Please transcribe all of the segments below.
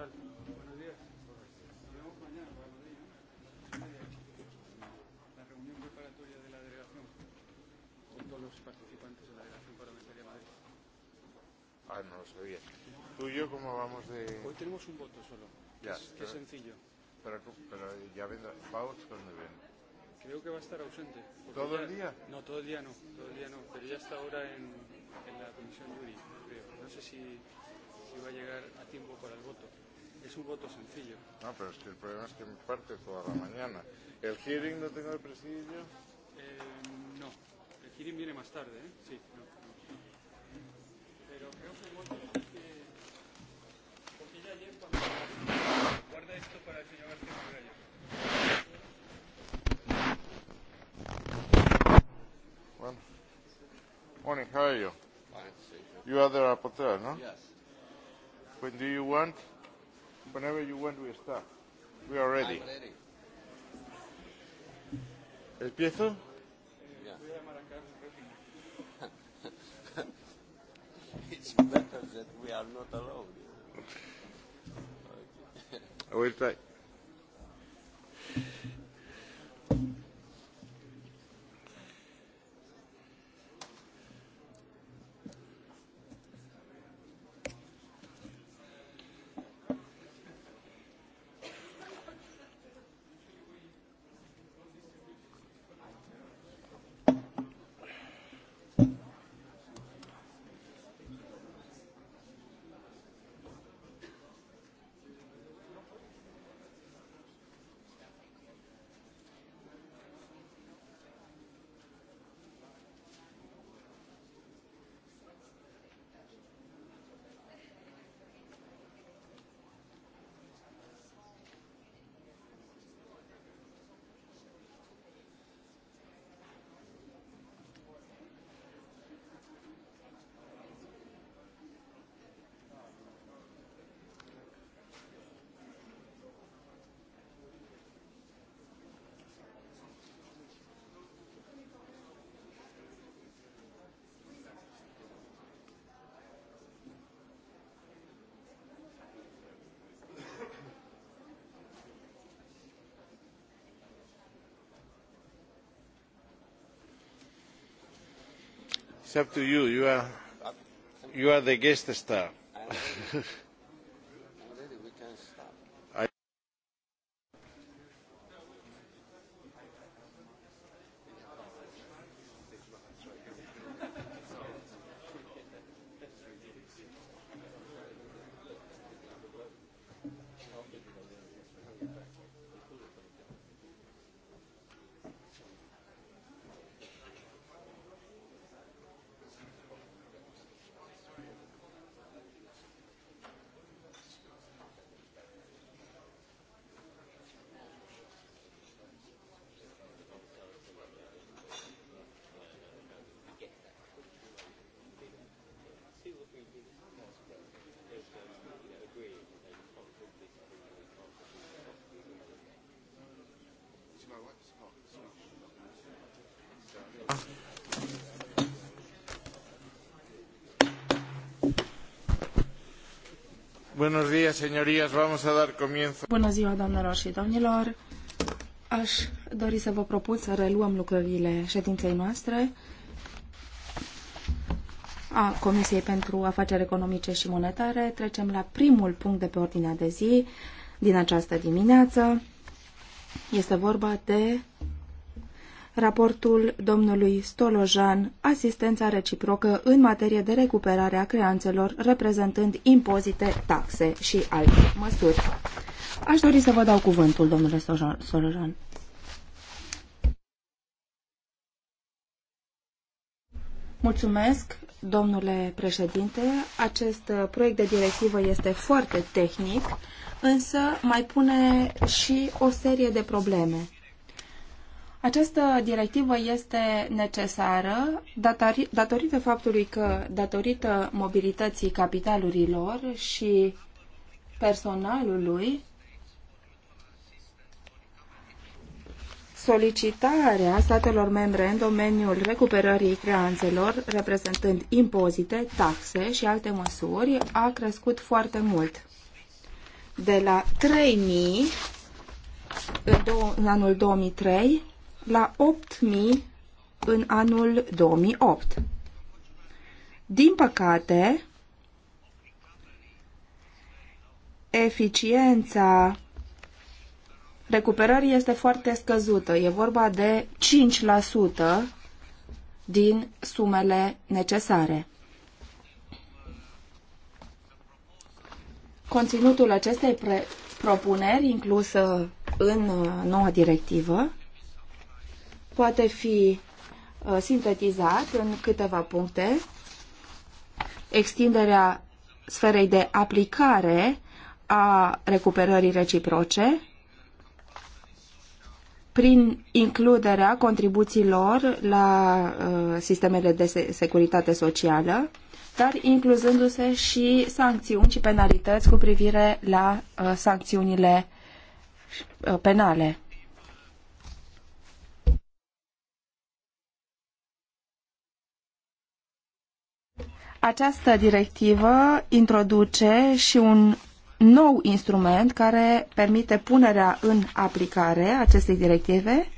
tal? Buenos días. Nos vemos mañana para Madrid, ¿no? La reunión preparatoria de la delegación con todos los participantes de la delegación parlamentaria Madrid. Ah, no lo sabía. ¿Tú y yo cómo vamos de...? Hoy tenemos un voto solo. Ya. Es, pero, qué sencillo. Pero, pero ya vendrá. ¿Paut dónde ven? Creo que va a estar ausente. ¿Todo ya, el día? No, todo el día no, todo el día no. Pero ya está ahora en, en la comisión Yuri, creo. No sé si, si va a llegar a tiempo para el voto es un voto sencillo. No, pero es que el problema es que me parte toda la mañana. ¿El hearing lo tengo el presidio? Eh, no, el hearing viene más tarde, ¿eh? Sí, no. Pero creo que el voto es que... Porque ya ayer cuando... Guarda esto para el señor García Magallo. Morning, how are you? Fine, you are the rapporteur, no? Yes. When do you want? Whenever you want, we start. We are ready. I'm ready. Yeah. It's better that we are not alone. okay. I will try. It's up to you. You are, you are the guest star. Buenos días, señorías. Vamos a dar comienzo. Bună ziua, doamnelor și domnilor. Aș dori să vă propun să reluăm lucrările ședinței noastre a Comisiei pentru Afaceri Economice și Monetare. Trecem la primul punct de pe ordinea de zi din această dimineață. Este vorba de raportul domnului Stolojan, asistența reciprocă în materie de recuperare a creanțelor, reprezentând impozite, taxe și alte măsuri. Aș dori să vă dau cuvântul, domnule Stolojan. Mulțumesc, domnule președinte. Acest uh, proiect de directivă este foarte tehnic, însă mai pune și o serie de probleme această directivă este necesară datori, datorită faptului că, datorită mobilității capitalurilor și personalului, solicitarea statelor membre în domeniul recuperării creanțelor, reprezentând impozite, taxe și alte măsuri, a crescut foarte mult. De la 3.000 în, în anul 2003 la 8.000 în anul 2008. Din păcate, eficiența recuperării este foarte scăzută. E vorba de 5% din sumele necesare. Conținutul acestei propuneri inclusă în uh, noua directivă poate fi uh, sintetizat în câteva puncte. Extinderea sferei de aplicare a recuperării reciproce prin includerea contribuțiilor la uh, sistemele de securitate socială, dar incluzându-se și sancțiuni și penalități cu privire la uh, sancțiunile uh, penale. Această directivă introduce și un nou instrument care permite punerea în aplicare acestei directive,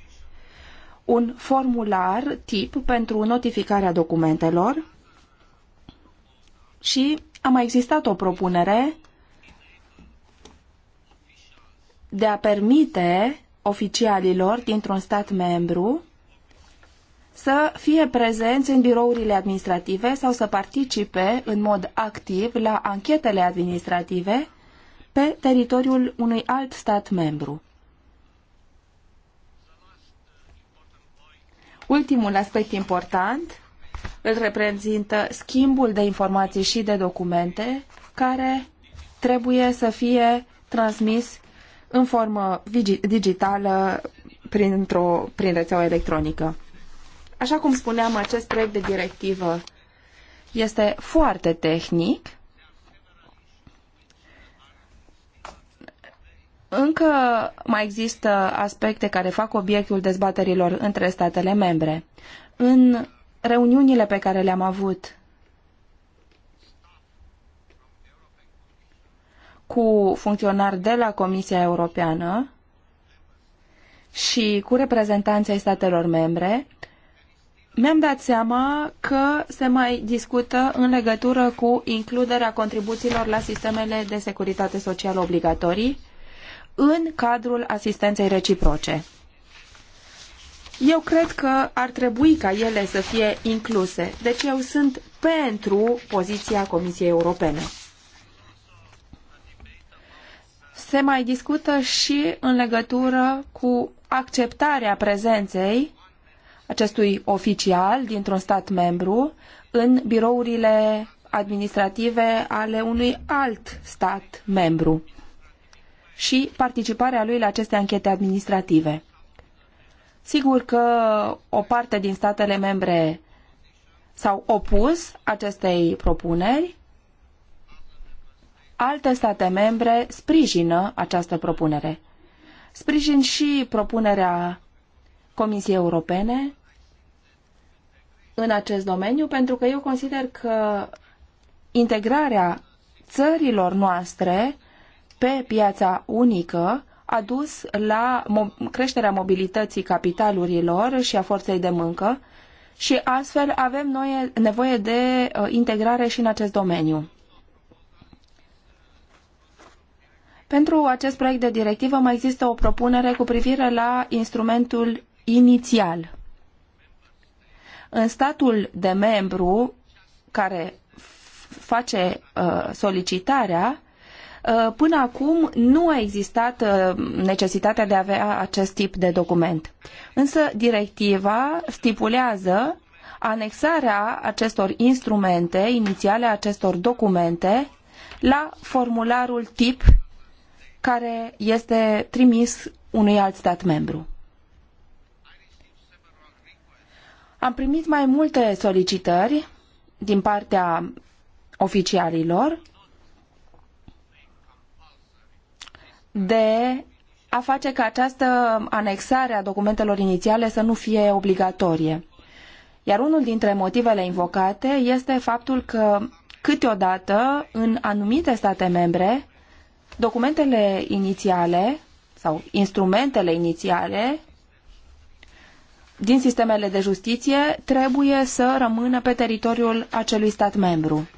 un formular tip pentru notificarea documentelor și a mai existat o propunere de a permite oficialilor dintr-un stat membru să fie prezenți în birourile administrative sau să participe în mod activ la anchetele administrative pe teritoriul unui alt stat membru. Ultimul aspect important îl reprezintă schimbul de informații și de documente care trebuie să fie transmis în formă digitală printr-o, prin rețeaua electronică. Așa cum spuneam, acest proiect de directivă este foarte tehnic. Încă mai există aspecte care fac obiectul dezbaterilor între statele membre. În reuniunile pe care le-am avut cu funcționari de la Comisia Europeană și cu reprezentanții statelor membre, mi-am dat seama că se mai discută în legătură cu includerea contribuțiilor la sistemele de securitate socială obligatorii în cadrul asistenței reciproce. Eu cred că ar trebui ca ele să fie incluse, deci eu sunt pentru poziția Comisiei Europene. Se mai discută și în legătură cu acceptarea prezenței acestui oficial dintr-un stat membru în birourile administrative ale unui alt stat membru și participarea lui la aceste anchete administrative. Sigur că o parte din statele membre s-au opus acestei propuneri, alte state membre sprijină această propunere. Sprijin și propunerea Comisiei Europene în acest domeniu, pentru că eu consider că integrarea țărilor noastre pe piața unică a dus la mo- creșterea mobilității capitalurilor și a forței de muncă și astfel avem noi nevoie de uh, integrare și în acest domeniu. Pentru acest proiect de directivă mai există o propunere cu privire la instrumentul inițial în statul de membru care face uh, solicitarea, uh, Până acum nu a existat uh, necesitatea de a avea acest tip de document. Însă directiva stipulează anexarea acestor instrumente, inițiale acestor documente, la formularul tip care este trimis unui alt stat membru. Am primit mai multe solicitări din partea oficialilor de a face ca această anexare a documentelor inițiale să nu fie obligatorie. Iar unul dintre motivele invocate este faptul că câteodată în anumite state membre documentele inițiale sau instrumentele inițiale din sistemele de justiție trebuie să rămână pe teritoriul acelui stat membru.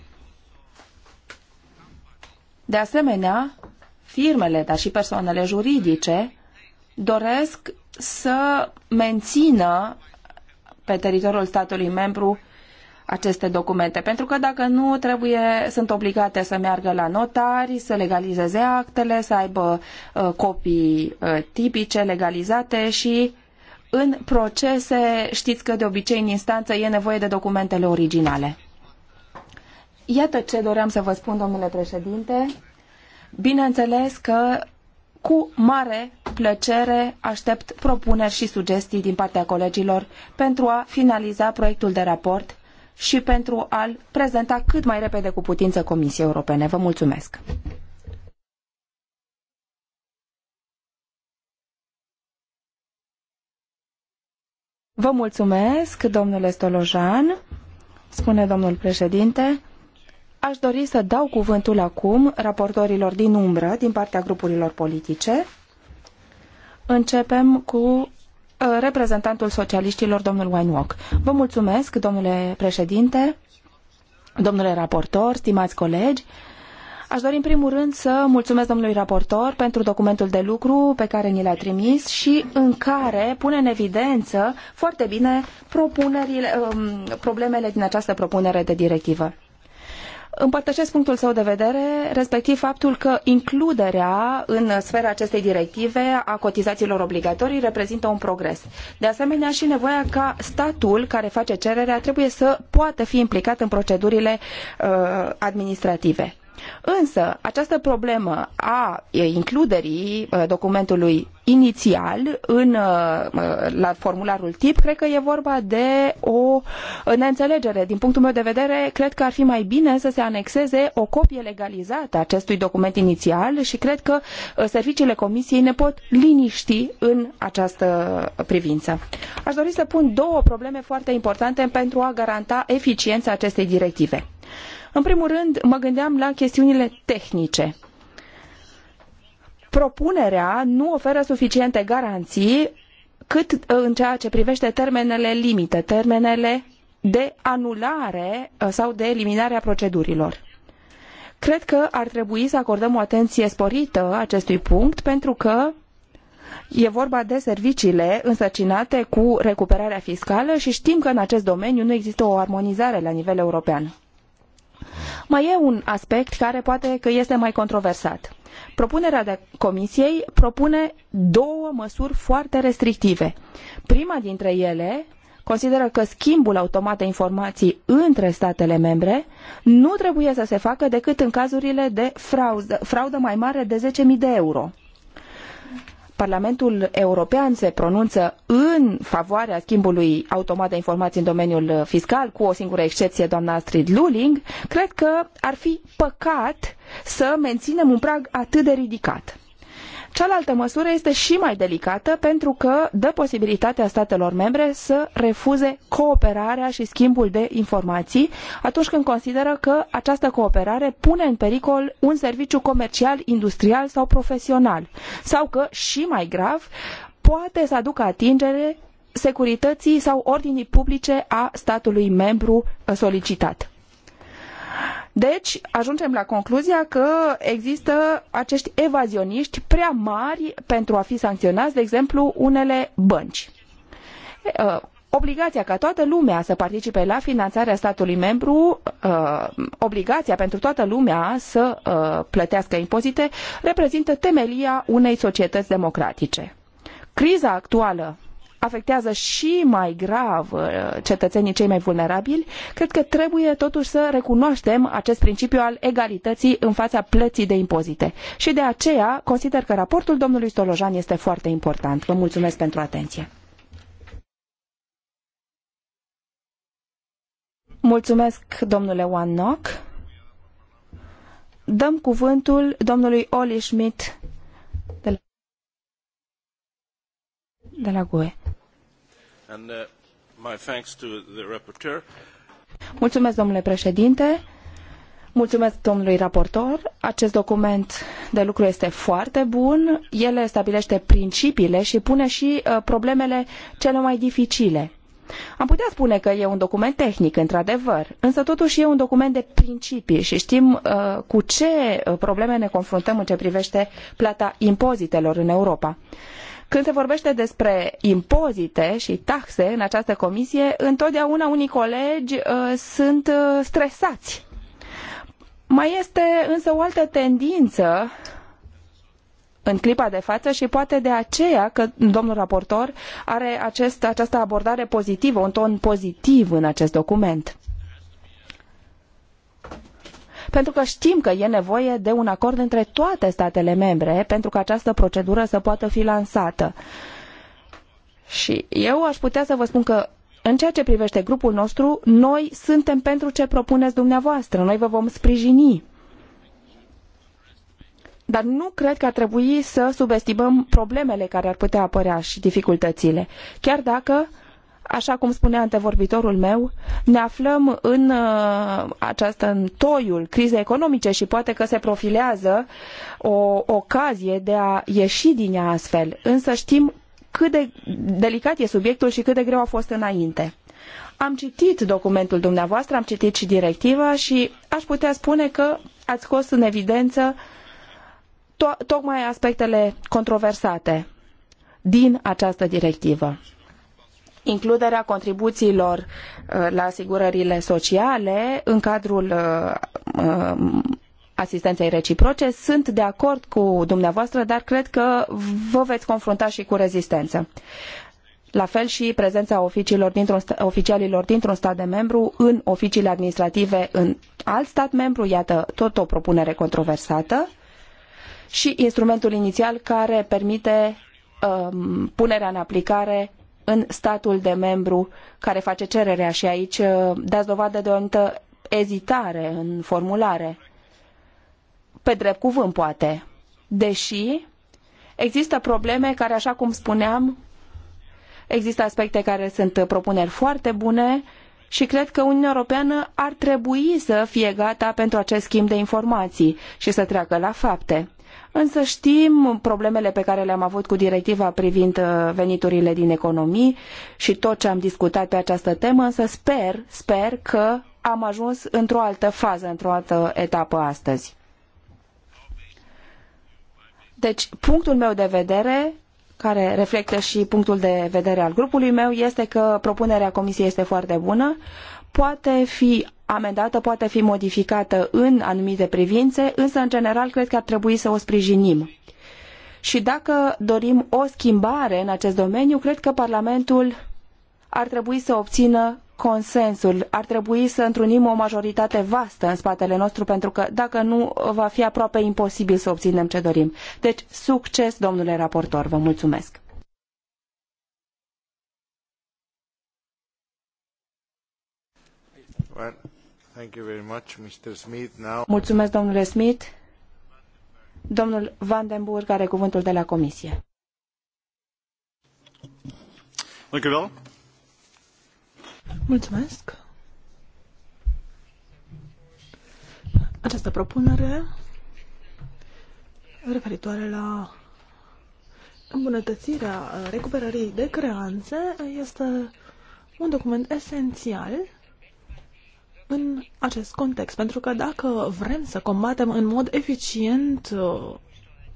De asemenea, firmele, dar și persoanele juridice doresc să mențină pe teritoriul statului membru aceste documente, pentru că dacă nu, trebuie, sunt obligate să meargă la notari, să legalizeze actele, să aibă uh, copii uh, tipice legalizate și în procese știți că de obicei în instanță e nevoie de documentele originale. Iată ce doream să vă spun, domnule președinte. Bineînțeles că cu mare plăcere aștept propuneri și sugestii din partea colegilor pentru a finaliza proiectul de raport și pentru a-l prezenta cât mai repede cu putință Comisiei Europene. Vă mulțumesc! Vă mulțumesc, domnule Stolojan, spune domnul președinte. Aș dori să dau cuvântul acum raportorilor din umbră, din partea grupurilor politice. Începem cu uh, reprezentantul socialiștilor, domnul Weinwalk. Vă mulțumesc, domnule președinte, domnule raportor, stimați colegi. Aș dori în primul rând să mulțumesc domnului raportor pentru documentul de lucru pe care ni l-a trimis și în care pune în evidență foarte bine propunerile, um, problemele din această propunere de directivă. Împărtășesc punctul său de vedere, respectiv faptul că includerea în sfera acestei directive a cotizațiilor obligatorii reprezintă un progres. De asemenea, și nevoia ca statul care face cererea trebuie să poată fi implicat în procedurile uh, administrative. Însă, această problemă a includerii uh, documentului inițial în, uh, uh, la formularul tip, cred că e vorba de o neînțelegere. Din punctul meu de vedere, cred că ar fi mai bine să se anexeze o copie legalizată a acestui document inițial și cred că serviciile Comisiei ne pot liniști în această privință. Aș dori să pun două probleme foarte importante pentru a garanta eficiența acestei directive. În primul rând, mă gândeam la chestiunile tehnice. Propunerea nu oferă suficiente garanții cât uh, în ceea ce privește termenele limite, termenele de anulare uh, sau de eliminare a procedurilor. Cred că ar trebui să acordăm o atenție sporită acestui punct pentru că E vorba de serviciile însărcinate cu recuperarea fiscală și știm că în acest domeniu nu există o armonizare la nivel european. Mai e un aspect care poate că este mai controversat. Propunerea de comisiei propune două măsuri foarte restrictive. Prima dintre ele consideră că schimbul automat de informații între statele membre nu trebuie să se facă decât în cazurile de fraudă, fraudă mai mare de 10.000 de euro. Parlamentul European se pronunță în favoarea schimbului automat de informații în domeniul uh, fiscal, cu o singură excepție, doamna Astrid Luling, cred că ar fi păcat să menținem un prag atât de ridicat. Cealaltă măsură este și mai delicată pentru că dă posibilitatea statelor membre să refuze cooperarea și schimbul de informații atunci când consideră că această cooperare pune în pericol un serviciu comercial, industrial sau profesional sau că, și mai grav, poate să aducă atingere securității sau ordinii publice a statului membru solicitat. Deci, ajungem la concluzia că există acești evazioniști prea mari pentru a fi sancționați, de exemplu, unele bănci. Uh, obligația ca toată lumea să participe la finanțarea statului membru, uh, obligația pentru toată lumea să uh, plătească impozite, reprezintă temelia unei societăți democratice. Criza actuală afectează și mai grav uh, cetățenii cei mai vulnerabili, cred că trebuie totuși să recunoaștem acest principiu al egalității în fața plății de impozite. Și de aceea consider că raportul domnului Stolojan este foarte important. Vă mulțumesc pentru atenție. Mulțumesc, domnule Wannock. Dăm cuvântul domnului Oli Schmidt de la, de la GUE. And uh, my thanks to the rapporteur. Mulțumesc, domnule președinte. Mulțumesc domnului raportor. Acest document de lucru este foarte bun. El stabilește principiile și pune și uh, problemele cele mai dificile. Am putea spune că e un document tehnic, într-adevăr, însă totuși e un document de principii și știm uh, cu ce uh, probleme ne confruntăm în ce privește plata impozitelor în Europa. Când se vorbește despre impozite și taxe în această comisie, întotdeauna unii colegi uh, sunt uh, stresați. Mai este însă o altă tendință în clipa de față și poate de aceea că domnul raportor are acest, această abordare pozitivă, un ton pozitiv în acest document pentru că știm că e nevoie de un acord între toate statele membre pentru că această procedură să poată fi lansată. Și eu aș putea să vă spun că în ceea ce privește grupul nostru, noi suntem pentru ce propuneți dumneavoastră. Noi vă vom sprijini dar nu cred că ar trebui să subestimăm problemele care ar putea apărea și dificultățile, chiar dacă așa cum spunea antevorbitorul meu, ne aflăm în uh, această în toiul crizei economice și poate că se profilează o ocazie de a ieși din ea astfel. Însă știm cât de delicat e subiectul și cât de greu a fost înainte. Am citit documentul dumneavoastră, am citit și directiva și aș putea spune că ați scos în evidență to- tocmai aspectele controversate din această directivă includerea contribuțiilor uh, la asigurările sociale în cadrul uh, uh, asistenței reciproce. Sunt de acord cu dumneavoastră, dar cred că vă veți confrunta și cu rezistență. La fel și prezența oficiilor dintr-un, oficialilor dintr-un stat de membru în oficiile administrative în alt stat membru, iată tot o propunere controversată, și instrumentul inițial care permite um, punerea în aplicare în statul de membru care face cererea și aici uh, dați dovadă de o anumită ezitare în formulare. Pe drept cuvânt, poate. Deși există probleme care, așa cum spuneam, există aspecte care sunt propuneri foarte bune și cred că Uniunea Europeană ar trebui să fie gata pentru acest schimb de informații și să treacă la fapte însă știm problemele pe care le-am avut cu directiva privind uh, veniturile din economii și tot ce am discutat pe această temă, însă sper, sper că am ajuns într-o altă fază, într-o altă etapă astăzi. Deci, punctul meu de vedere, care reflectă și punctul de vedere al grupului meu, este că propunerea Comisiei este foarte bună, poate fi amendată, poate fi modificată în anumite privințe, însă, în general, cred că ar trebui să o sprijinim. Și dacă dorim o schimbare în acest domeniu, cred că Parlamentul ar trebui să obțină consensul. Ar trebui să întrunim o majoritate vastă în spatele nostru, pentru că dacă nu, va fi aproape imposibil să obținem ce dorim. Deci, succes, domnule raportor, vă mulțumesc! Mulțumesc, domnule Smith. Domnul Vandenburg are cuvântul de la Comisie. Mulțumesc. Mulțumesc. Această propunere referitoare la îmbunătățirea recuperării de creanțe este un document esențial în acest context, pentru că dacă vrem să combatem în mod eficient uh,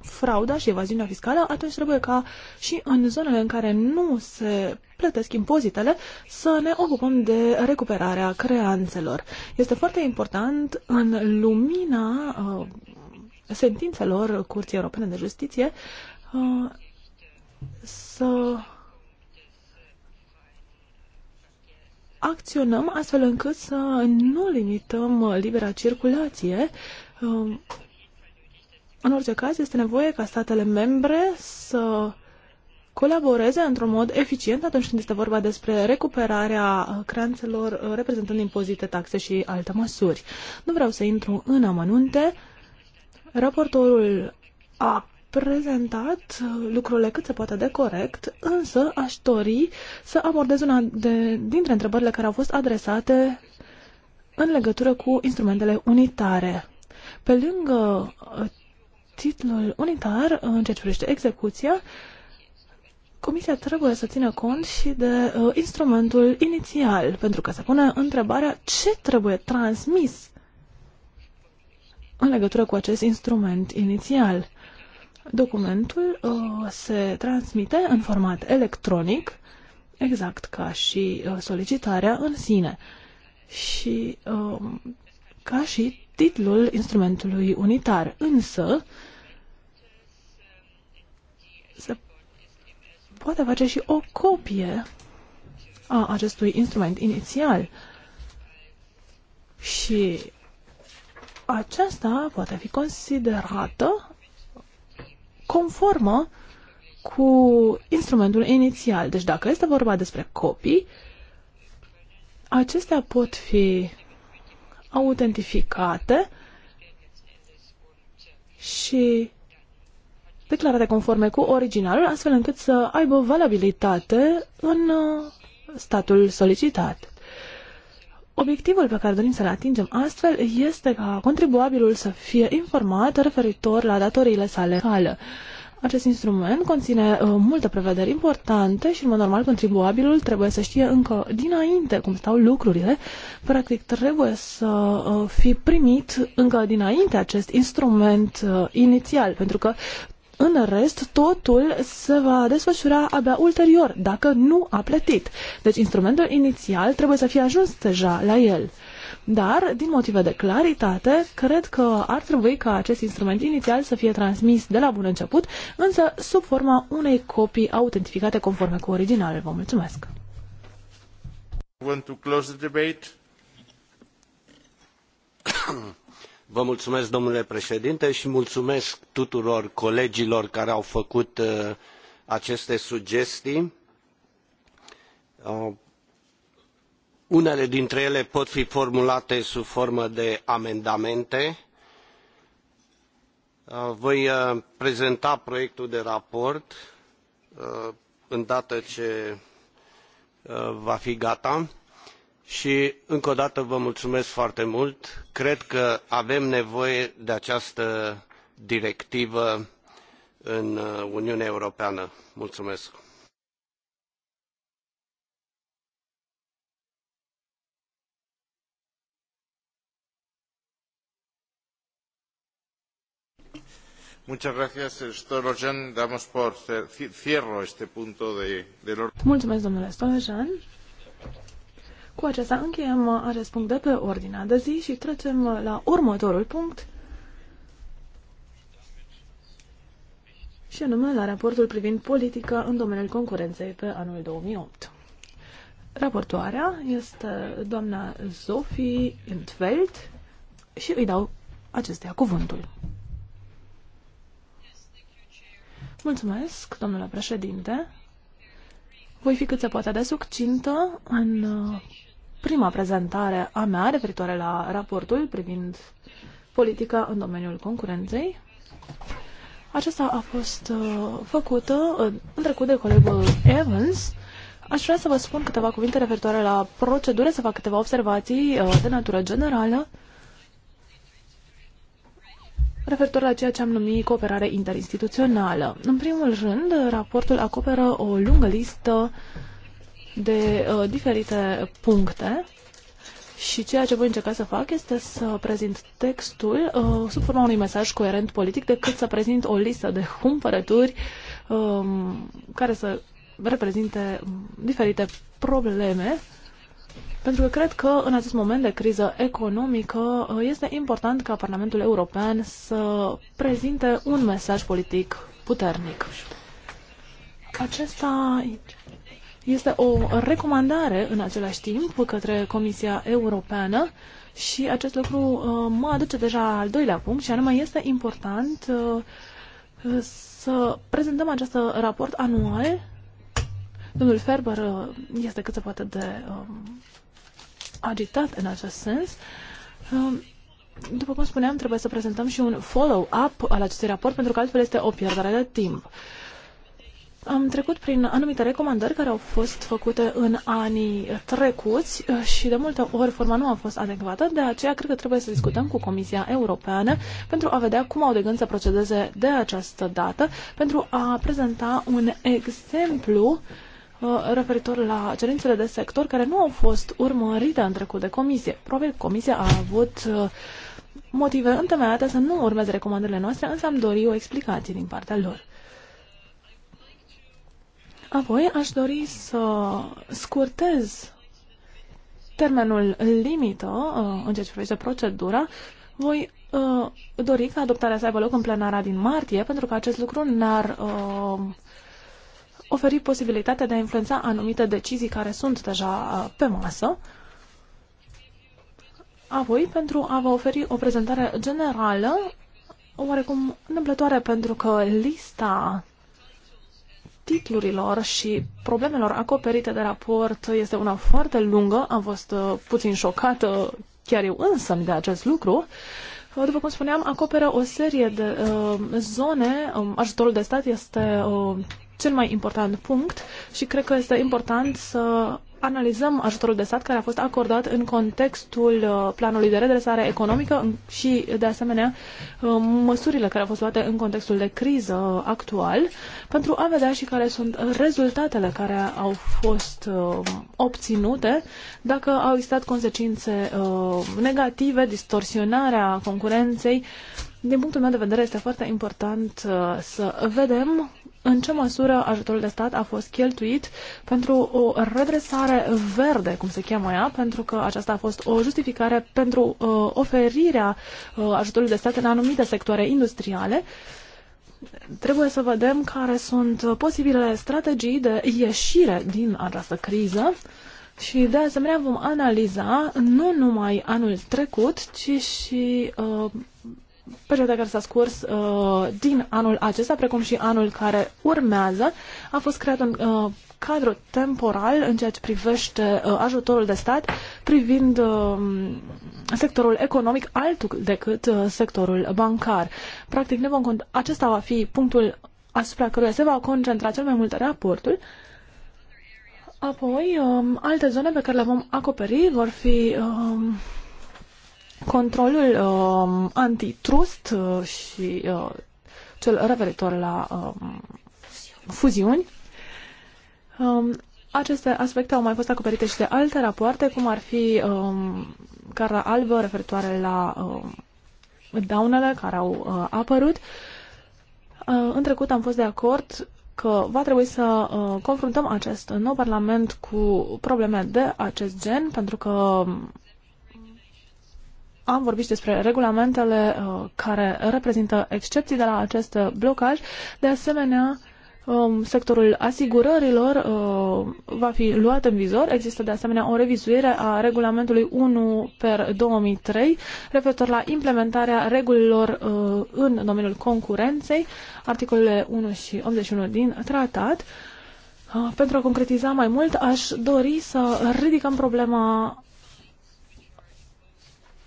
frauda și evaziunea fiscală, atunci trebuie ca și în zonele în care nu se plătesc impozitele să ne ocupăm de recuperarea creanțelor. Este foarte important în lumina uh, sentințelor Curții Europene de Justiție uh, să acționăm astfel încât să nu limităm libera circulație. Um, în orice caz, este nevoie ca statele membre să colaboreze într-un mod eficient atunci când este vorba despre recuperarea creanțelor uh, reprezentând impozite, taxe și alte măsuri. Nu vreau să intru în amănunte. Raportorul a prezentat uh, lucrurile cât se poate de corect, însă aș dori să abordez una de, dintre întrebările care au fost adresate în legătură cu instrumentele unitare. Pe lângă uh, titlul unitar, uh, în ceea ce privește execuția, Comisia trebuie să țină cont și de uh, instrumentul inițial, pentru că se pune întrebarea ce trebuie transmis în legătură cu acest instrument inițial. Documentul uh, se transmite în format electronic, exact ca și uh, solicitarea în sine. Și um, ca și titlul instrumentului unitar. Însă, se poate face și o copie a acestui instrument inițial. Și aceasta poate fi considerată conformă cu instrumentul inițial. Deci dacă este vorba despre copii, acestea pot fi autentificate și declarate conforme cu originalul, astfel încât să aibă valabilitate în uh, statul solicitat. Obiectivul pe care dorim să-l atingem astfel este ca contribuabilul să fie informat referitor la datoriile sale cală. Acest instrument conține uh, multe prevederi importante și, în mod normal, contribuabilul trebuie să știe încă dinainte cum stau lucrurile. Practic, trebuie să uh, fi primit încă dinainte acest instrument uh, inițial, pentru că în rest, totul se va desfășura abia ulterior, dacă nu a plătit. Deci instrumentul inițial trebuie să fie ajuns deja la el. Dar, din motive de claritate, cred că ar trebui ca acest instrument inițial să fie transmis de la bun început, însă sub forma unei copii autentificate conforme cu originalul. Vă mulțumesc! Want to close the debate? Vă mulțumesc, domnule președinte, și mulțumesc tuturor colegilor care au făcut uh, aceste sugestii. Uh, unele dintre ele pot fi formulate sub formă de amendamente. Uh, voi prezenta proiectul de raport îndată ce va fi gata și încă o dată vă mulțumesc foarte mult. Cred că avem nevoie de această directivă în Uniunea Europeană. Mulțumesc! Mulțumesc, domnule Stolojan. Cu aceasta, încheiem acest punct de pe ordinea de zi și trecem la următorul punct, și anume la raportul privind politica în domeniul concurenței pe anul 2008. Raportoarea este doamna Sophie Entfeld și îi dau acestea cuvântul. Mulțumesc, domnule președinte. Voi fi cât se poate de succintă în prima prezentare a mea referitoare la raportul privind politica în domeniul concurenței. Aceasta a fost uh, făcută uh, în trecut de colegul Evans. Aș vrea să vă spun câteva cuvinte referitoare la procedură, să fac câteva observații uh, de natură generală referitor la ceea ce am numit cooperare interinstituțională. În primul rând, raportul acoperă o lungă listă uh, de uh, diferite puncte și ceea ce voi încerca să fac este să prezint textul uh, sub forma unui mesaj coerent politic decât să prezint o listă de cumpărături um, care să reprezinte diferite probleme pentru că cred că în acest moment de criză economică uh, este important ca Parlamentul European să prezinte un mesaj politic puternic. Acesta este o recomandare în același timp către Comisia Europeană și acest lucru uh, mă aduce deja al doilea punct și anume este important uh, să prezentăm acest raport anual. Domnul Ferber uh, este cât se poate de um, agitat în acest sens. Um, după cum spuneam, trebuie să prezentăm și un follow-up al acestui raport, pentru că altfel este o pierdere de timp. Am trecut prin anumite recomandări care au fost făcute în anii trecuți eh, și de multe ori forma nu a fost adecvată, de aceea cred că trebuie să discutăm cu Comisia Europeană pentru a vedea cum au de gând să procedeze de această dată, pentru a prezenta un exemplu eh, referitor la cerințele de sector care nu au fost urmărite în trecut de comisie. Probabil comisia a avut eh, motive întemeiate să nu urmeze recomandările noastre, însă am dori o explicație din partea lor. Apoi aș dori să scurtez termenul limită uh, în ceea ce privește procedura. Voi uh, dori ca adoptarea să aibă loc în plenara din martie, pentru că acest lucru n-ar uh, oferi posibilitatea de a influența anumite decizii care sunt deja pe masă. Apoi, pentru a vă oferi o prezentare generală, oarecum întâmplătoare pentru că lista titlurilor și problemelor acoperite de raport este una foarte lungă. Am fost uh, puțin șocată uh, chiar eu însă de acest lucru. Uh, după cum spuneam, acoperă o serie de uh, zone. Um, ajutorul de stat este uh, cel mai important punct și cred că este important să analizăm ajutorul de stat care a fost acordat în contextul uh, planului de redresare economică și, de asemenea, uh, măsurile care au fost luate în contextul de criză actual pentru a vedea și care sunt rezultatele care au fost uh, obținute, dacă au existat consecințe negative, distorsionarea concurenței. Din punctul meu de vedere, este foarte important să vedem în ce măsură ajutorul de stat a fost cheltuit pentru o redresare verde, cum se cheamă ea, pentru că aceasta a fost o justificare pentru uh, oferirea uh, ajutorului de stat în anumite sectoare industriale. Trebuie să vedem care sunt posibilele strategii de ieșire din această criză. Și de asemenea vom analiza nu numai anul trecut, ci și uh, perioada care s-a scurs uh, din anul acesta, precum și anul care urmează, a fost creat un uh, cadru temporal în ceea ce privește uh, ajutorul de stat privind uh, sectorul economic altul decât uh, sectorul bancar. Practic, ne vom, acesta va fi punctul asupra căruia se va concentra cel mai mult raportul. Apoi, um, alte zone pe care le vom acoperi vor fi um, Controlul um, antitrust uh, și uh, cel referitor la um, fuziuni. Um, aceste aspecte au mai fost acoperite și de alte rapoarte, cum ar fi um, Cara Albă referitoare la um, daunele care au uh, apărut. Uh, în trecut am fost de acord că va trebui să uh, confruntăm acest nou parlament cu probleme de acest gen, pentru că um, am vorbit despre regulamentele uh, care reprezintă excepții de la acest blocaj. De asemenea, um, sectorul asigurărilor uh, va fi luat în vizor. Există de asemenea o revizuire a regulamentului 1 per 2003 referitor la implementarea regulilor uh, în domeniul concurenței, articolele 1 și 81 din tratat. Pentru a concretiza mai mult, aș dori să ridicăm problema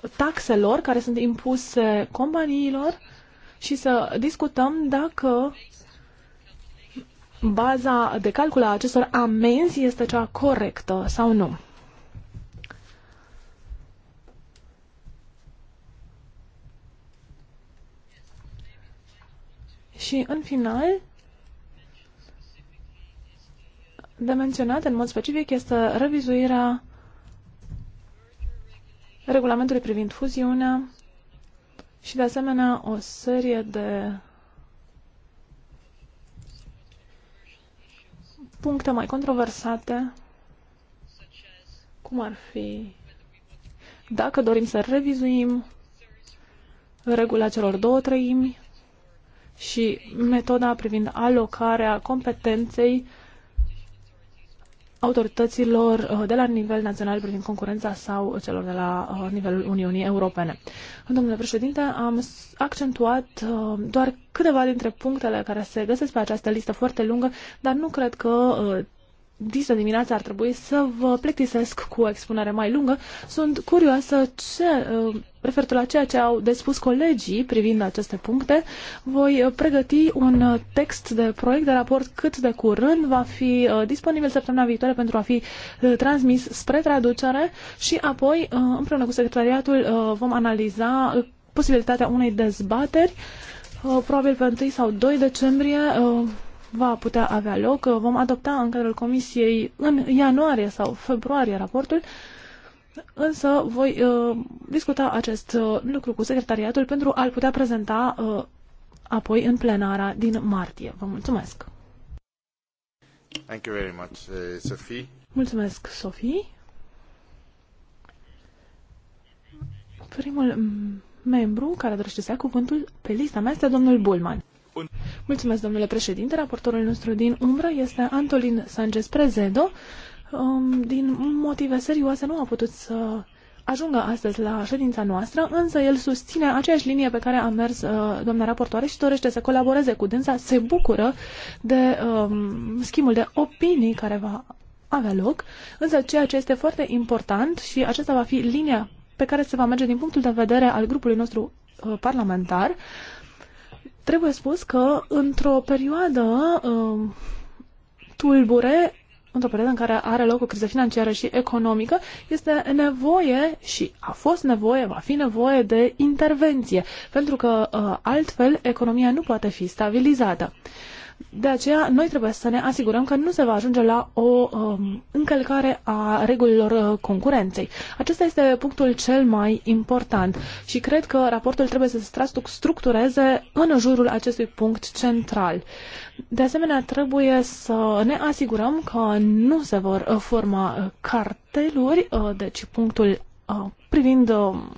taxelor care sunt impuse companiilor și să discutăm dacă baza de calcul a acestor amenzi este cea corectă sau nu. Și în final, de menționat în mod specific este revizuirea regulamentului privind fuziunea și, de asemenea, o serie de puncte mai controversate, cum ar fi dacă dorim să revizuim regula celor două treimi și metoda privind alocarea competenței autorităților uh, de la nivel național privind concurența sau celor de la uh, nivelul Uniunii Europene. Domnule președinte, am accentuat uh, doar câteva dintre punctele care se găsesc pe această listă foarte lungă, dar nu cred că disă dimineața ar trebui să vă plictisesc cu o expunere mai lungă. Sunt curioasă ce, uh, referitor la ceea ce au de spus colegii privind aceste puncte. Voi uh, pregăti un uh, text de proiect de raport cât de curând va fi disponibil săptămâna viitoare pentru a fi transmis spre traducere și apoi împreună cu secretariatul vom analiza posibilitatea unei dezbateri probabil pe 1 sau 2 decembrie va putea avea loc. Vom adopta în cadrul comisiei în ianuarie sau februarie raportul, însă voi uh, discuta acest uh, lucru cu secretariatul pentru a-l putea prezenta uh, apoi în plenara din martie. Vă mulțumesc! Thank you very much, uh, Sophie. Mulțumesc, Sophie. Primul membru care dorește să ia cuvântul pe lista mea este domnul Bulman. Mulțumesc, domnule președinte. Raportorul nostru din umbră este Antolin Sanchez Prezedo. Um, din motive serioase nu a putut să ajungă astăzi la ședința noastră, însă el susține aceeași linie pe care a mers uh, doamna raportoare și dorește să colaboreze cu dânsa, se bucură de um, schimbul de opinii care va avea loc, însă ceea ce este foarte important și acesta va fi linia pe care se va merge din punctul de vedere al grupului nostru uh, parlamentar, Trebuie spus că într-o perioadă uh, tulbure, într-o perioadă în care are loc o criză financiară și economică, este nevoie și a fost nevoie, va fi nevoie de intervenție, pentru că uh, altfel economia nu poate fi stabilizată. Uh, de aceea, noi trebuie să ne asigurăm că nu se va ajunge la o um, încălcare a regulilor uh, concurenței. Acesta este punctul cel mai important și cred că raportul trebuie să se structureze în jurul acestui punct central. De asemenea, trebuie să ne asigurăm că nu se vor uh, forma uh, carteluri, deci punctul uh, privind um,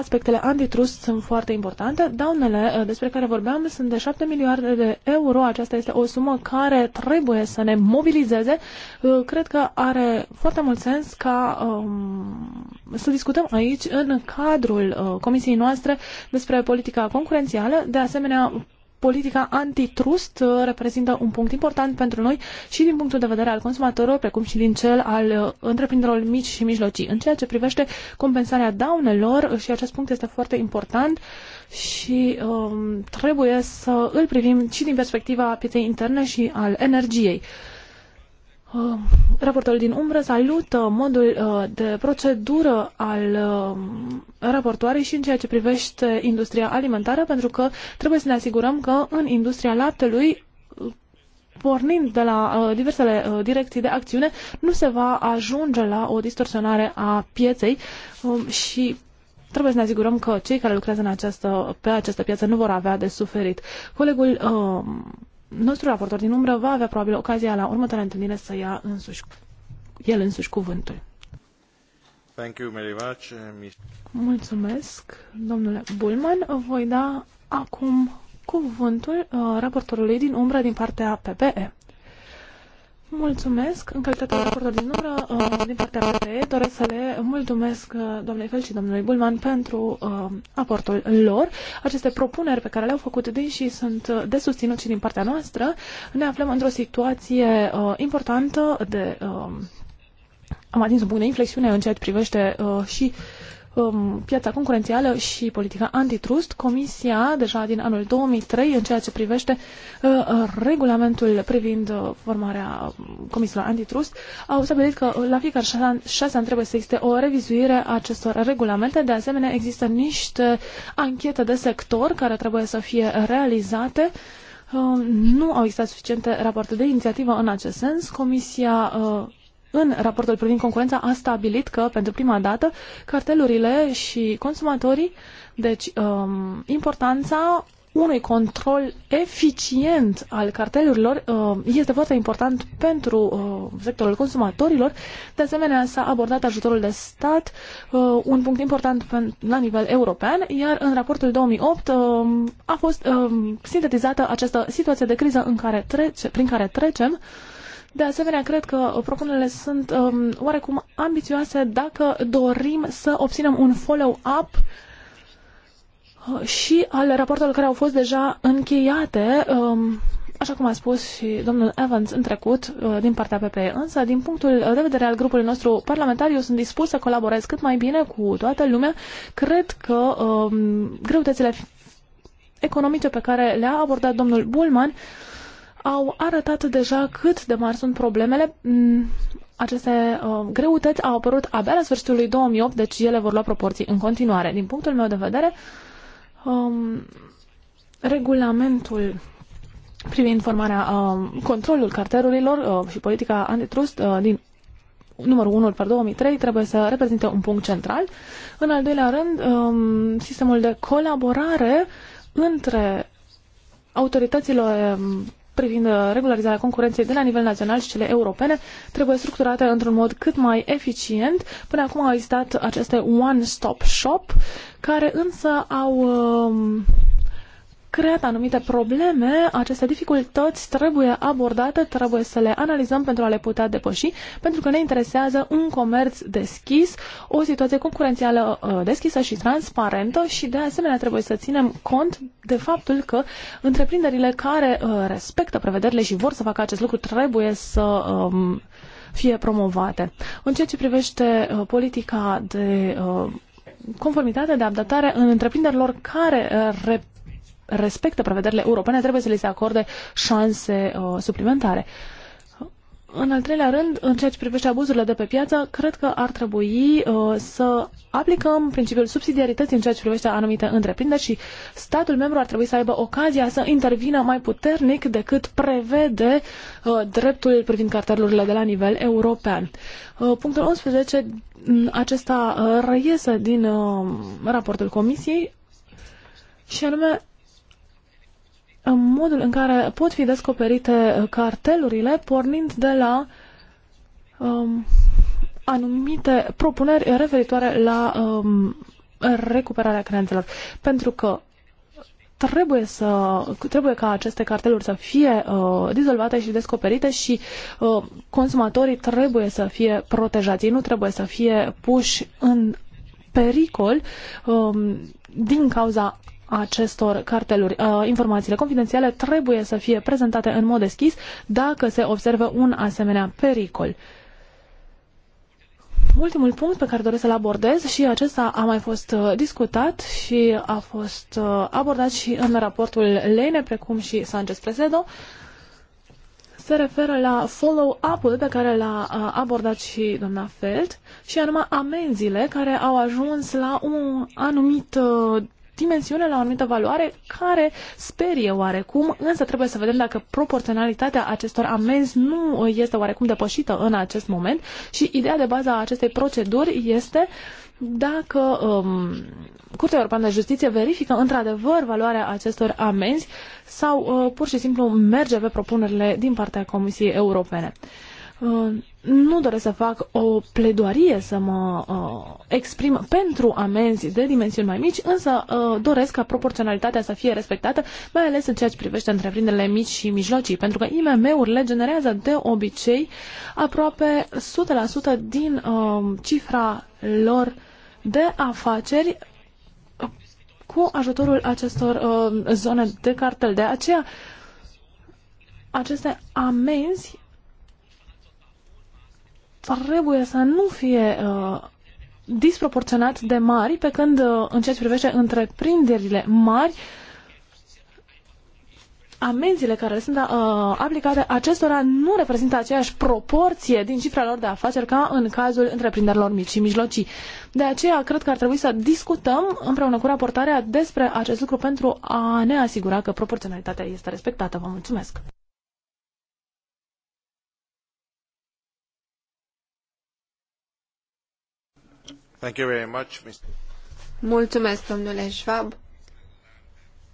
aspectele antitrust sunt foarte importante. Daunele uh, despre care vorbeam sunt de 7 miliarde de euro. Aceasta este o sumă care trebuie să ne mobilizeze. Uh, cred că are foarte mult sens ca um, să discutăm aici, în cadrul uh, comisiei noastre, despre politica concurențială, de asemenea politica antitrust uh, reprezintă un punct important pentru noi și din punctul de vedere al consumatorilor, precum și din cel al uh, întreprinderilor mici și mijlocii. În ceea ce privește compensarea daunelor, uh, și acest punct este foarte important și um, trebuie să îl privim și din perspectiva pieței interne și al energiei. Um, raportorul din umbră salută modul uh, de procedură al um, raportoarei și în ceea ce privește industria alimentară, pentru că trebuie să ne asigurăm că în industria laptelui pornind de la uh, diversele uh, direcții de acțiune, nu se va ajunge la o distorsionare a pieței um, și trebuie să ne asigurăm că cei care lucrează în această, pe această piață nu vor avea de suferit. Colegul uh, nostru raportor din umbră va avea probabil ocazia la următoarea întâlnire să ia însuși, el însuși cuvântul. Thank you very much. Uh, Mulțumesc, domnule Bulman. Voi da acum cuvântul uh, raportorului din umbră din partea PPE. Mulțumesc. În calitate de raportor din ură, uh, din partea PPE, doresc să le mulțumesc uh, doamnei Fel și domnului Bulman pentru uh, aportul lor. Aceste propuneri pe care le-au făcut din și sunt de susținut și din partea noastră. Ne aflăm într-o situație importantă de... Am atins un punct de inflexiune în ceea ce privește și um, piața concurențială și politica antitrust, Comisia, deja din anul 2003, în ceea ce privește uh, regulamentul privind uh, formarea um, comisiilor antitrust, au stabilit că uh, la fiecare șase ani trebuie să existe o revizuire a acestor regulamente. De asemenea, există niște anchete de sector care trebuie să fie realizate uh, nu au existat suficiente rapoarte de inițiativă în acest sens. Comisia uh, în raportul privind concurența a stabilit că pentru prima dată cartelurile și consumatorii, deci um, importanța unui control eficient al cartelurilor um, este foarte important pentru uh, sectorul consumatorilor. De asemenea, s-a abordat ajutorul de stat, uh, un punct important la nivel european, iar în raportul 2008 um, a fost um, sintetizată această situație de criză în care trece, prin care trecem de asemenea, cred că uh, propunerile sunt um, oarecum ambițioase dacă dorim să obținem un follow-up uh, și al raportelor care au fost deja încheiate, um, așa cum a spus și domnul Evans în trecut, uh, din partea PPE. Însă, din punctul de vedere al grupului nostru parlamentar, eu sunt dispus să colaborez cât mai bine cu toată lumea. Cred că um, greutățile economice pe care le-a abordat domnul Bulman uh, au arătat deja cât de mari sunt problemele. Mm, aceste uh, greutăți au apărut abia la sfârșitul lui 2008, deci ele vor lua proporții în continuare. Din punctul meu de vedere, um, regulamentul privind formarea, uh, controlul carterurilor uh, și politica antitrust uh, din numărul 1 per 2003 trebuie să reprezinte un punct central. În al doilea rând, um, sistemul de colaborare între autoritățile um, privind uh, regularizarea concurenței de la nivel național și cele europene trebuie structurate într-un mod cât mai eficient. Până acum au existat aceste one-stop shop care însă au um, creat anumite probleme, aceste dificultăți trebuie abordate, trebuie să le analizăm pentru a le putea depăși, pentru că ne interesează un comerț deschis, o situație concurențială uh, deschisă și transparentă și de asemenea trebuie să ținem cont de faptul că întreprinderile care uh, respectă prevederile și vor să facă acest lucru trebuie să um, fie promovate. În ceea ce privește uh, politica de conformitate de adaptare în întreprinderilor care respectă prevederile europene, trebuie să li se acorde șanse uh, suplimentare. În al treilea rând, în ceea ce privește abuzurile de pe piață, cred că ar trebui uh, să aplicăm principiul subsidiarității în ceea ce privește anumite întreprinderi și statul membru ar trebui să aibă ocazia să intervină mai puternic decât prevede uh, dreptul privind cartelurile de la nivel european. Uh, punctul 11, mm, acesta uh, reiese din uh, raportul Comisiei și anume modul în care pot fi descoperite uh, cartelurile pornind de la um, anumite propuneri referitoare la um, recuperarea creanțelor. Pentru că trebuie, să, trebuie ca aceste carteluri să fie uh, dizolvate și descoperite și uh, consumatorii trebuie să fie protejați. Ei nu trebuie să fie puși în pericol um, din cauza acestor carteluri. Uh, informațiile confidențiale trebuie să fie prezentate în mod deschis dacă se observă un asemenea pericol. Ultimul punct pe care doresc să-l abordez și acesta a mai fost uh, discutat și a fost uh, abordat și în raportul Lene, precum și Sanchez Presedo, se referă la follow-up-ul pe care l-a abordat și doamna Feld și anume amenziile care au ajuns la un anumit dimensiune, la o anumită valoare care sperie oarecum, însă trebuie să vedem dacă proporționalitatea acestor amenzi nu este oarecum depășită în acest moment și ideea de bază a acestei proceduri este dacă um, Curtea Europeană de Justiție verifică într-adevăr valoarea acestor amenzi sau uh, pur și simplu merge pe propunerile din partea Comisiei Europene. Uh, nu doresc să fac o pledoarie să mă uh, exprim pentru amenzi de dimensiuni mai mici, însă uh, doresc ca proporționalitatea să fie respectată, mai ales în ceea ce privește întreprinderile mici și mijlocii, pentru că IMM-urile generează de obicei aproape 100% din uh, cifra lor de afaceri cu ajutorul acestor uh, zone de cartel. De aceea, aceste amenzi trebuie să nu fie uh, disproporționat de mari, pe când uh, în ceea ce privește întreprinderile mari, amenziile care sunt uh, aplicate acestora nu reprezintă aceeași proporție din cifra lor de afaceri ca în cazul întreprinderilor mici și mijlocii. De aceea, cred că ar trebui să discutăm împreună cu raportarea despre acest lucru pentru a ne asigura că proporționalitatea este respectată. Vă mulțumesc! Mulțumesc, domnule Schwab.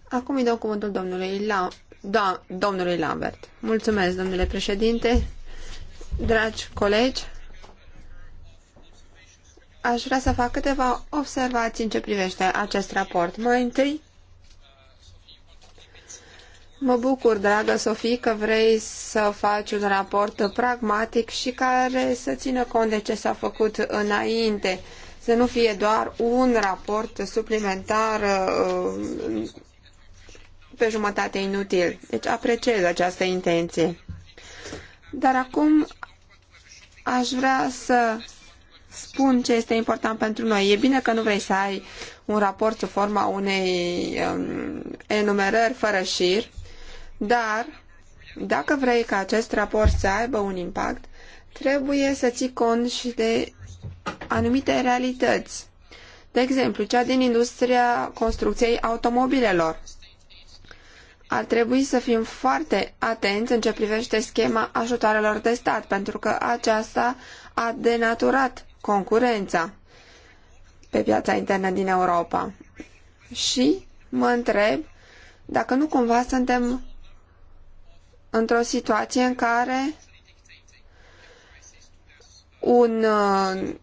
Acum îi dau cuvântul domnului, La- da, domnului Lambert. Mulțumesc, domnule președinte. Dragi colegi, aș vrea să fac câteva observații în ce privește acest raport. Mai întâi, mă bucur, dragă Sofie, că vrei să faci un raport pragmatic și care să țină cont de ce s-a făcut înainte să nu fie doar un raport suplimentar uh, pe jumătate inutil. Deci apreciez această intenție. Dar acum aș vrea să spun ce este important pentru noi. E bine că nu vrei să ai un raport sub forma unei um, enumerări fără șir, dar dacă vrei ca acest raport să aibă un impact, trebuie să ții cont și de anumite realități. De exemplu, cea din industria construcției automobilelor. Ar trebui să fim foarte atenți în ce privește schema ajutoarelor de stat, pentru că aceasta a denaturat concurența pe piața internă din Europa. Și mă întreb dacă nu cumva suntem într-o situație în care un uh,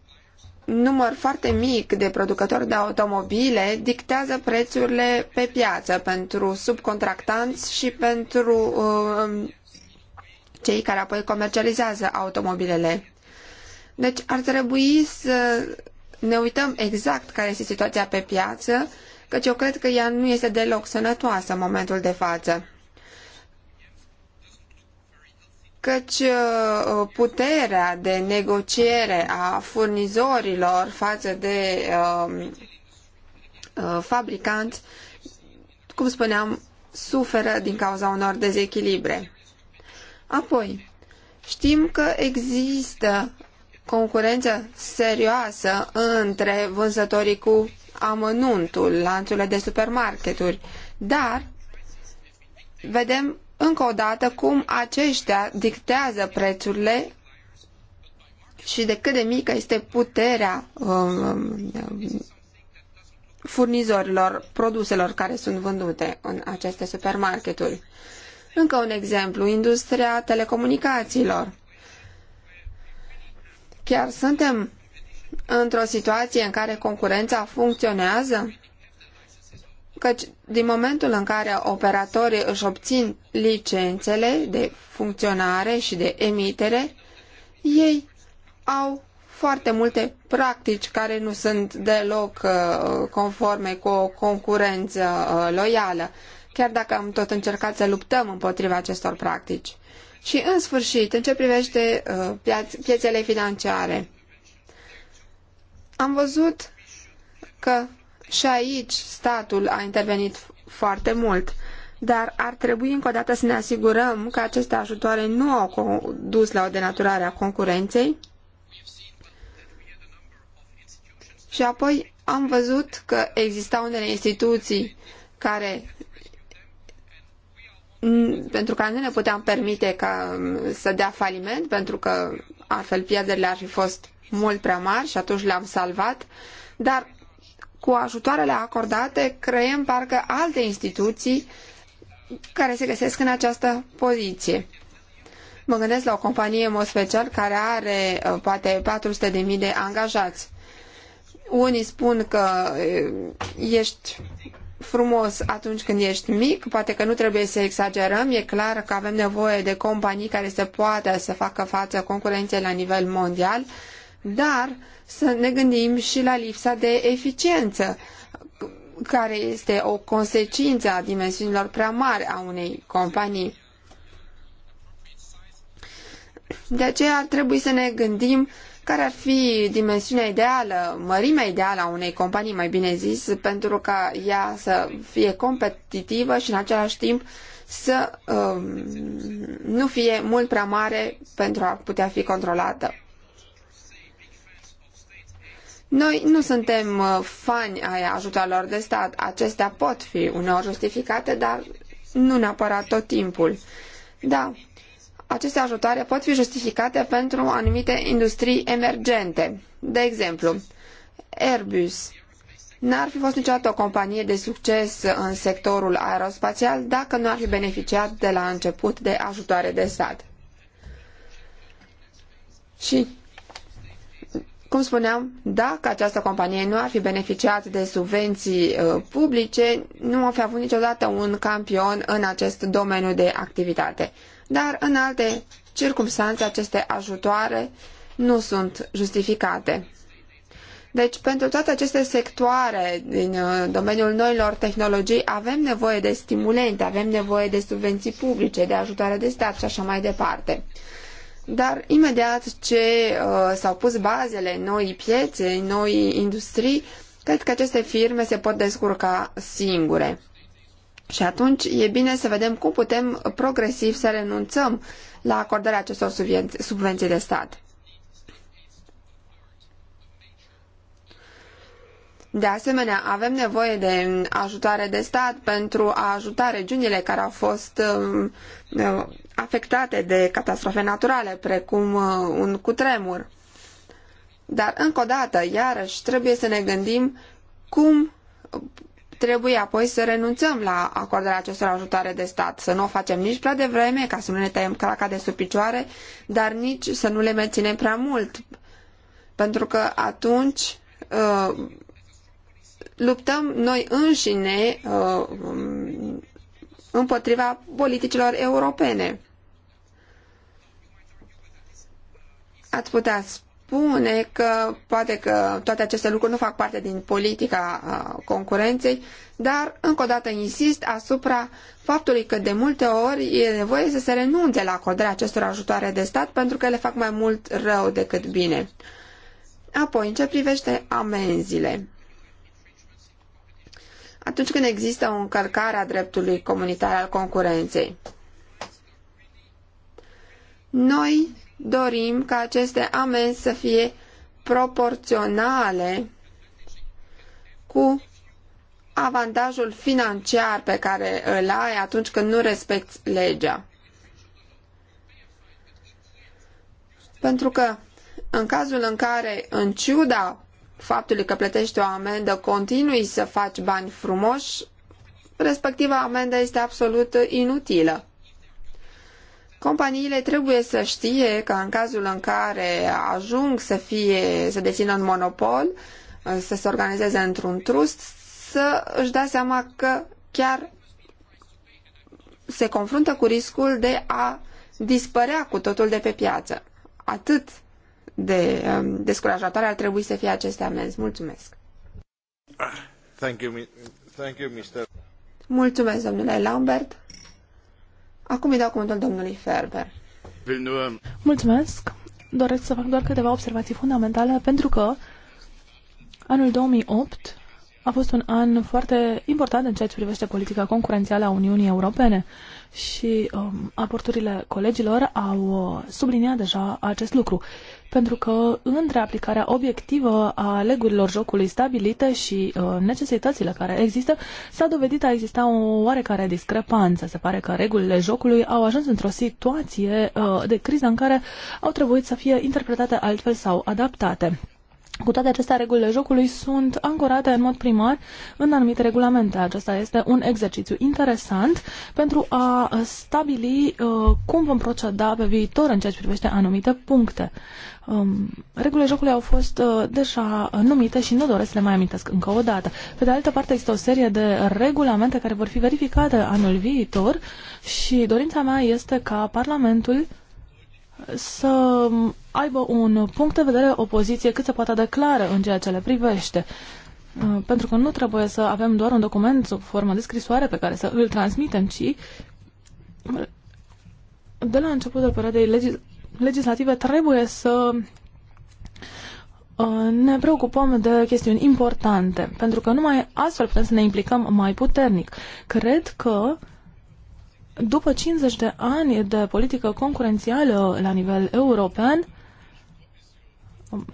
număr foarte mic de producători de automobile dictează prețurile pe piață pentru subcontractanți și pentru um, cei care apoi comercializează automobilele. Deci ar trebui să ne uităm exact care este situația pe piață, căci eu cred că ea nu este deloc sănătoasă în momentul de față. căci uh, uh, puterea de negociere a furnizorilor față de um, uh, fabricanți, cum spuneam, suferă din cauza unor dezechilibre. Apoi, știm că există concurență serioasă între vânzătorii cu amănuntul, lanțurile de supermarketuri, dar vedem încă o dată cum aceștia dictează prețurile și de cât de mică este puterea um, um, furnizorilor produselor care sunt vândute în aceste supermarketuri. Încă un exemplu, industria telecomunicațiilor. Chiar suntem într-o situație în care concurența funcționează? căci din momentul în care operatorii își obțin licențele de funcționare și de emitere, ei au foarte multe practici care nu sunt deloc uh, conforme cu o concurență uh, loială, chiar dacă am tot încercat să luptăm împotriva acestor practici. Și în sfârșit, în ce privește uh, piețele financiare, am văzut că și aici statul a intervenit foarte mult, dar ar trebui încă o dată să ne asigurăm că aceste ajutoare nu au dus la o denaturare a concurenței. Și apoi am văzut că existau unele instituții care pentru că nu ne puteam permite ca um, să dea faliment, pentru că altfel pierderile ar fi fost mult prea mari și atunci le-am salvat, dar cu ajutoarele acordate, creăm parcă alte instituții care se găsesc în această poziție. Mă gândesc la o companie, în special, care are uh, poate 400.000 de angajați. Unii spun că uh, ești frumos atunci când ești mic, poate că nu trebuie să exagerăm, e clar că avem nevoie de companii care să poată să facă față concurenței la nivel mondial, dar să ne gândim și la lipsa de eficiență, care este o consecință a dimensiunilor prea mari a unei companii. De aceea ar trebui să ne gândim care ar fi dimensiunea ideală, mărimea ideală a unei companii, mai bine zis, pentru ca ea să fie competitivă și în același timp să um, nu fie mult prea mare pentru a putea fi controlată. Noi nu suntem uh, fani ai ajutoarelor de stat. Acestea pot fi uneori justificate, dar nu neapărat tot timpul. Da, aceste ajutoare pot fi justificate pentru anumite industrii emergente. De exemplu, Airbus n-ar fi fost niciodată o companie de succes în sectorul aerospațial dacă nu ar fi beneficiat de la început de ajutoare de stat. Și cum spuneam, dacă această companie nu ar fi beneficiat de subvenții uh, publice, nu ar fi avut niciodată un campion în acest domeniu de activitate. Dar în alte circunstanțe aceste ajutoare nu sunt justificate. Deci, pentru toate aceste sectoare din uh, domeniul noilor tehnologii, avem nevoie de stimulente, avem nevoie de subvenții publice, de ajutoare de stat și așa mai departe. Dar imediat ce uh, s-au pus bazele noi piețe, noi industrii, cred că aceste firme se pot descurca singure. Și atunci e bine să vedem cum putem progresiv să renunțăm la acordarea acestor subvenții de stat. De asemenea, avem nevoie de ajutoare de stat pentru a ajuta regiunile care au fost um, uh, afectate de catastrofe naturale, precum uh, un cutremur. Dar, încă o dată, iarăși, trebuie să ne gândim cum trebuie apoi să renunțăm la acordarea acestor ajutoare de stat, să nu o facem nici prea devreme, ca să nu ne tăiem craca de sub picioare, dar nici să nu le menținem prea mult, pentru că atunci uh, luptăm noi înșine uh, împotriva politicilor europene. Ați putea spune că poate că toate aceste lucruri nu fac parte din politica uh, concurenței, dar încă o dată insist asupra faptului că de multe ori e nevoie să se renunțe la acordarea acestor ajutoare de stat pentru că le fac mai mult rău decât bine. Apoi, în ce privește amenziile? atunci când există o încălcare a dreptului comunitar al concurenței. Noi dorim ca aceste amenzi să fie proporționale cu avantajul financiar pe care îl ai atunci când nu respecti legea. Pentru că în cazul în care, în ciuda faptului că plătești o amendă, continui să faci bani frumoși, respectiva amendă este absolut inutilă. Companiile trebuie să știe că în cazul în care ajung să fie, să dețină un monopol, să se organizeze într-un trust, să își dea seama că chiar se confruntă cu riscul de a dispărea cu totul de pe piață. Atât de um, descurajatoare ar trebui să fie aceste amenzi. Mulțumesc. Thank you, thank you, Mr. Mulțumesc, domnule Lambert. Acum îi dau cuvântul domnului Ferber. Mulțumesc. Doresc să fac doar câteva observații fundamentale pentru că anul 2008 a fost un an foarte important în ceea ce privește politica concurențială a Uniunii Europene și um, aporturile colegilor au uh, subliniat deja acest lucru pentru că între aplicarea obiectivă a legurilor jocului stabilite și uh, necesitățile care există, s-a dovedit a exista o oarecare discrepanță. Se pare că regulile jocului au ajuns într-o situație uh, de criză în care au trebuit să fie interpretate altfel sau adaptate. Cu toate acestea, regulile jocului sunt ancorate în mod primar în anumite regulamente. Acesta este un exercițiu interesant pentru a stabili uh, cum vom proceda pe viitor în ceea ce privește anumite puncte. Um, regulile jocului au fost uh, deja numite și nu doresc să le mai amintesc încă o dată. Pe de altă parte, există o serie de regulamente care vor fi verificate anul viitor și dorința mea este ca Parlamentul să aibă un punct de vedere, o poziție cât se poate clară în ceea ce le privește. Uh, pentru că nu trebuie să avem doar un document sub formă de scrisoare pe care să îl transmitem, ci de la începutul perioadei legis legislative trebuie să uh, ne preocupăm de chestiuni importante, pentru că numai astfel putem să ne implicăm mai puternic. Cred că uh, după 50 de ani de politică concurențială la nivel european,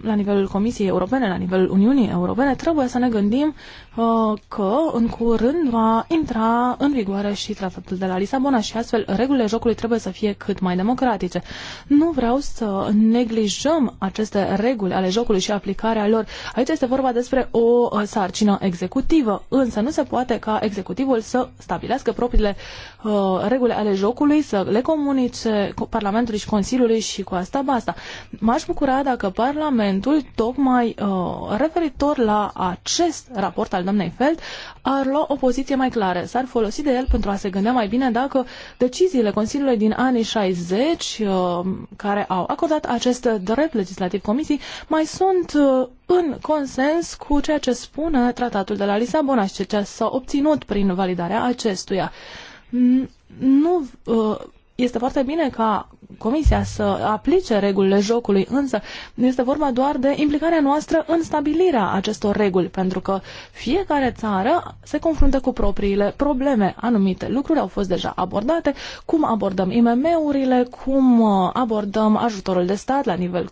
la nivelul Comisiei Europene, la nivelul Uniunii Europene, trebuie să ne gândim uh, că în curând va intra în vigoare și tratatul de la Lisabona și astfel regulile jocului trebuie să fie cât mai democratice. Nu vreau să neglijăm aceste reguli ale jocului și aplicarea lor. Aici este vorba despre o uh, sarcină executivă, însă nu se poate ca executivul să stabilească propriile Uh, regulile ale jocului, să le comunice Parlamentului și Consiliului și cu asta basta. M-aș bucura dacă Parlamentul, tocmai uh, referitor la acest raport al doamnei Feld, ar lua o poziție mai clară, s-ar folosi de el pentru a se gândea mai bine dacă deciziile Consiliului din anii 60, uh, care au acordat acest drept legislativ comisii, mai sunt uh, în consens cu ceea ce spune tratatul de la Lisabona și ceea ce s-a obținut prin validarea acestuia nu uh, este foarte bine ca Comisia să aplice regulile jocului, însă este vorba doar de implicarea noastră în stabilirea acestor reguli, pentru că fiecare țară se confruntă cu propriile probleme. Anumite lucruri au fost deja abordate, cum abordăm IMM-urile, cum uh, abordăm ajutorul de stat la nivel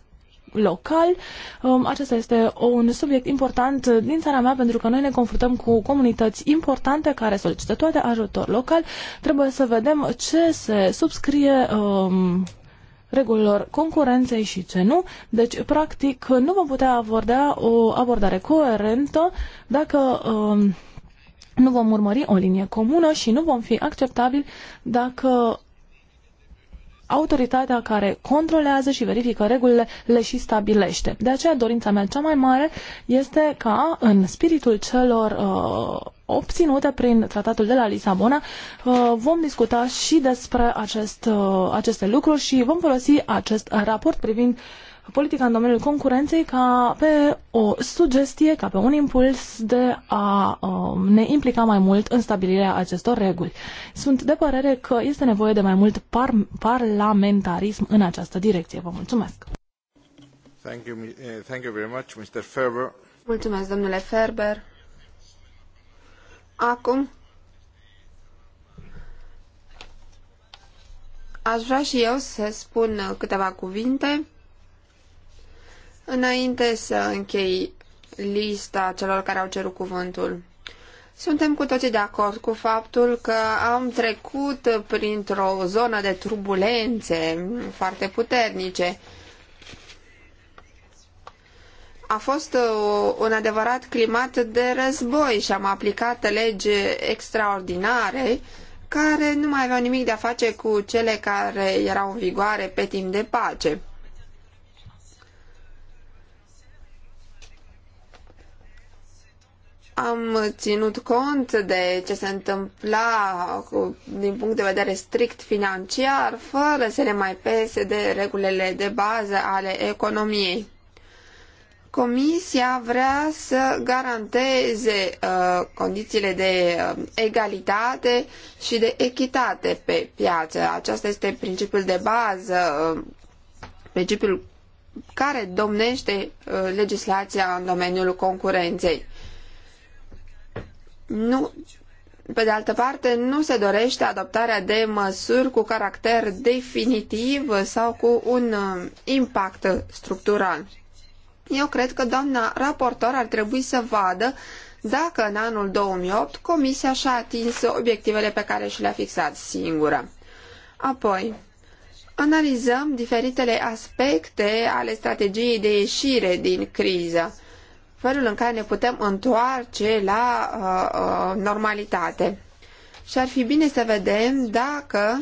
local. Um, acesta este un subiect important din țara mea pentru că noi ne confruntăm cu comunități importante care solicită toate ajutor local. Trebuie să vedem ce se subscrie um, regulilor concurenței și ce nu. Deci, practic, nu vom putea aborda o abordare coerentă dacă um, nu vom urmări o linie comună și nu vom fi acceptabili dacă autoritatea care controlează și verifică regulile le și stabilește. De aceea dorința mea cea mai mare este ca în spiritul celor uh, obținute prin tratatul de la Lisabona, uh, vom discuta și despre acest, uh, aceste lucruri și vom folosi acest raport privind uh, politica în domeniul concurenței ca pe o sugestie, ca pe un impuls de a um, ne implica mai mult în stabilirea acestor reguli. Sunt de părere că este nevoie de mai mult par parlamentarism în această direcție. Vă mulțumesc! Thank you, eh, thank you very much, Mr. Ferber. Mulțumesc, domnule Ferber. Acum aș vrea și eu să spun câteva cuvinte. Înainte să închei lista celor care au cerut cuvântul, suntem cu toții de acord cu faptul că am trecut printr-o zonă de turbulențe foarte puternice. A fost uh, un adevărat climat de război și am aplicat legi extraordinare care nu mai aveau nimic de a face cu cele care erau în vigoare pe timp de pace. Am ținut cont de ce se întâmpla cu, din punct de vedere strict financiar, fără să le mai pese de regulile de bază ale economiei. Comisia vrea să garanteze uh, condițiile de uh, egalitate și de echitate pe piață. Acesta este principiul de bază, uh, principiul care domnește uh, legislația în domeniul concurenței nu, pe de altă parte, nu se dorește adoptarea de măsuri cu caracter definitiv sau cu un uh, impact structural. Eu cred că doamna raportor ar trebui să vadă dacă în anul 2008 Comisia și-a atins obiectivele pe care și le-a fixat singură. Apoi, analizăm diferitele aspecte ale strategiei de ieșire din criză felul în care ne putem întoarce la uh, uh, normalitate. Și ar fi bine să vedem dacă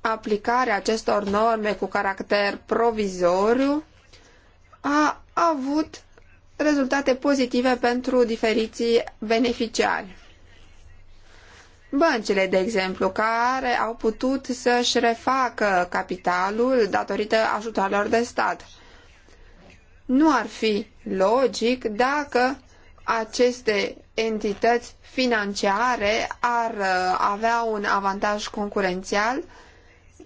aplicarea acestor norme cu caracter provizoriu a avut rezultate pozitive pentru diferiții beneficiari. Băncile, de exemplu, care au putut să-și refacă capitalul datorită ajutoarelor de stat. Nu ar fi logic dacă aceste entități financiare ar uh, avea un avantaj concurențial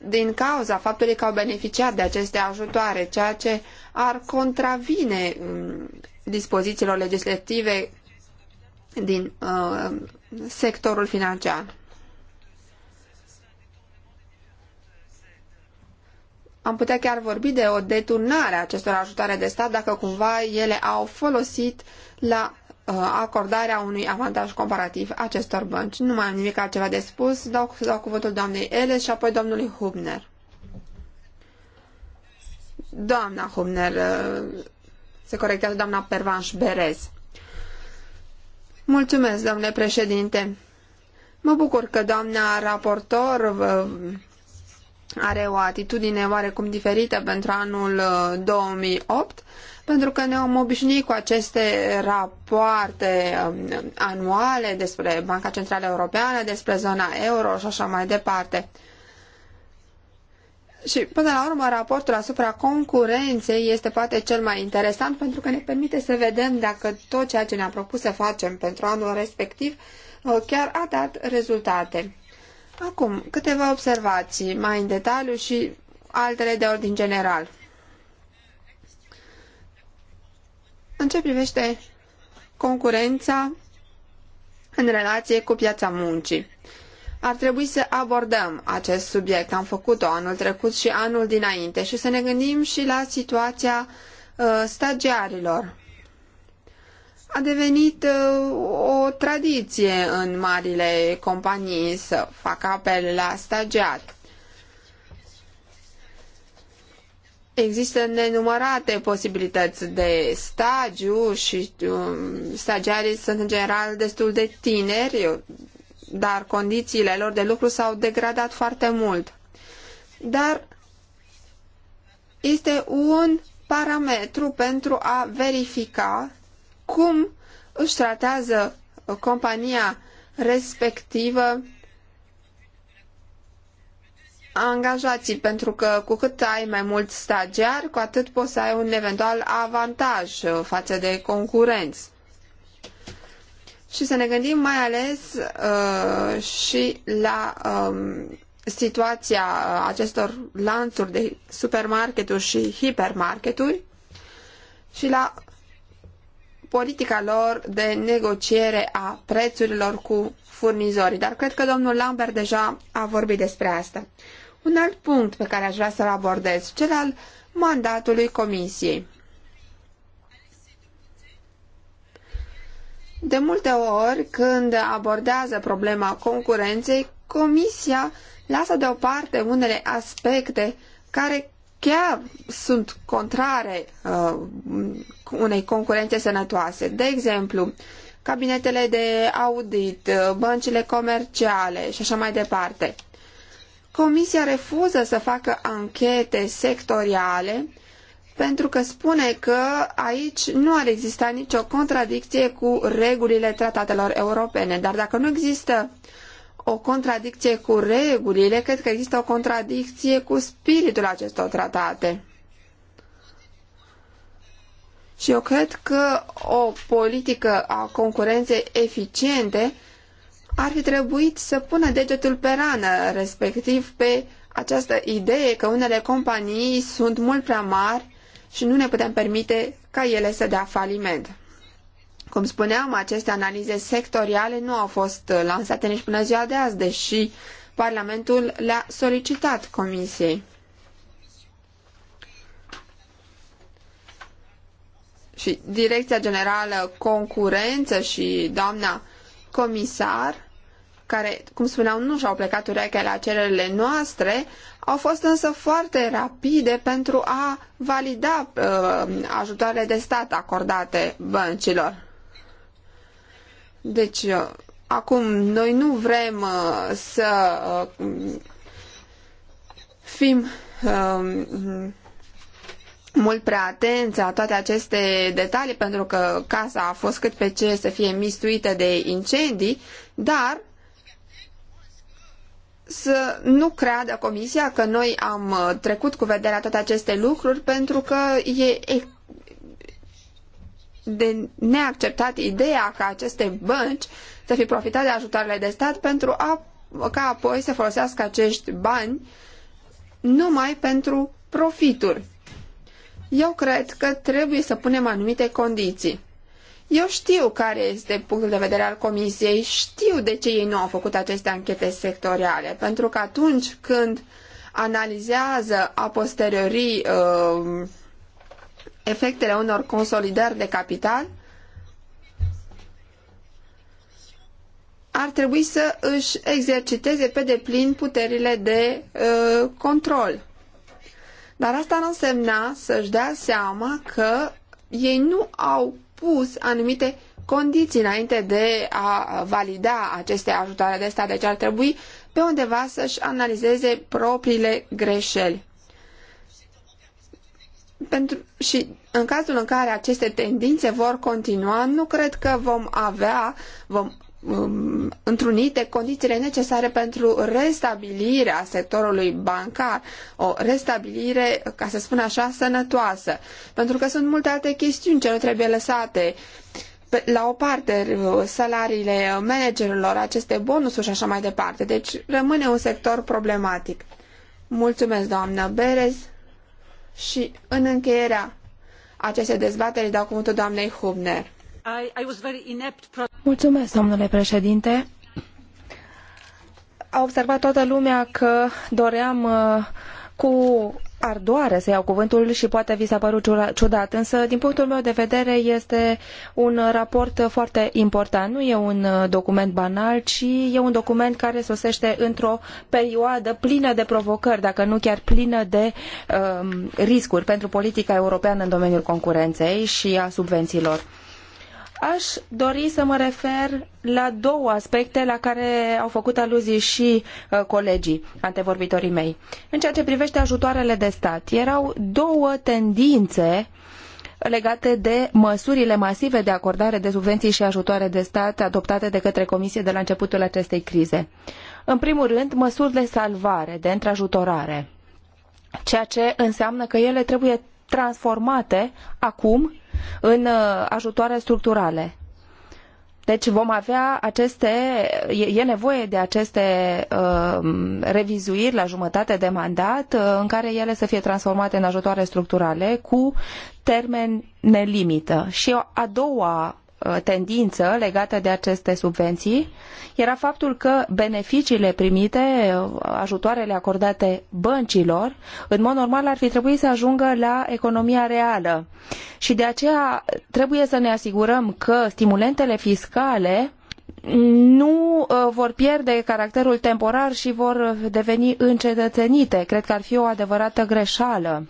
din cauza faptului că au beneficiat de aceste ajutoare, ceea ce ar contravine um, dispozițiilor legislative din uh, sectorul financiar. am putea chiar vorbi de o deturnare a acestor ajutoare de stat dacă cumva ele au folosit la uh, acordarea unui avantaj comparativ acestor bănci. Nu mai am nimic altceva de spus, dau, dau cuvântul doamnei Eles și apoi domnului Hubner. Doamna Hubner, uh, se corectează doamna Pervanș Berez. Mulțumesc, domnule președinte. Mă bucur că doamna raportor uh, are o atitudine oarecum diferită pentru anul 2008, uh, pentru că ne-am obișnuit cu aceste rapoarte um, anuale despre Banca Centrală Europeană, despre zona euro și așa mai departe. Și până la urmă, raportul asupra concurenței este poate cel mai interesant pentru că ne permite să vedem dacă tot ceea ce ne-am propus să facem pentru anul respectiv uh, chiar a dat rezultate. Acum, câteva observații mai în detaliu și altele de ordin general. În ce privește concurența în relație cu piața muncii. Ar trebui să abordăm acest subiect. Am făcut-o anul trecut și anul dinainte și să ne gândim și la situația uh, stagiarilor a devenit uh, o tradiție în marile companii să facă apel la stagiat. Există nenumărate posibilități de stagiu și um, stagiarii sunt în general destul de tineri, dar condițiile lor de lucru s-au degradat foarte mult. Dar este un parametru pentru a verifica cum își tratează compania respectivă angajații, pentru că cu cât ai mai mult stagiari, cu atât poți să ai un eventual avantaj față de concurenți. Și să ne gândim mai ales uh, și la um, situația acestor lanțuri de supermarketuri și hipermarketuri și la politica lor de negociere a prețurilor cu furnizorii, dar cred că domnul Lambert deja a vorbit despre asta. Un alt punct pe care aș vrea să-l abordez, cel al mandatului comisiei. De multe ori, când abordează problema concurenței, comisia lasă deoparte unele aspecte care chiar sunt contrare uh, unei concurențe sănătoase. De exemplu, cabinetele de audit, uh, băncile comerciale și așa mai departe. Comisia refuză să facă anchete sectoriale pentru că spune că aici nu ar exista nicio contradicție cu regulile tratatelor europene. Dar dacă nu există uh, o contradicție cu regulile, cred că există o contradicție cu spiritul acestor tratate. Și eu cred că o politică a concurenței eficiente ar fi trebuit să pună degetul pe rană, respectiv pe această idee că unele companii sunt mult prea mari și nu ne putem permite ca ele să dea faliment. Cum spuneam, aceste analize sectoriale nu au fost uh, lansate nici până ziua de azi, deși Parlamentul le-a solicitat Comisiei. Și Direcția Generală Concurență și doamna comisar, care, cum spuneam, nu și-au plecat urechea la cererile noastre, au fost însă foarte rapide pentru a valida uh, ajutoarele de stat acordate băncilor. Deci, uh, acum, noi nu vrem uh, să uh, fim um, mult prea atenți la toate aceste detalii, pentru că casa a fost cât pe ce să fie mistuită de incendii, dar să nu creadă comisia că noi am trecut cu vederea toate aceste lucruri pentru că e de neacceptat ideea ca aceste bănci să fi profitat de ajutoarele de stat pentru a, ca apoi să folosească acești bani numai pentru profituri. Eu cred că trebuie să punem anumite condiții. Eu știu care este punctul de vedere al comisiei, știu de ce ei nu au făcut aceste anchete sectoriale, pentru că atunci când analizează a posteriori uh, efectele unor consolidări de capital, ar trebui să își exerciteze pe deplin puterile de uh, control. Dar asta nu însemna să-și dea seama că ei nu au pus anumite condiții înainte de a valida aceste ajutoare de stat, deci ar trebui pe undeva să-și analizeze propriile greșeli. Pentru, și în cazul în care aceste tendințe vor continua, nu cred că vom avea, vom um, întrunite condițiile necesare pentru restabilirea sectorului bancar, o restabilire, ca să spun așa, sănătoasă. Pentru că sunt multe alte chestiuni ce nu trebuie lăsate la o parte uh, salariile managerilor, aceste bonusuri și așa mai departe. Deci rămâne un sector problematic. Mulțumesc, doamna Berez. Și în încheierea acestei dezbateri dau cuvântul doamnei Hubner. I, I was very inept... Mulțumesc, domnule președinte. A observat toată lumea că doream uh, cu ar doare să iau cuvântul și poate vi s-a părut ciudat, însă din punctul meu de vedere este un raport foarte important. Nu e un uh, document banal, ci e un document care sosește într-o perioadă plină de provocări, dacă nu chiar plină de um, riscuri pentru politica europeană în domeniul concurenței și a subvențiilor. Aș dori să mă refer la două aspecte la care au făcut aluzii și uh, colegii antevorbitorii mei. În ceea ce privește ajutoarele de stat, erau două tendințe legate de măsurile masive de acordare de subvenții și ajutoare de stat adoptate de către Comisie de la începutul acestei crize. În primul rând, măsuri de salvare, de întrajutorare, ceea ce înseamnă că ele trebuie transformate acum în uh, ajutoare structurale. Deci vom avea aceste, e, nevoie de aceste uh, revizuiri la jumătate de mandat uh, în care ele să fie transformate în ajutoare structurale cu termen nelimită. Și a doua Uh, tendință legată de aceste subvenții era faptul că beneficiile primite, uh, ajutoarele acordate băncilor, în mod normal ar fi trebuit să ajungă la economia reală. Și de aceea trebuie să ne asigurăm că stimulentele fiscale nu uh, vor pierde caracterul temporar și vor deveni încetățenite. Cred că ar fi o adevărată greșeală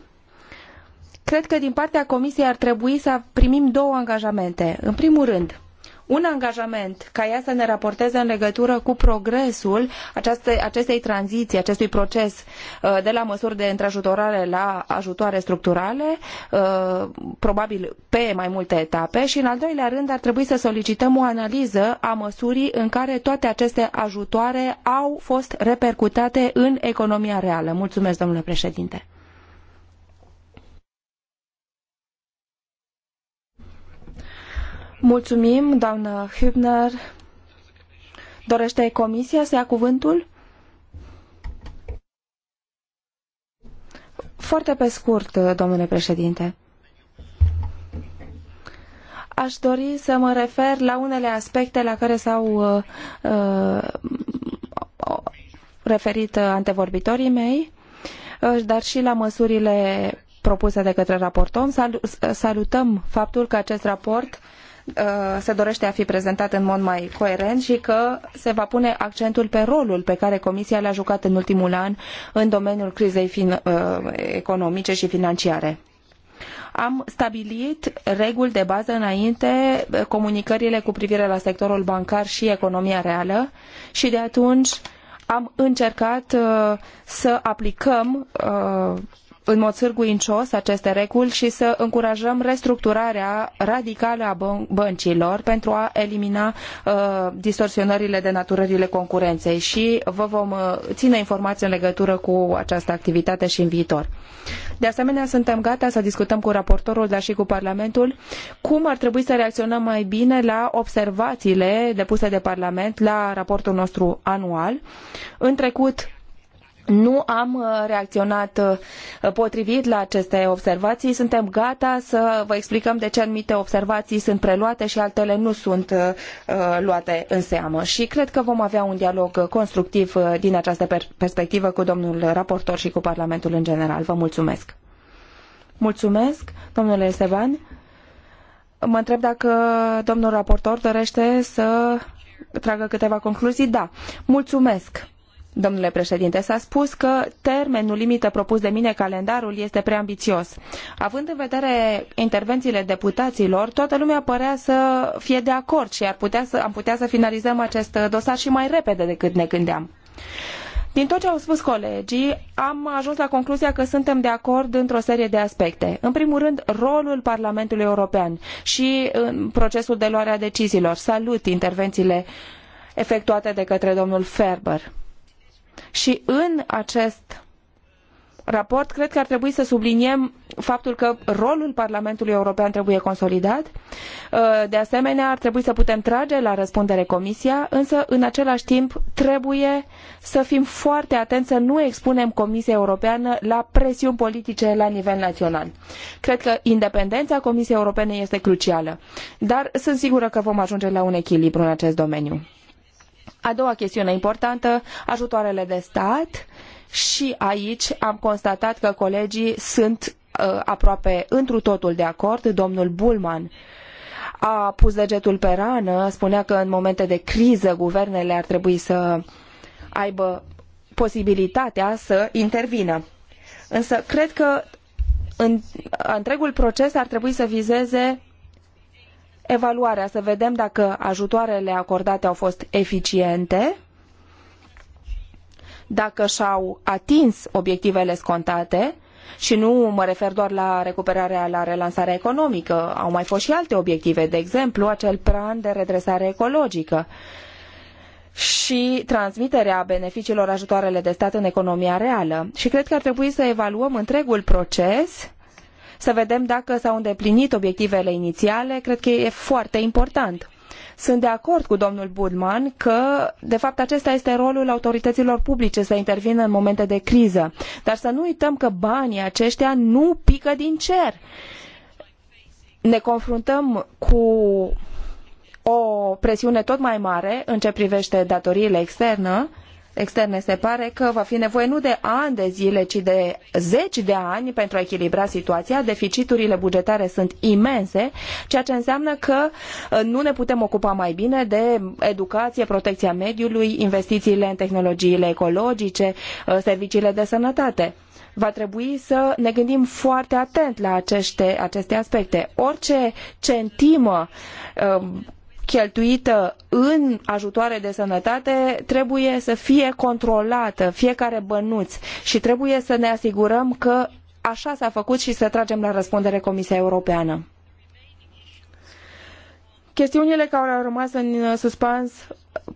Cred că din partea Comisiei ar trebui să primim două angajamente. În primul rând, un angajament ca ea să ne raporteze în legătură cu progresul aceste, acestei tranziții, acestui proces uh, de la măsuri de întrajutorare la ajutoare structurale, uh, probabil pe mai multe etape și în al doilea rând ar trebui să solicităm o analiză a măsurii în care toate aceste ajutoare au fost repercutate în economia reală. Mulțumesc, domnule președinte. Mulțumim, doamnă Hübner. Dorește comisia să ia cuvântul? Foarte pe scurt, domnule președinte. Aș dori să mă refer la unele aspecte la care s-au uh, uh, referit antevorbitorii mei, uh, dar și la măsurile propuse de către raportor. Salutăm faptul că acest raport uh, Uh, se dorește a fi prezentat în mod mai coerent și că se va pune accentul pe rolul pe care Comisia l-a jucat în ultimul an în domeniul crizei uh, economice și financiare am stabilit reguli de bază înainte comunicările cu privire la sectorul bancar și economia reală și de atunci am încercat uh, să aplicăm în mod sârguincios aceste reguli și să încurajăm restructurarea radicală a băncilor pentru a elimina uh, distorsionările de naturările concurenței și vă vom uh, ține informații în legătură cu această activitate și în viitor. De asemenea, suntem gata să discutăm cu raportorul, dar și cu Parlamentul, cum ar trebui să reacționăm mai bine la observațiile depuse de Parlament la raportul nostru anual. În trecut, nu am uh, reacționat uh, potrivit la aceste observații. Suntem gata să vă explicăm de ce anumite observații sunt preluate și altele nu sunt uh, luate în seamă. Și cred că vom avea un dialog constructiv din această perspectivă cu domnul raportor și cu Parlamentul în general. Vă mulțumesc. Mulțumesc, domnule Seban. Mă întreb dacă domnul raportor dorește să tragă câteva concluzii. Da. Mulțumesc Domnule președinte, s-a spus că termenul limită propus de mine, calendarul, este prea ambițios. Având în vedere intervențiile deputaților, toată lumea părea să fie de acord și ar putea să, am putea să finalizăm acest dosar și mai repede decât ne gândeam. Din tot ce au spus colegii, am ajuns la concluzia că suntem de acord într-o serie de aspecte. În primul rând, rolul Parlamentului European și în procesul de luare a deciziilor. Salut intervențiile efectuate de către domnul Ferber și în acest raport cred că ar trebui să subliniem faptul că rolul Parlamentului European trebuie consolidat. Uh, de asemenea, ar trebui să putem trage la răspundere Comisia, însă în același timp trebuie să fim foarte atenți să nu expunem Comisia Europeană la presiuni politice la nivel național. Cred că independența Comisiei Europene este crucială, dar sunt sigură că vom ajunge la un echilibru în acest domeniu. A doua chestiune importantă, ajutoarele de stat. Și aici am constatat că colegii sunt uh, aproape întru totul de acord. Domnul Bulman a pus degetul pe rană, spunea că în momente de criză guvernele ar trebui să aibă posibilitatea să intervină. Însă cred că în, întregul proces ar trebui să vizeze evaluarea, să vedem dacă ajutoarele acordate au fost eficiente, dacă și-au atins obiectivele scontate, și nu mă refer doar la recuperarea, la relansarea economică, au mai fost și alte obiective, de exemplu, acel plan de redresare ecologică și transmiterea beneficiilor ajutoarele de stat în economia reală. Și cred că ar trebui să evaluăm întregul proces să vedem dacă s-au îndeplinit obiectivele inițiale, cred că e foarte important. Sunt de acord cu domnul Budman că, de fapt, acesta este rolul autorităților publice să intervină în momente de criză. Dar să nu uităm că banii aceștia nu pică din cer. Ne confruntăm cu o presiune tot mai mare în ce privește datoriile externe, externe, se pare că va fi nevoie nu de ani de zile, ci de zeci de ani pentru a echilibra situația. Deficiturile bugetare sunt imense, ceea ce înseamnă că uh, nu ne putem ocupa mai bine de educație, protecția mediului, investițiile în tehnologiile ecologice, uh, serviciile de sănătate va trebui să ne gândim foarte atent la aceste, aceste aspecte. Orice centimă uh, cheltuită în ajutoare de sănătate trebuie să fie controlată, fiecare bănuț și trebuie să ne asigurăm că așa s-a făcut și să tragem la răspundere Comisia Europeană. Chestiunile care au rămas în suspans,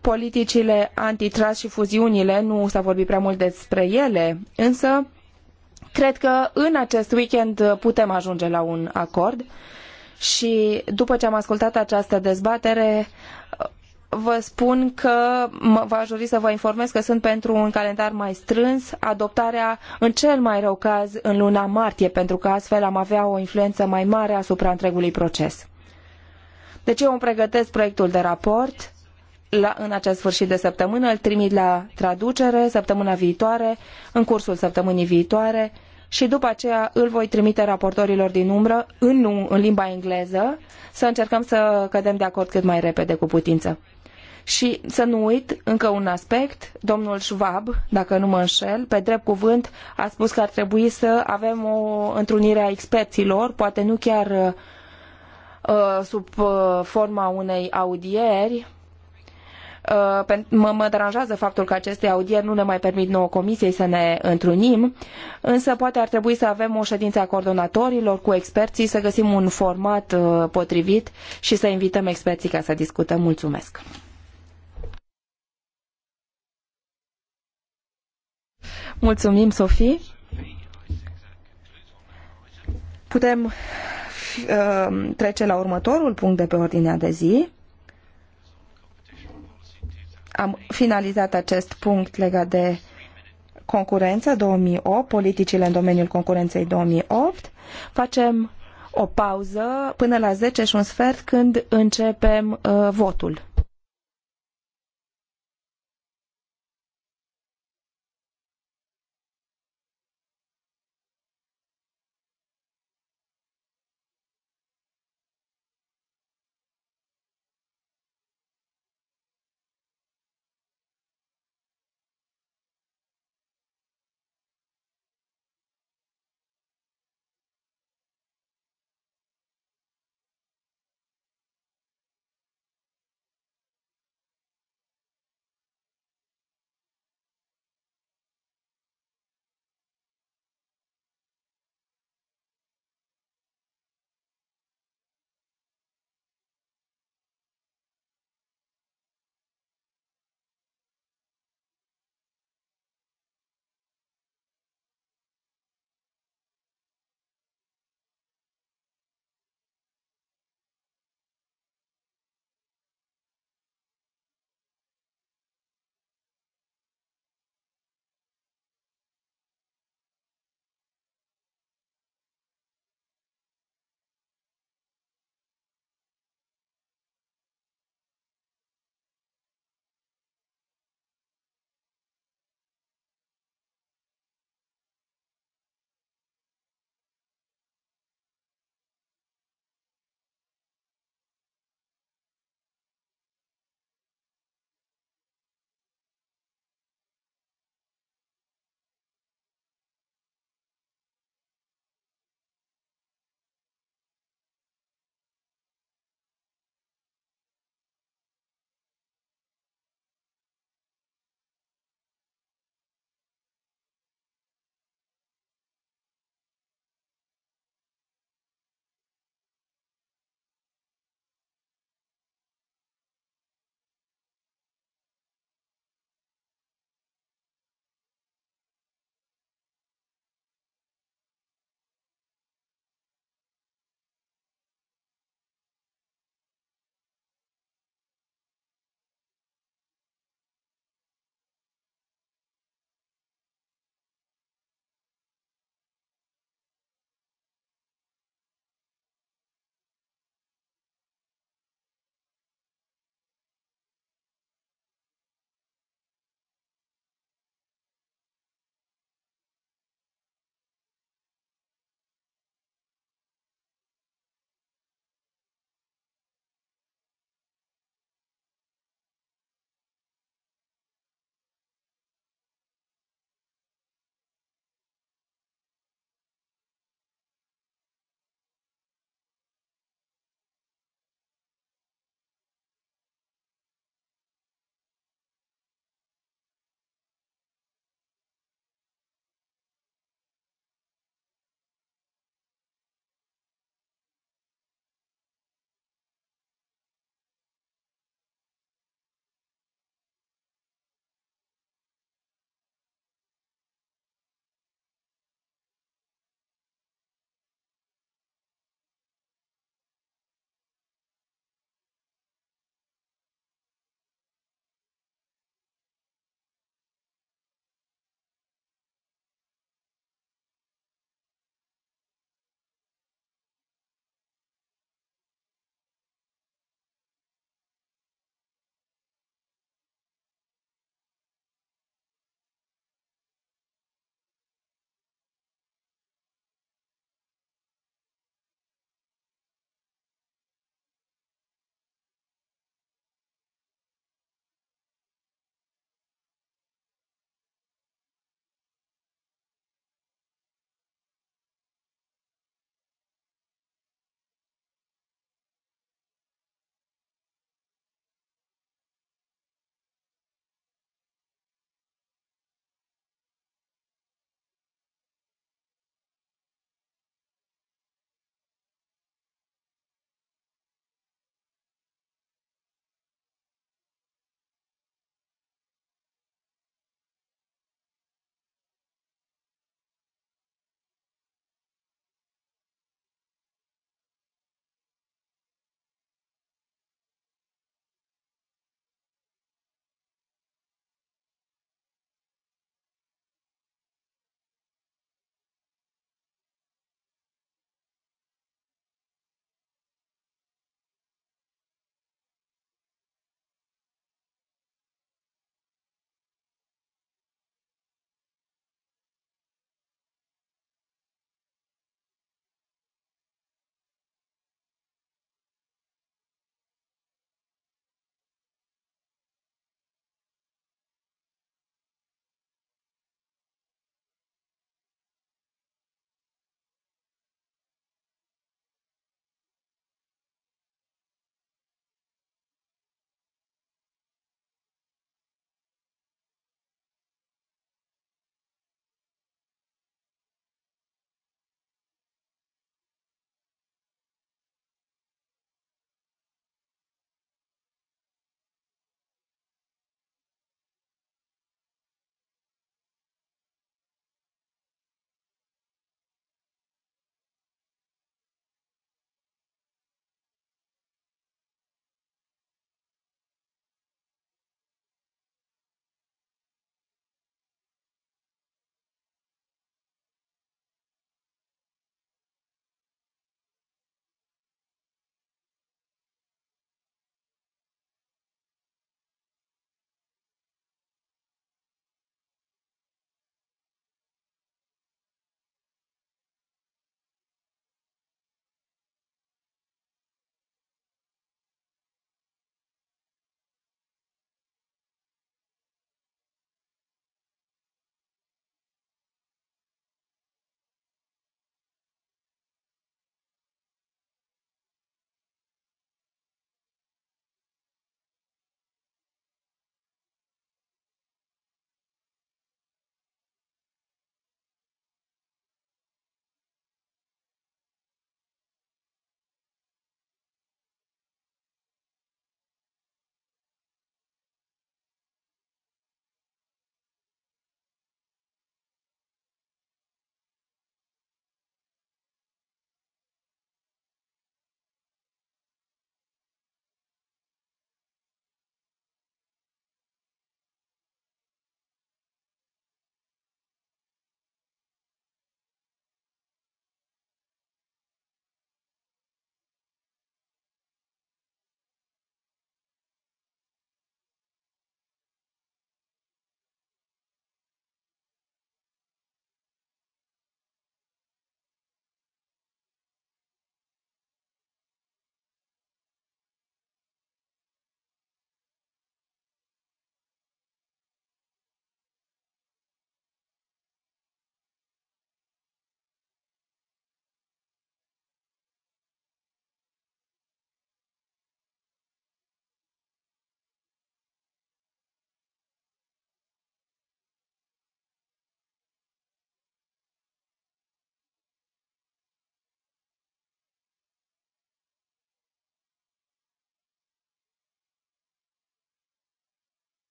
politicile antitrust și fuziunile, nu s-a vorbit prea mult despre ele, însă cred că în acest weekend putem ajunge la un acord. Uh, și după ce am ascultat această dezbatere, vă spun că v-aș dori să vă informez că sunt pentru un calendar mai strâns, adoptarea în cel mai rău caz în luna martie, pentru că astfel am avea o influență mai mare asupra întregului proces. Deci eu îmi pregătesc proiectul de raport la, în acest sfârșit de săptămână, îl trimit la traducere săptămâna viitoare, în cursul săptămânii viitoare și după aceea îl voi trimite raportorilor din umbră în, în limba engleză să încercăm să cădem de acord cât mai repede cu putință. Și să nu uit încă un aspect, domnul Schwab, dacă nu mă înșel, pe drept cuvânt a spus că ar trebui să avem o întrunire a experților, poate nu chiar uh, sub uh, forma unei audieri, Uh, mă, mă deranjează faptul că aceste audieri nu ne mai permit nouă comisiei să ne întrunim, însă poate ar trebui să avem o ședință a coordonatorilor cu experții, să găsim un format uh, potrivit și să invităm experții ca să discutăm. Mulțumesc! Mulțumim, Sofie! Putem uh, trece la următorul punct de pe ordinea de zi am finalizat acest punct legat de concurență 2008, politicile în domeniul concurenței 2008. Facem o pauză până la 10 și un sfert când începem uh, votul.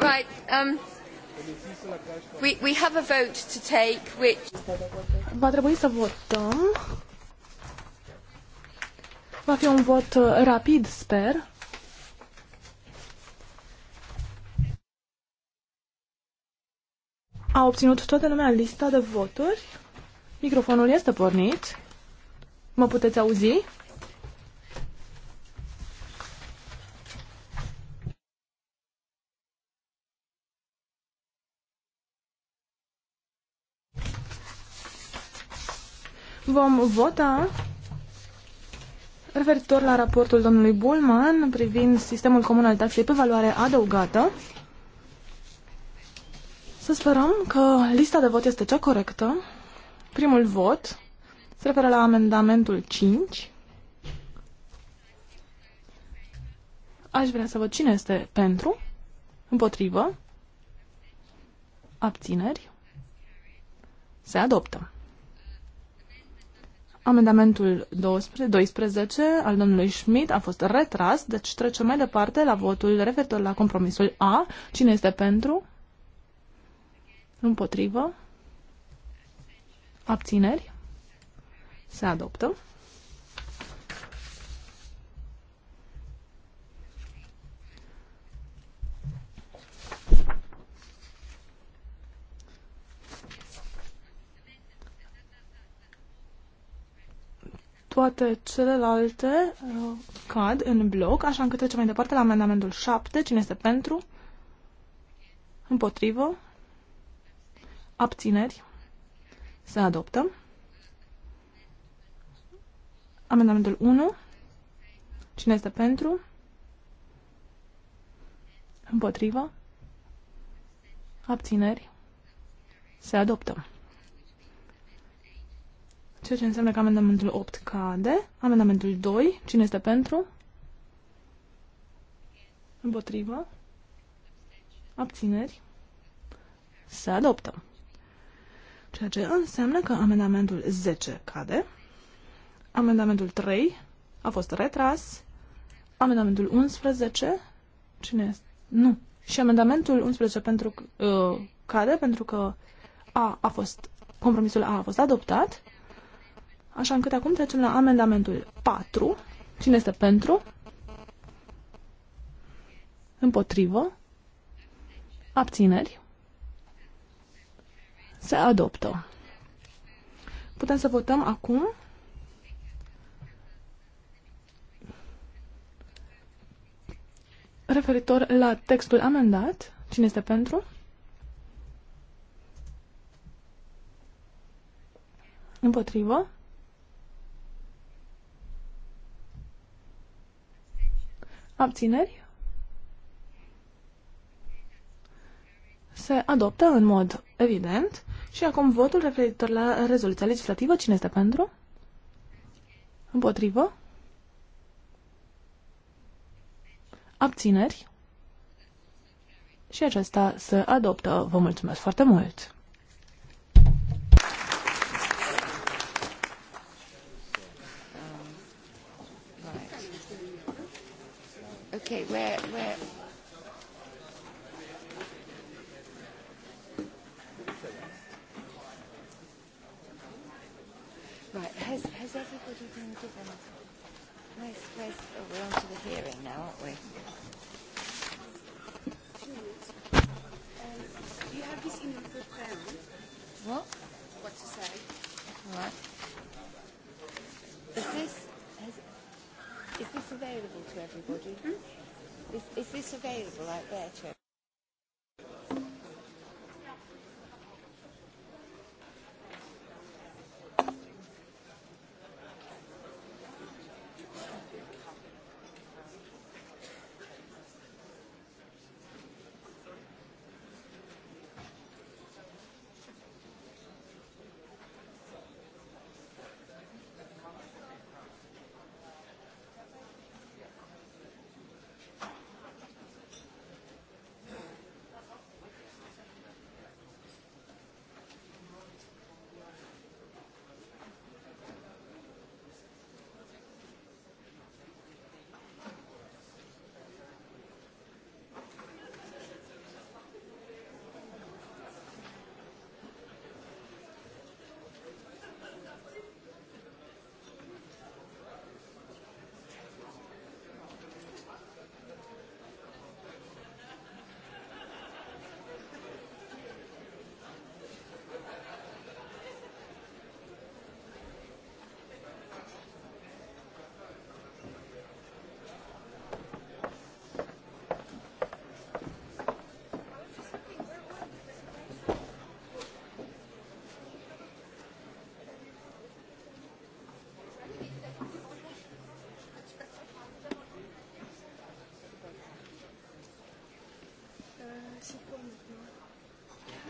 Right. Um, we, we have a vote to take, which... Va trebui să votăm. Va fi un vot uh, rapid, sper. A obținut toată lumea lista de voturi. Microfonul este pornit. Mă puteți auzi? vom vota referitor la raportul domnului Bulman privind sistemul comun al taxei pe valoare adăugată. Să sperăm că lista de vot este cea corectă. Primul vot se referă la amendamentul 5. Aș vrea să văd cine este pentru, împotrivă, abțineri, se adoptă. Amendamentul 12, 12 al domnului Schmidt a fost retras, deci trecem mai departe la votul referitor la compromisul A. Cine este pentru? Împotrivă? Abțineri? Se adoptă. Toate celelalte uh, cad în bloc, așa încât trecem mai departe la amendamentul 7. Cine este pentru? Împotrivă? Abțineri? Se adoptă. Amendamentul 1. Cine este pentru? Împotrivă? Abțineri? Se adoptă. Ceea ce înseamnă că amendamentul 8 cade. Amendamentul 2. Cine este pentru? Împotrivă. Abțineri. Se adoptă. Ceea ce înseamnă că amendamentul 10 cade. Amendamentul 3 a fost retras. Amendamentul 11. Cine este? Nu. Și amendamentul 11 pentru, uh, cade pentru că a, a fost, compromisul A a fost adoptat. Așa încât acum trecem la amendamentul 4. Cine este pentru? Împotrivă? Abțineri? Se adoptă. Putem să votăm acum referitor la textul amendat. Cine este pentru? Împotrivă? Abțineri? Se adoptă în mod evident. Și acum votul referitor la rezoluția legislativă. Cine este pentru? Împotrivă? Abțineri? Și acesta se adoptă. Vă mulțumesc foarte mult! Okay, where, where? Right, has, has everybody been given... Where's, where's, oh, we're on to the hearing now, aren't we? Um, do you have this in email prepared? What? What to say? All right. Is Has, Is this available to everybody? Hmm? Is, is this available out there to everybody?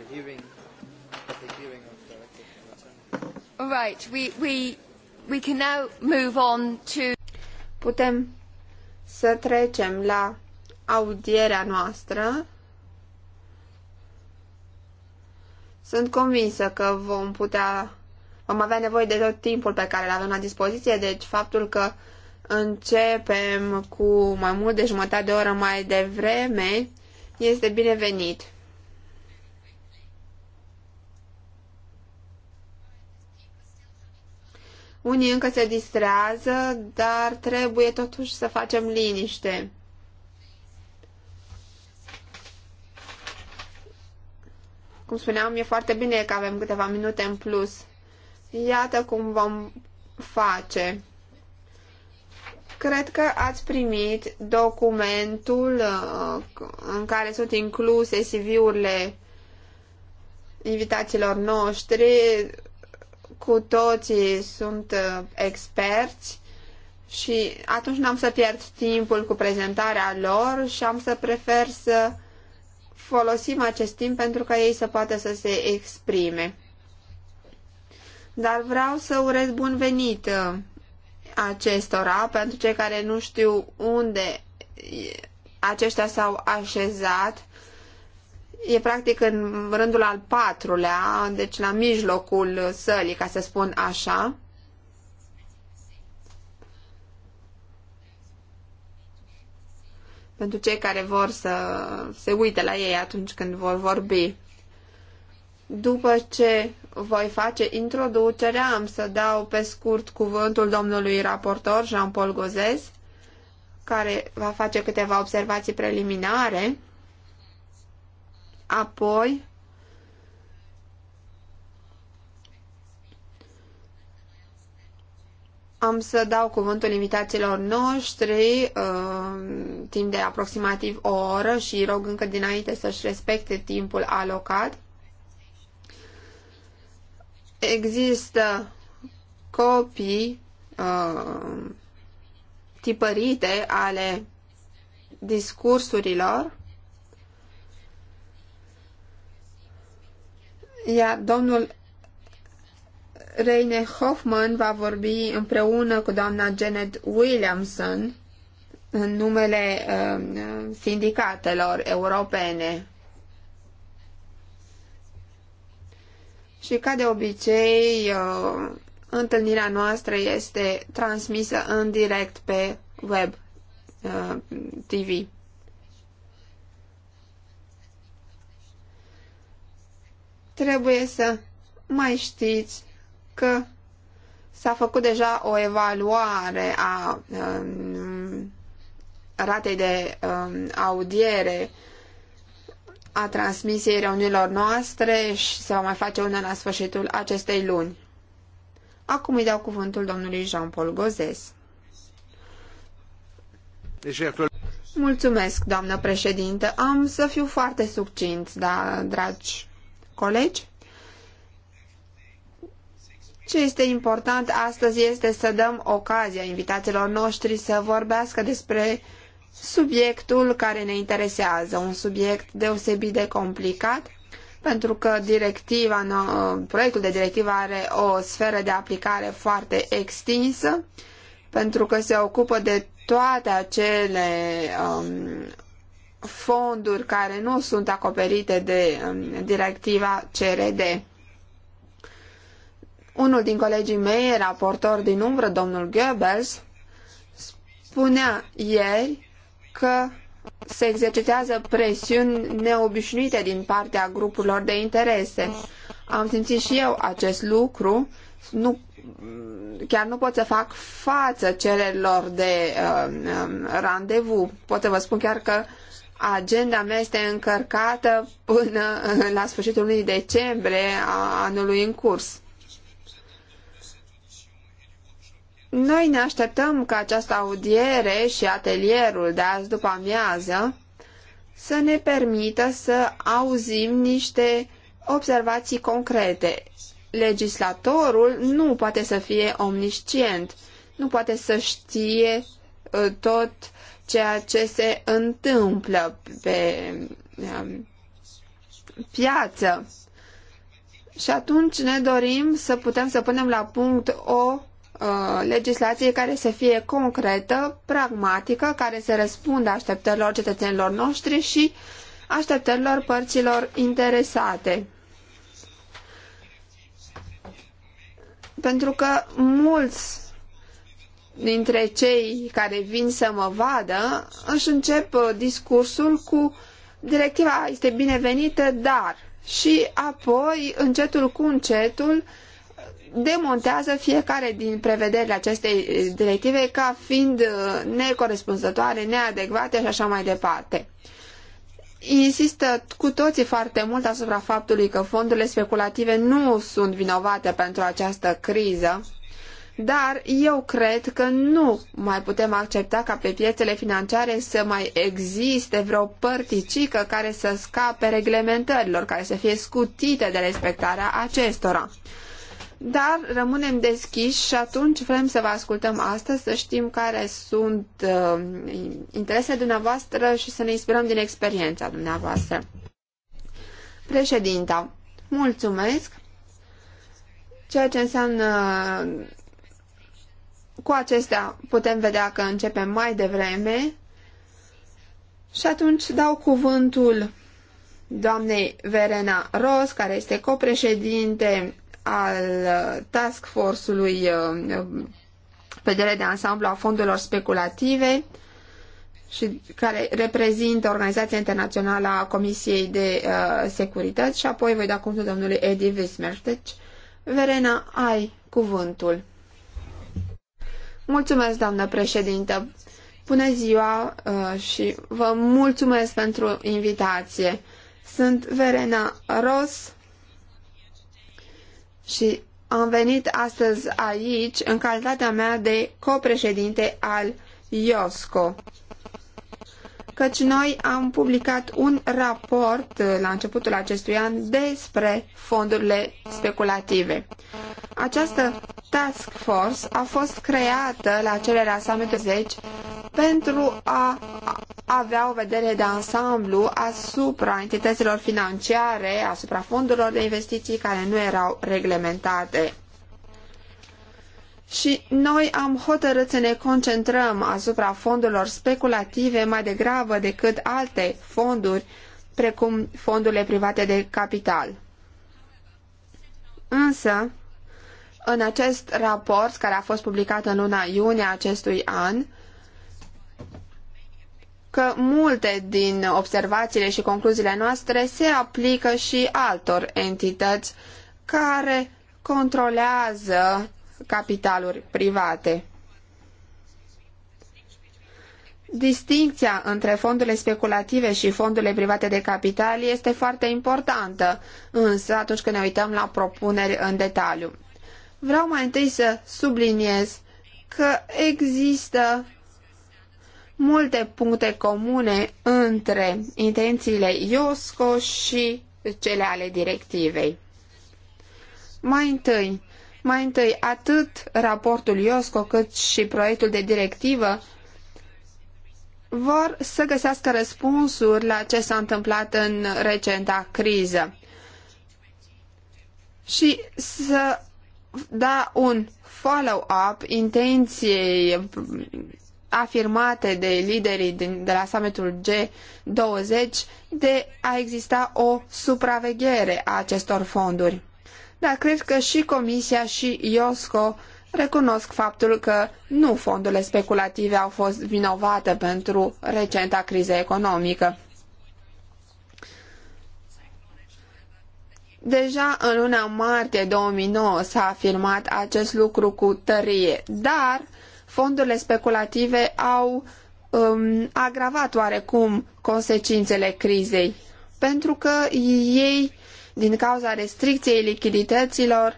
the hearing, public hearing of directive. All right, we, we, we can now move on to... Putem să trecem la audierea noastră. Sunt convinsă că vom putea, vom avea nevoie de tot timpul pe care îl avem la dispoziție, deci faptul că începem cu mai mult de jumătate de oră mai devreme este binevenit. Unii încă se distrează, dar trebuie totuși să facem liniște. Cum spuneam, e foarte bine că avem câteva minute în plus. Iată cum vom face. Cred că ați primit documentul uh, în care sunt incluse CV-urile invitațiilor noștri cu toții sunt uh, experți și atunci n-am să pierd timpul cu prezentarea lor și am să prefer să folosim acest timp pentru ca ei să poată să se exprime. Dar vreau să urez bun venit uh, acestora pentru cei care nu știu unde aceștia s-au așezat e practic în rândul al patrulea, deci la mijlocul sălii, ca să spun așa. Pentru cei care vor să se uite la ei atunci când vor vorbi. După ce voi face introducerea, am să dau pe scurt cuvântul domnului raportor Jean-Paul Gozes, care va face câteva observații preliminare Apoi, am să dau cuvântul invitațiilor noștri um, timp de aproximativ o oră și rog încă dinainte să-și respecte timpul alocat. Există copii um, tipărite ale discursurilor iar domnul Reine Hoffman va vorbi împreună cu doamna Janet Williamson în numele uh, sindicatelor europene. Și ca de obicei, uh, întâlnirea noastră este transmisă în direct pe web uh, TV. trebuie să mai știți că s-a făcut deja o evaluare a um, ratei de um, audiere a transmisiei reuniunilor noastre și se va mai face una la sfârșitul acestei luni. Acum îi dau cuvântul domnului Jean-Paul Gozes. Mulțumesc, doamnă președinte. Am să fiu foarte succint, da, dragi colegi. Ce este important astăzi este să dăm ocazia invitaților noștri să vorbească despre subiectul care ne interesează, un subiect deosebit de complicat, pentru că directiva, proiectul de directivă are o sferă de aplicare foarte extinsă, pentru că se ocupă de toate acele um, fonduri care nu sunt acoperite de um, directiva CRD. Unul din colegii mei, raportor din umbră, domnul Goebbels, spunea ieri că se exercitează presiuni neobișnuite din partea grupurilor de interese. Am simțit și eu acest lucru, nu, chiar nu pot să fac față cererilor de uh, uh, randevu. Pot să vă spun chiar că agenda mea este încărcată până la sfârșitul lunii decembrie a anului în curs. Noi ne așteptăm ca această audiere și atelierul de azi după amiază să ne permită să auzim niște observații concrete. Legislatorul nu poate să fie omniscient, nu poate să știe uh, tot ceea ce se întâmplă pe um, piață. Și atunci ne dorim să putem să punem la punct o uh, legislație care să fie concretă, pragmatică, care să răspundă așteptărilor cetățenilor noștri și așteptărilor părților interesate. Pentru că mulți dintre cei care vin să mă vadă, își încep uh, discursul cu directiva este binevenită, dar și apoi, încetul cu încetul, demontează fiecare din prevederile acestei uh, directive ca fiind uh, necorespunzătoare, neadecvate și așa mai departe. Insistă cu toții foarte mult asupra faptului că fondurile speculative nu sunt vinovate pentru această criză, dar eu cred că nu mai putem accepta ca pe piețele financiare să mai existe vreo părticică care să scape reglementărilor, care să fie scutite de respectarea acestora. Dar rămânem deschiși și atunci vrem să vă ascultăm astăzi, să știm care sunt uh, interesele dumneavoastră și să ne inspirăm din experiența dumneavoastră. Președinta, mulțumesc! ceea ce înseamnă cu acestea putem vedea că începem mai devreme și atunci dau cuvântul doamnei Verena Ros, care este copreședinte al uh, Task Force-ului vedere uh, de ansamblu a fondurilor speculative și care reprezintă Organizația Internațională a Comisiei de uh, Securități și apoi voi da cuvântul domnului Edi Wismer. Deci, Verena, ai cuvântul. Mulțumesc, doamnă președintă. Bună ziua uh, și vă mulțumesc pentru invitație. Sunt Verena Ros și am venit astăzi aici în calitatea mea de copreședinte al IOSCO căci noi am publicat un raport uh, la începutul acestui an despre fondurile speculative. Această task force a fost creată la cererea Summit 10 pentru a avea o vedere de ansamblu asupra entităților financiare, asupra fondurilor de investiții care nu erau reglementate și noi am hotărât să ne concentrăm asupra fondurilor speculative mai degrabă decât alte fonduri, precum fondurile private de capital. Însă, în acest raport, care a fost publicat în luna iunie acestui an, că multe din observațiile și concluziile noastre se aplică și altor entități care controlează capitaluri private. Distincția între fondurile speculative și fondurile private de capital este foarte importantă, însă atunci când ne uităm la propuneri în detaliu. Vreau mai întâi să subliniez că există multe puncte comune între intențiile IOSCO și cele ale directivei. Mai întâi, mai întâi, atât raportul IOSCO cât și proiectul de directivă vor să găsească răspunsuri la ce s-a întâmplat în recenta criză și să da un follow-up intenției afirmate de liderii din, de la summitul G20 de a exista o supraveghere a acestor fonduri dar cred că și Comisia și IOSCO recunosc faptul că nu fondurile speculative au fost vinovate pentru recenta criză economică. Deja în luna martie 2009 s-a afirmat acest lucru cu tărie, dar fondurile speculative au um, agravat oarecum consecințele crizei, pentru că ei din cauza restricției lichidităților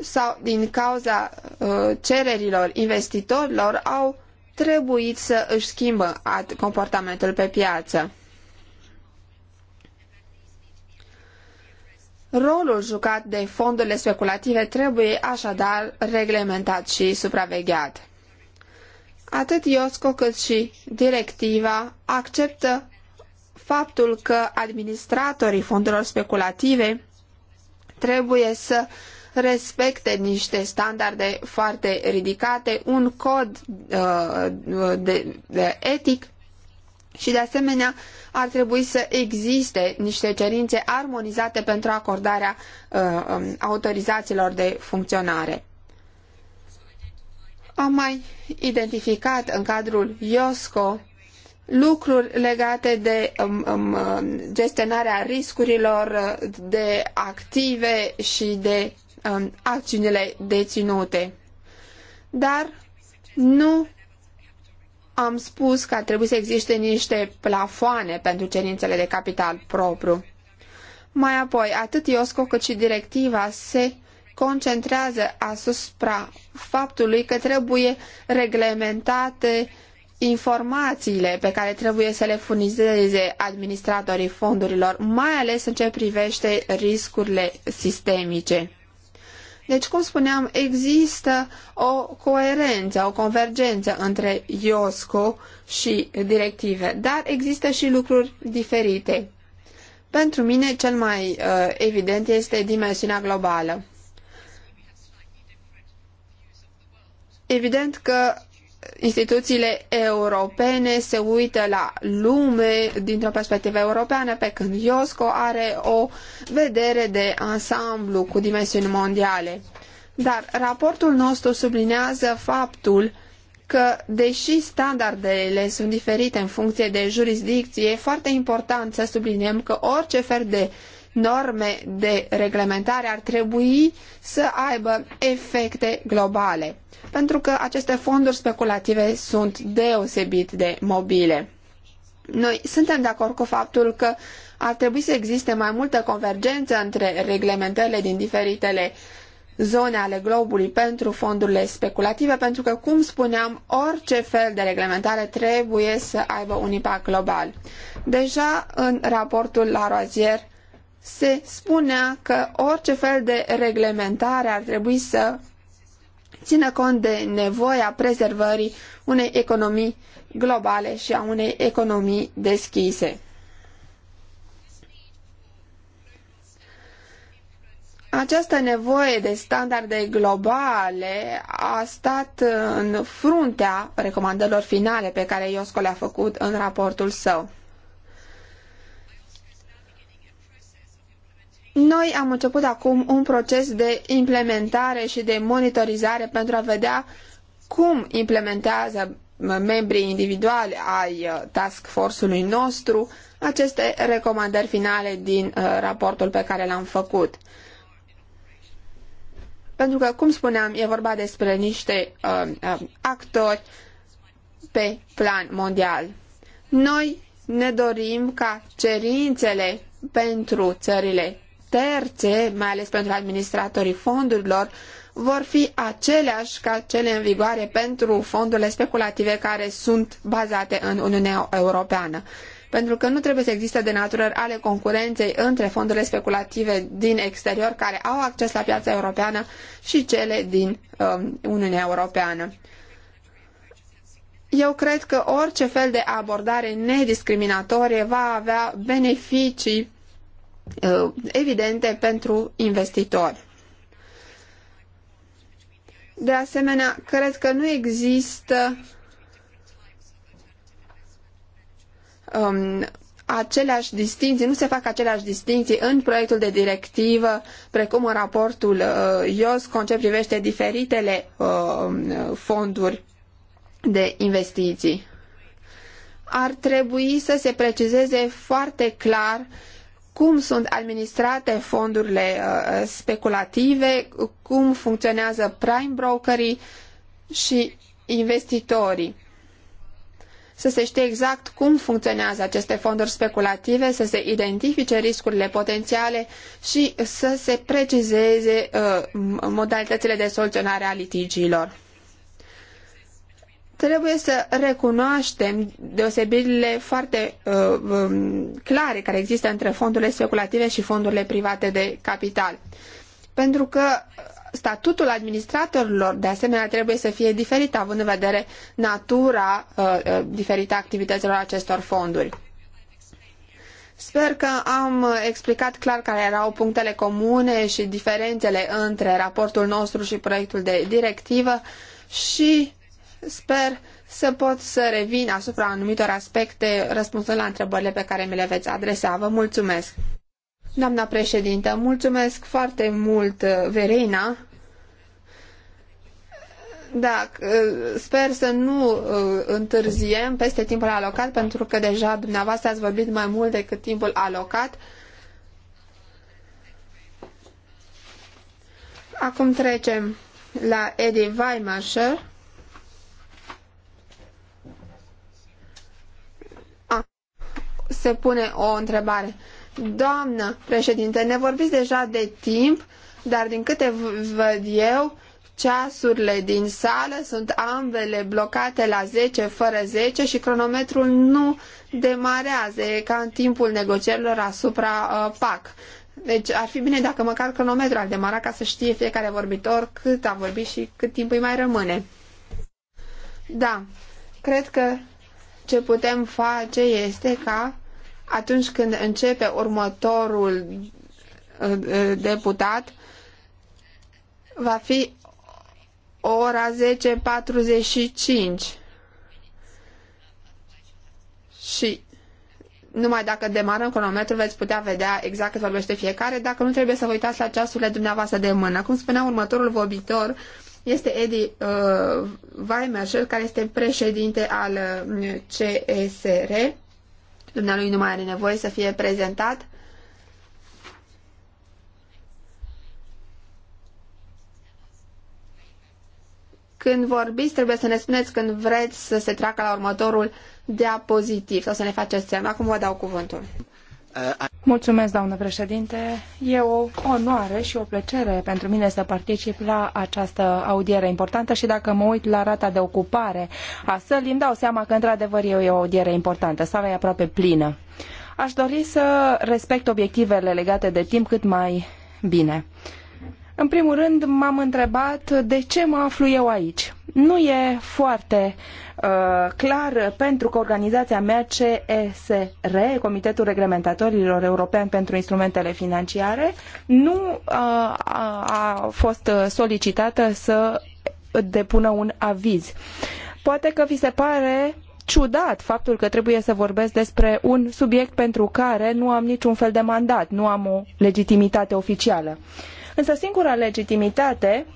sau din cauza uh, cererilor investitorilor au trebuit să își schimbă comportamentul pe piață. Rolul jucat de fondurile speculative trebuie așadar reglementat și supravegheat. Atât IOSCO cât și directiva acceptă faptul că administratorii fondurilor speculative trebuie să respecte niște standarde foarte ridicate, un cod uh, de, de etic și de asemenea ar trebui să existe niște cerințe armonizate pentru acordarea uh, um, autorizațiilor de funcționare. Am mai identificat în cadrul IOSCO lucruri legate de um, um, gestionarea riscurilor, de active și de um, acțiunile deținute. Dar nu am spus că ar trebui să existe niște plafoane pentru cerințele de capital propriu. Mai apoi, atât IOSCO cât și directiva se concentrează asupra faptului că trebuie reglementate informațiile pe care trebuie să le furnizeze administratorii fondurilor, mai ales în ce privește riscurile sistemice. Deci, cum spuneam, există o coerență, o convergență între IOSCO și directive, dar există și lucruri diferite. Pentru mine, cel mai uh, evident este dimensiunea globală. Evident că instituțiile europene se uită la lume dintr-o perspectivă europeană, pe când IOSCO are o vedere de ansamblu cu dimensiuni mondiale. Dar raportul nostru sublinează faptul că, deși standardele sunt diferite în funcție de jurisdicție, e foarte important să subliniem că orice fel de uh, norme de reglementare ar trebui să aibă efecte globale, pentru că aceste fonduri speculative sunt deosebit de mobile. Noi suntem de acord cu faptul că ar trebui să existe mai multă convergență între reglementările din diferitele zone ale globului pentru fondurile speculative, pentru că, cum spuneam, orice fel de reglementare trebuie să aibă un impact global. Deja în raportul la Rozier se spunea că orice fel de reglementare ar trebui să țină cont de nevoia prezervării unei economii globale și a unei economii deschise. Această nevoie de standarde globale a stat în fruntea recomandărilor finale pe care Iosco le-a făcut în raportul său. Noi am început acum un proces de implementare și de monitorizare pentru a vedea cum implementează membrii individuali ai uh, task force-ului nostru aceste recomandări finale din uh, raportul pe care l-am făcut. Pentru că, cum spuneam, e vorba despre niște uh, uh actori pe plan mondial. Noi ne dorim ca cerințele pentru țările terțe, mai ales pentru administratorii fondurilor, vor fi aceleași ca cele în vigoare pentru fondurile speculative care sunt bazate în Uniunea Europeană. Pentru că nu trebuie să existe denaturări ale concurenței între fondurile speculative din exterior care au acces la piața europeană și cele din um, Uniunea Europeană. Eu cred că orice fel de abordare nediscriminatorie va avea beneficii Uh, evidente pentru investitori. De asemenea, cred că nu există um, aceleași distinții, nu se fac aceleași distinții în proiectul de directivă, precum în raportul uh, IOSCON ce privește diferitele uh, fonduri de investiții. Ar trebui să se precizeze foarte clar uh, cum sunt administrate fondurile uh, speculative, cum funcționează prime brokerii și investitorii. Să se știe exact cum funcționează aceste fonduri speculative, să se identifice riscurile potențiale și să se precizeze uh, modalitățile de soluționare a litigiilor. Trebuie să recunoaștem deosebirile foarte uh, um, clare care există între fondurile speculative și fondurile private de capital. Pentru că statutul administratorilor, de asemenea, trebuie să fie diferit, având în vedere natura uh, uh diferită a activităților acestor fonduri. Sper că am explicat clar care erau punctele comune și diferențele între raportul nostru și proiectul de directivă și Sper să pot să revin asupra anumitor aspecte răspunsând la întrebările pe care mi le veți adresa. Vă mulțumesc! Doamna președintă, mulțumesc foarte mult, uh, Verena. Da, uh, sper să nu uh, întârziem peste timpul alocat, pentru că deja dumneavoastră ați vorbit mai mult decât timpul alocat. Acum trecem la Eddie Weimacher. se pune o întrebare. Doamnă președinte, ne vorbiți deja de timp, dar din câte văd eu, ceasurile din sală sunt ambele blocate la 10 fără 10 și cronometrul nu demarează, e ca în timpul negocierilor asupra uh, PAC. Deci ar fi bine dacă măcar cronometrul ar demara ca să știe fiecare vorbitor cât a vorbit și cât timp îi mai rămâne. Da, cred că ce putem face este ca atunci când începe următorul uh, uh, deputat, va fi ora 10.45 și numai dacă demarăm cronometrul veți putea vedea exact cât vorbește fiecare, dacă nu trebuie să vă uitați la ceasurile dumneavoastră de mână. Cum spunea următorul vorbitor, este Edi uh, Weimerschel, care este președinte al uh, CSR. Dumnealui nu mai are nevoie să fie prezentat. Când vorbiți, trebuie să ne spuneți când vreți să se treacă la următorul diapozitiv sau să ne faceți seama. Acum vă dau cuvântul. Mulțumesc, președinte. E o onoare și o plăcere pentru mine să particip la această audiere importantă și dacă mă uit la rata de ocupare a sălii, îmi dau seama că într-adevăr e o audiere importantă. Sala e aproape plină. Aș dori să respect obiectivele legate de timp cât mai bine. În primul rând, m-am întrebat de ce mă aflu eu aici. Nu e foarte Uh, clar pentru că organizația mea CESR, Comitetul Reglementatorilor Europeni pentru Instrumentele Financiare, nu uh, a fost solicitată să depună un aviz. Poate că vi se pare ciudat faptul că trebuie să vorbesc despre un subiect pentru care nu am niciun fel de mandat, nu am o legitimitate oficială. Însă singura legitimitate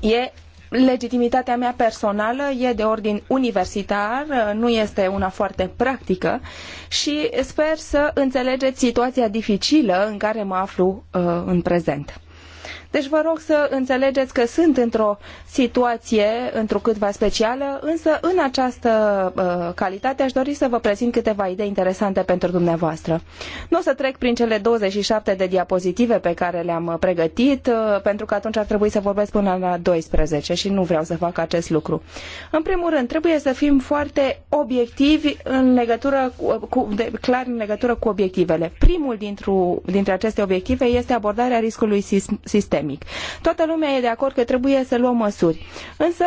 e legitimitatea mea personală e de ordin universitar, nu este una foarte practică și sper să înțelegeți situația dificilă în care mă aflu uh, în prezent. Deci vă rog să înțelegeți că sunt într-o situație întrucâtva specială, însă în această uh, calitate aș dori să vă prezint câteva idei interesante pentru dumneavoastră. Nu o să trec prin cele 27 de diapozitive pe care le-am uh, pregătit, uh, pentru că atunci ar trebui să vorbesc până la 12 și nu vreau să fac acest lucru. În primul rând, trebuie să fim foarte obiectivi în legătură cu, uh, cu de, clar în legătură cu obiectivele. Primul dintre aceste obiective este abordarea riscului sistemic sistemic. Toată lumea e de acord că trebuie să luăm măsuri. Însă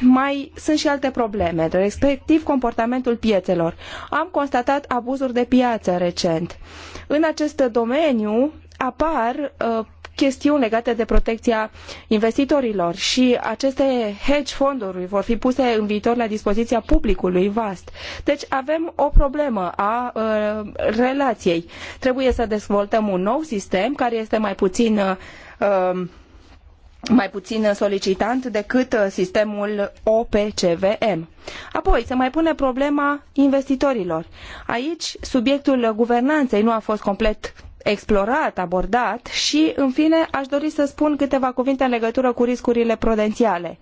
mai sunt și alte probleme, respectiv comportamentul piețelor. Am constatat abuzuri de piață recent. În acest domeniu apar uh, chestiuni legate de protecția investitorilor și aceste hedge fonduri vor fi puse în viitor la dispoziția publicului vast. Deci avem o problemă a uh, relației. Trebuie să dezvoltăm un nou sistem care este mai puțin uh, Um, mai puțin solicitant decât uh, sistemul OPCVM. Apoi, se mai pune problema investitorilor. Aici, subiectul guvernanței nu a fost complet explorat, abordat și, în fine, aș dori să spun câteva cuvinte în legătură cu riscurile prudențiale.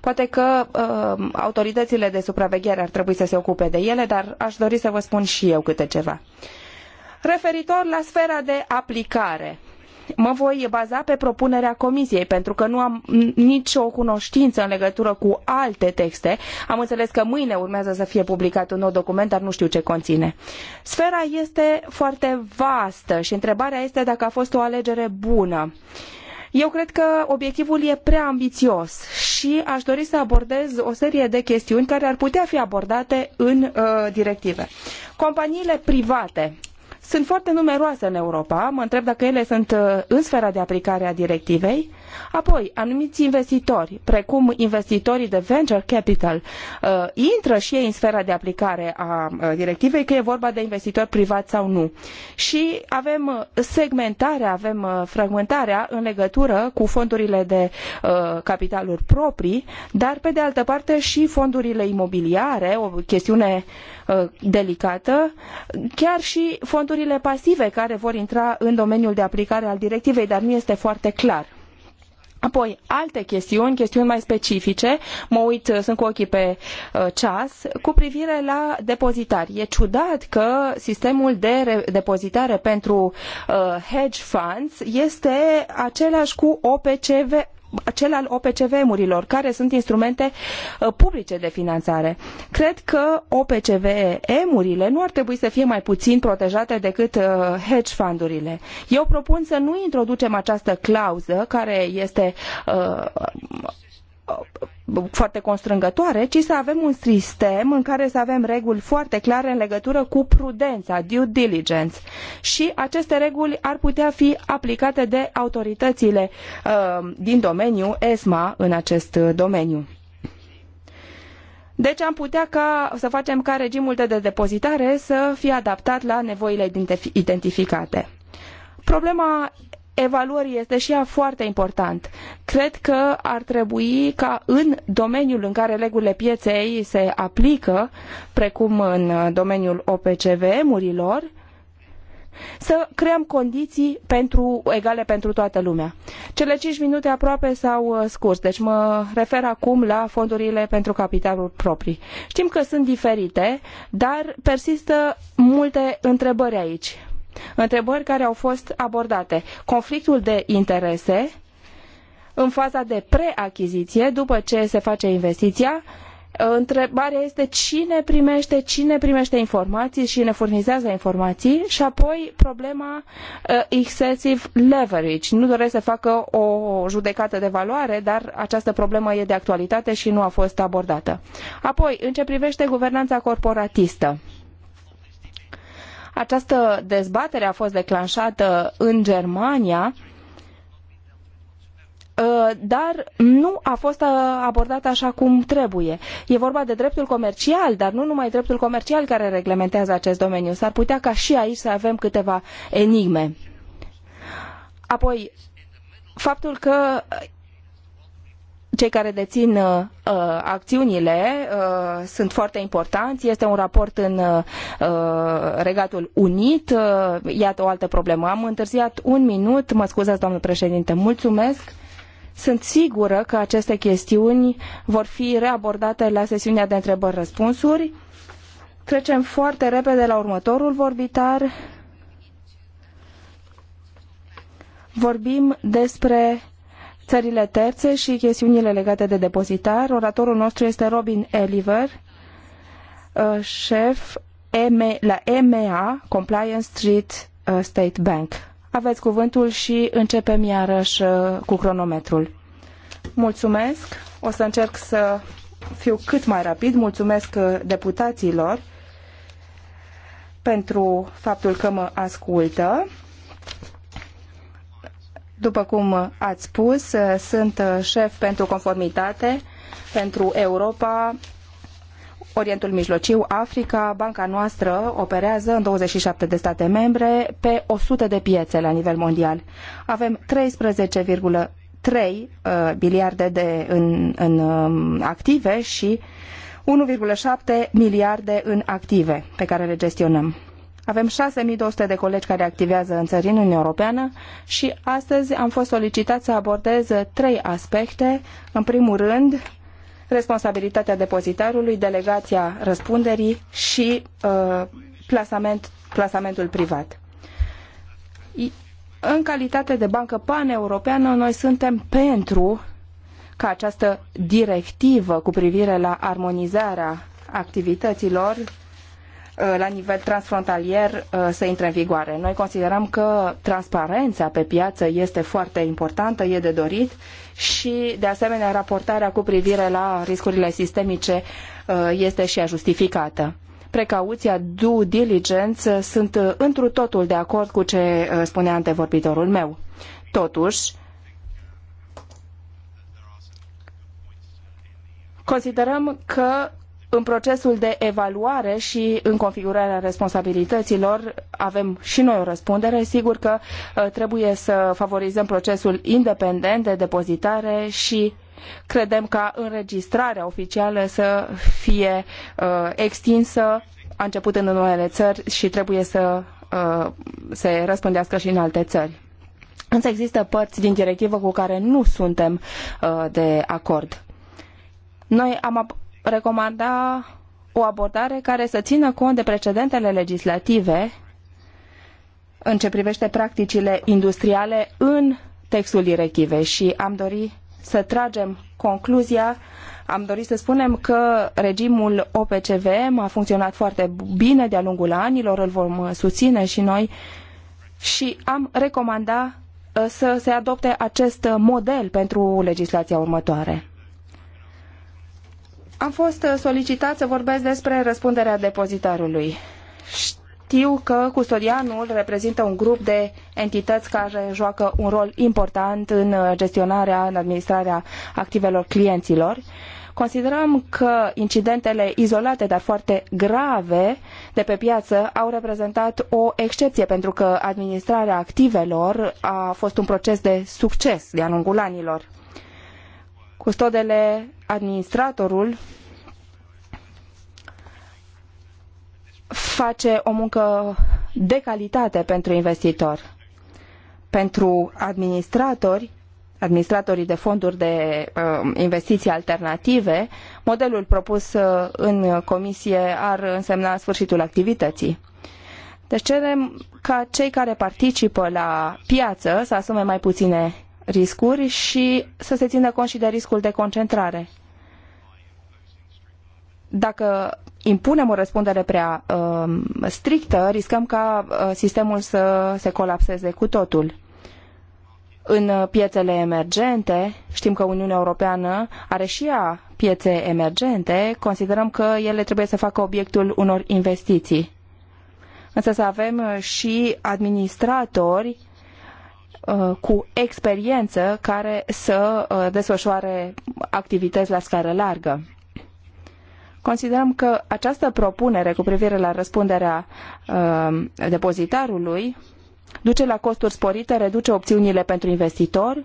Poate că uh, autoritățile de supraveghere ar trebui să se ocupe de ele, dar aș dori să vă spun și eu câte ceva. Referitor la sfera de aplicare, mă voi baza pe propunerea comisiei, pentru că nu am nicio cunoștință în legătură cu alte texte. Am înțeles că mâine urmează să fie publicat un nou document, dar nu știu ce conține. Sfera este foarte vastă și întrebarea este dacă a fost o alegere bună. Eu cred că obiectivul e prea ambițios și aș dori să abordez o serie de chestiuni care ar putea fi abordate în uh, directive. Companiile private sunt foarte numeroase în Europa. Mă întreb dacă ele sunt uh, în sfera de aplicare a directivei Apoi, anumiți investitori, precum investitorii de venture capital, uh, intră și ei în sfera de aplicare a uh, directivei, că e vorba de investitori privați sau nu. Și avem uh, segmentarea, avem fragmentarea în legătură cu fondurile de capitaluri proprii, dar pe de altă parte și fondurile imobiliare, o chestiune delicată, chiar și fondurile pasive care vor intra în domeniul de aplicare al directivei, dar nu este foarte clar. Apoi, alte chestiuni, chestiuni mai specifice, mă uit, uh, sunt cu ochii pe uh, ceas, cu privire la depozitari. E ciudat că sistemul de depozitare pentru uh, hedge funds este același cu OPCV, cel al OPCV-urilor, care sunt instrumente uh, publice de finanțare. Cred că OPCV-urile nu ar trebui să fie mai puțin protejate decât uh, hedge fundurile. Eu propun să nu introducem această clauză care este uh, foarte constrângătoare, ci să avem un sistem în care să avem reguli foarte clare în legătură cu prudența, due diligence. Și aceste reguli ar putea fi aplicate de autoritățile uh, din domeniu, ESMA, în acest domeniu. Deci am putea ca, să facem ca regimul de depozitare să fie adaptat la nevoile identificate. Problema evaluării este și ea foarte important. Cred că ar trebui ca în domeniul în care regulile pieței se aplică, precum în domeniul OPCVM-urilor, să creăm condiții pentru, egale pentru toată lumea. Cele cinci minute aproape s-au uh, scurs, deci mă refer acum la fondurile pentru capitalul proprii. Știm că sunt diferite, dar persistă multe întrebări aici întrebări care au fost abordate. Conflictul de interese în faza de preachiziție, după ce se face investiția, întrebarea este cine primește, cine primește informații și ne furnizează informații și apoi problema uh, excessive leverage. Nu doresc să facă o judecată de valoare, dar această problemă e de actualitate și nu a fost abordată. Apoi, în ce privește guvernanța corporatistă. Uh, această dezbatere a fost declanșată în Germania, ă, dar nu a fost ă, abordată așa cum trebuie. E vorba de dreptul comercial, dar nu numai dreptul comercial care reglementează acest domeniu. S-ar putea ca și aici să avem câteva enigme. Apoi, faptul că cei care dețin uh, uh, acțiunile uh, sunt foarte importanți. Este un raport în uh, Regatul Unit. Uh, iată o altă problemă. Am întârziat un minut. Mă scuzați, doamnă președinte. Mulțumesc. Sunt sigură că aceste chestiuni vor fi reabordate la sesiunea de întrebări-răspunsuri. Trecem foarte repede la următorul vorbitar. Vorbim despre țările terțe și chestiunile legate de depozitar. Oratorul nostru este Robin Eliver, uh, șef la EMA, Compliance Street uh, State Bank. Aveți cuvântul și începem iarăși uh, cu cronometrul. Mulțumesc, o să încerc să fiu cât mai rapid. Mulțumesc deputaților pentru faptul că mă ascultă. După cum ați spus, sunt șef pentru conformitate, pentru Europa, Orientul Mijlociu, Africa, banca noastră operează în 27 de state membre pe 100 de piețe la nivel mondial. Avem 13,3 miliarde uh, de în, în um, active și 1,7 miliarde în active pe care le gestionăm. Avem 6200 de colegi care activează în țări în Uniunea Europeană și astăzi am fost solicitat să abordez trei aspecte. În primul rând, responsabilitatea depozitarului, delegația răspunderii și uh, plasament, plasamentul privat. În calitate de bancă paneuropeană, noi suntem pentru ca această directivă cu privire la armonizarea activităților Uh, la nivel transfrontalier uh, să intre în vigoare. Noi considerăm că transparența pe piață este foarte importantă, e de dorit și, de asemenea, raportarea cu privire la riscurile sistemice uh, este și a justificată precauția due diligence sunt întru totul de acord cu ce spunea antevorbitorul meu. Totuși, considerăm că în procesul de evaluare și în configurarea responsabilităților avem și noi o răspundere. Sigur că uh, trebuie să favorizăm procesul independent de depozitare și credem ca înregistrarea oficială să fie uh, extinsă. A început în unele țări și trebuie să uh, se răspândească și în alte țări. Însă există părți din directivă cu care nu suntem de acord. Noi am recomanda o abordare care să țină cont de precedentele legislative în ce privește practicile industriale în textul directivei și am dori să tragem concluzia, am dori să spunem că regimul OPCVM a funcționat foarte bine de-a lungul anilor, îl vom susține și noi și am recomanda uh, să se adopte acest model pentru legislația următoare. Am fost solicitat să vorbesc despre răspunderea depozitarului. Știu că custodianul reprezintă un grup de entități care joacă un rol important în gestionarea, în administrarea activelor clienților. Considerăm că incidentele izolate, dar foarte grave, de pe piață au reprezentat o excepție, pentru că administrarea activelor a fost un proces de succes de-a lungul anilor. Custodele administratorul face o muncă de calitate pentru investitor. Pentru administratori, administratorii de fonduri de uh, investiții alternative, modelul propus uh, în comisie ar însemna sfârșitul activității. Deci cerem ca cei care participă la piață să asume mai puține riscuri și să se țină cont și de riscul de concentrare dacă impunem o răspundere prea uh, strictă, riscăm ca uh, sistemul să se colapseze cu totul. În uh, piețele emergente, știm că Uniunea Europeană are și ea piețe emergente, considerăm că ele trebuie să facă obiectul unor investiții. Însă să avem uh, și administratori cu experiență care să desfășoare activități la scară largă Considerăm că această propunere cu privire la răspunderea uh, depozitarului duce la costuri sporite, reduce opțiunile pentru investitori,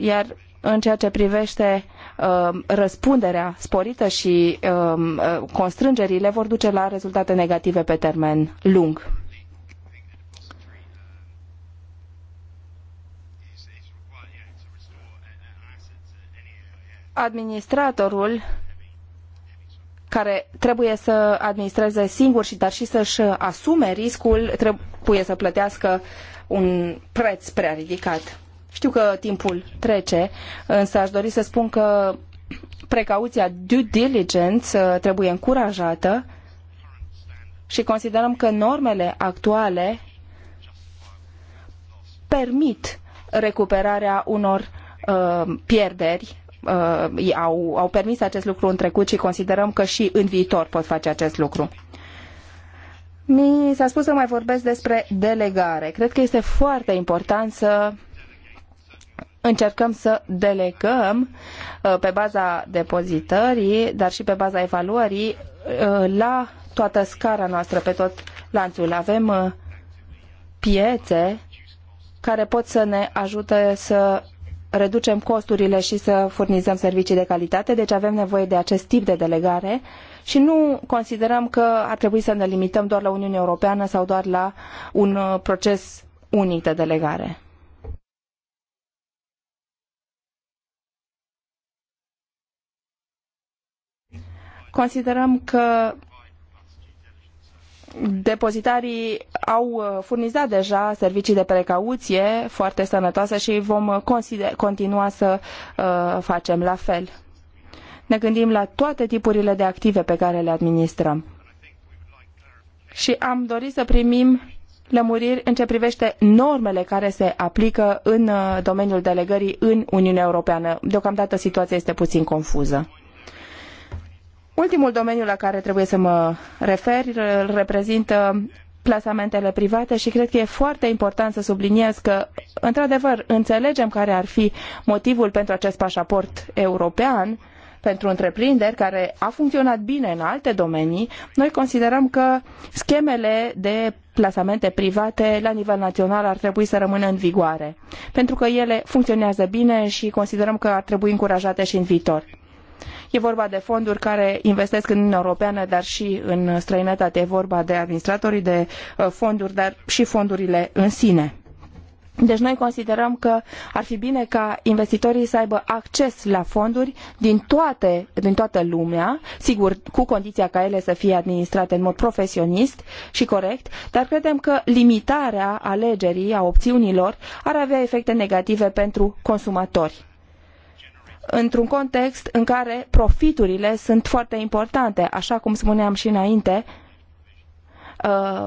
iar în ceea ce privește uh, răspunderea sporită și uh, uh, constrângerile vor duce la rezultate negative pe termen lung. Administratorul care trebuie să administreze singur și dar și să-și asume riscul, trebuie să plătească un preț prea ridicat. Știu că timpul trece, însă aș dori să spun că precauția due diligence uh, trebuie încurajată și considerăm că normele actuale permit recuperarea unor uh, pierderi uh, au, au permis acest lucru în trecut și considerăm că și în viitor pot face acest lucru. Mi s-a spus să mai vorbesc despre delegare. Cred că este foarte important să încercăm să delegăm uh, pe baza depozitării, dar și pe baza evaluării uh, la toată scara noastră, pe tot lanțul. Avem uh, piețe care pot să ne ajute să reducem costurile și să furnizăm servicii de calitate, deci avem nevoie de acest tip de delegare și nu considerăm că ar trebui să ne limităm doar la Uniunea Europeană sau doar la un uh, proces unic de delegare. Considerăm că depozitarii au uh, furnizat deja servicii de precauție foarte sănătoase și vom uh, continua să uh, facem la fel. Ne gândim la toate tipurile de active pe care le administrăm. Și am dorit să primim lămuriri în ce privește normele care se aplică în domeniul delegării în Uniunea Europeană. Deocamdată situația este puțin confuză. Ultimul domeniu la care trebuie să mă refer îl reprezintă uh, plasamentele private și cred că e foarte important să subliniez că, într-adevăr, înțelegem care ar fi motivul pentru acest pașaport european, pentru întreprinderi care a funcționat bine în alte domenii, noi considerăm că schemele de plasamente private la nivel național ar trebui să rămână în vigoare, pentru că ele funcționează bine și considerăm că ar trebui încurajate și în viitor. E vorba de fonduri care investesc în Uniunea Europeană, dar și în străinătate. E vorba de administratorii de uh, fonduri, dar și fondurile în sine. Deci noi considerăm că ar fi bine ca investitorii să aibă acces la fonduri din, toate, din toată lumea, sigur cu condiția ca ele să fie administrate în mod profesionist și corect, dar credem că limitarea alegerii a opțiunilor ar avea efecte negative pentru consumatori într-un context în care profiturile sunt foarte importante, așa cum spuneam și înainte, uh,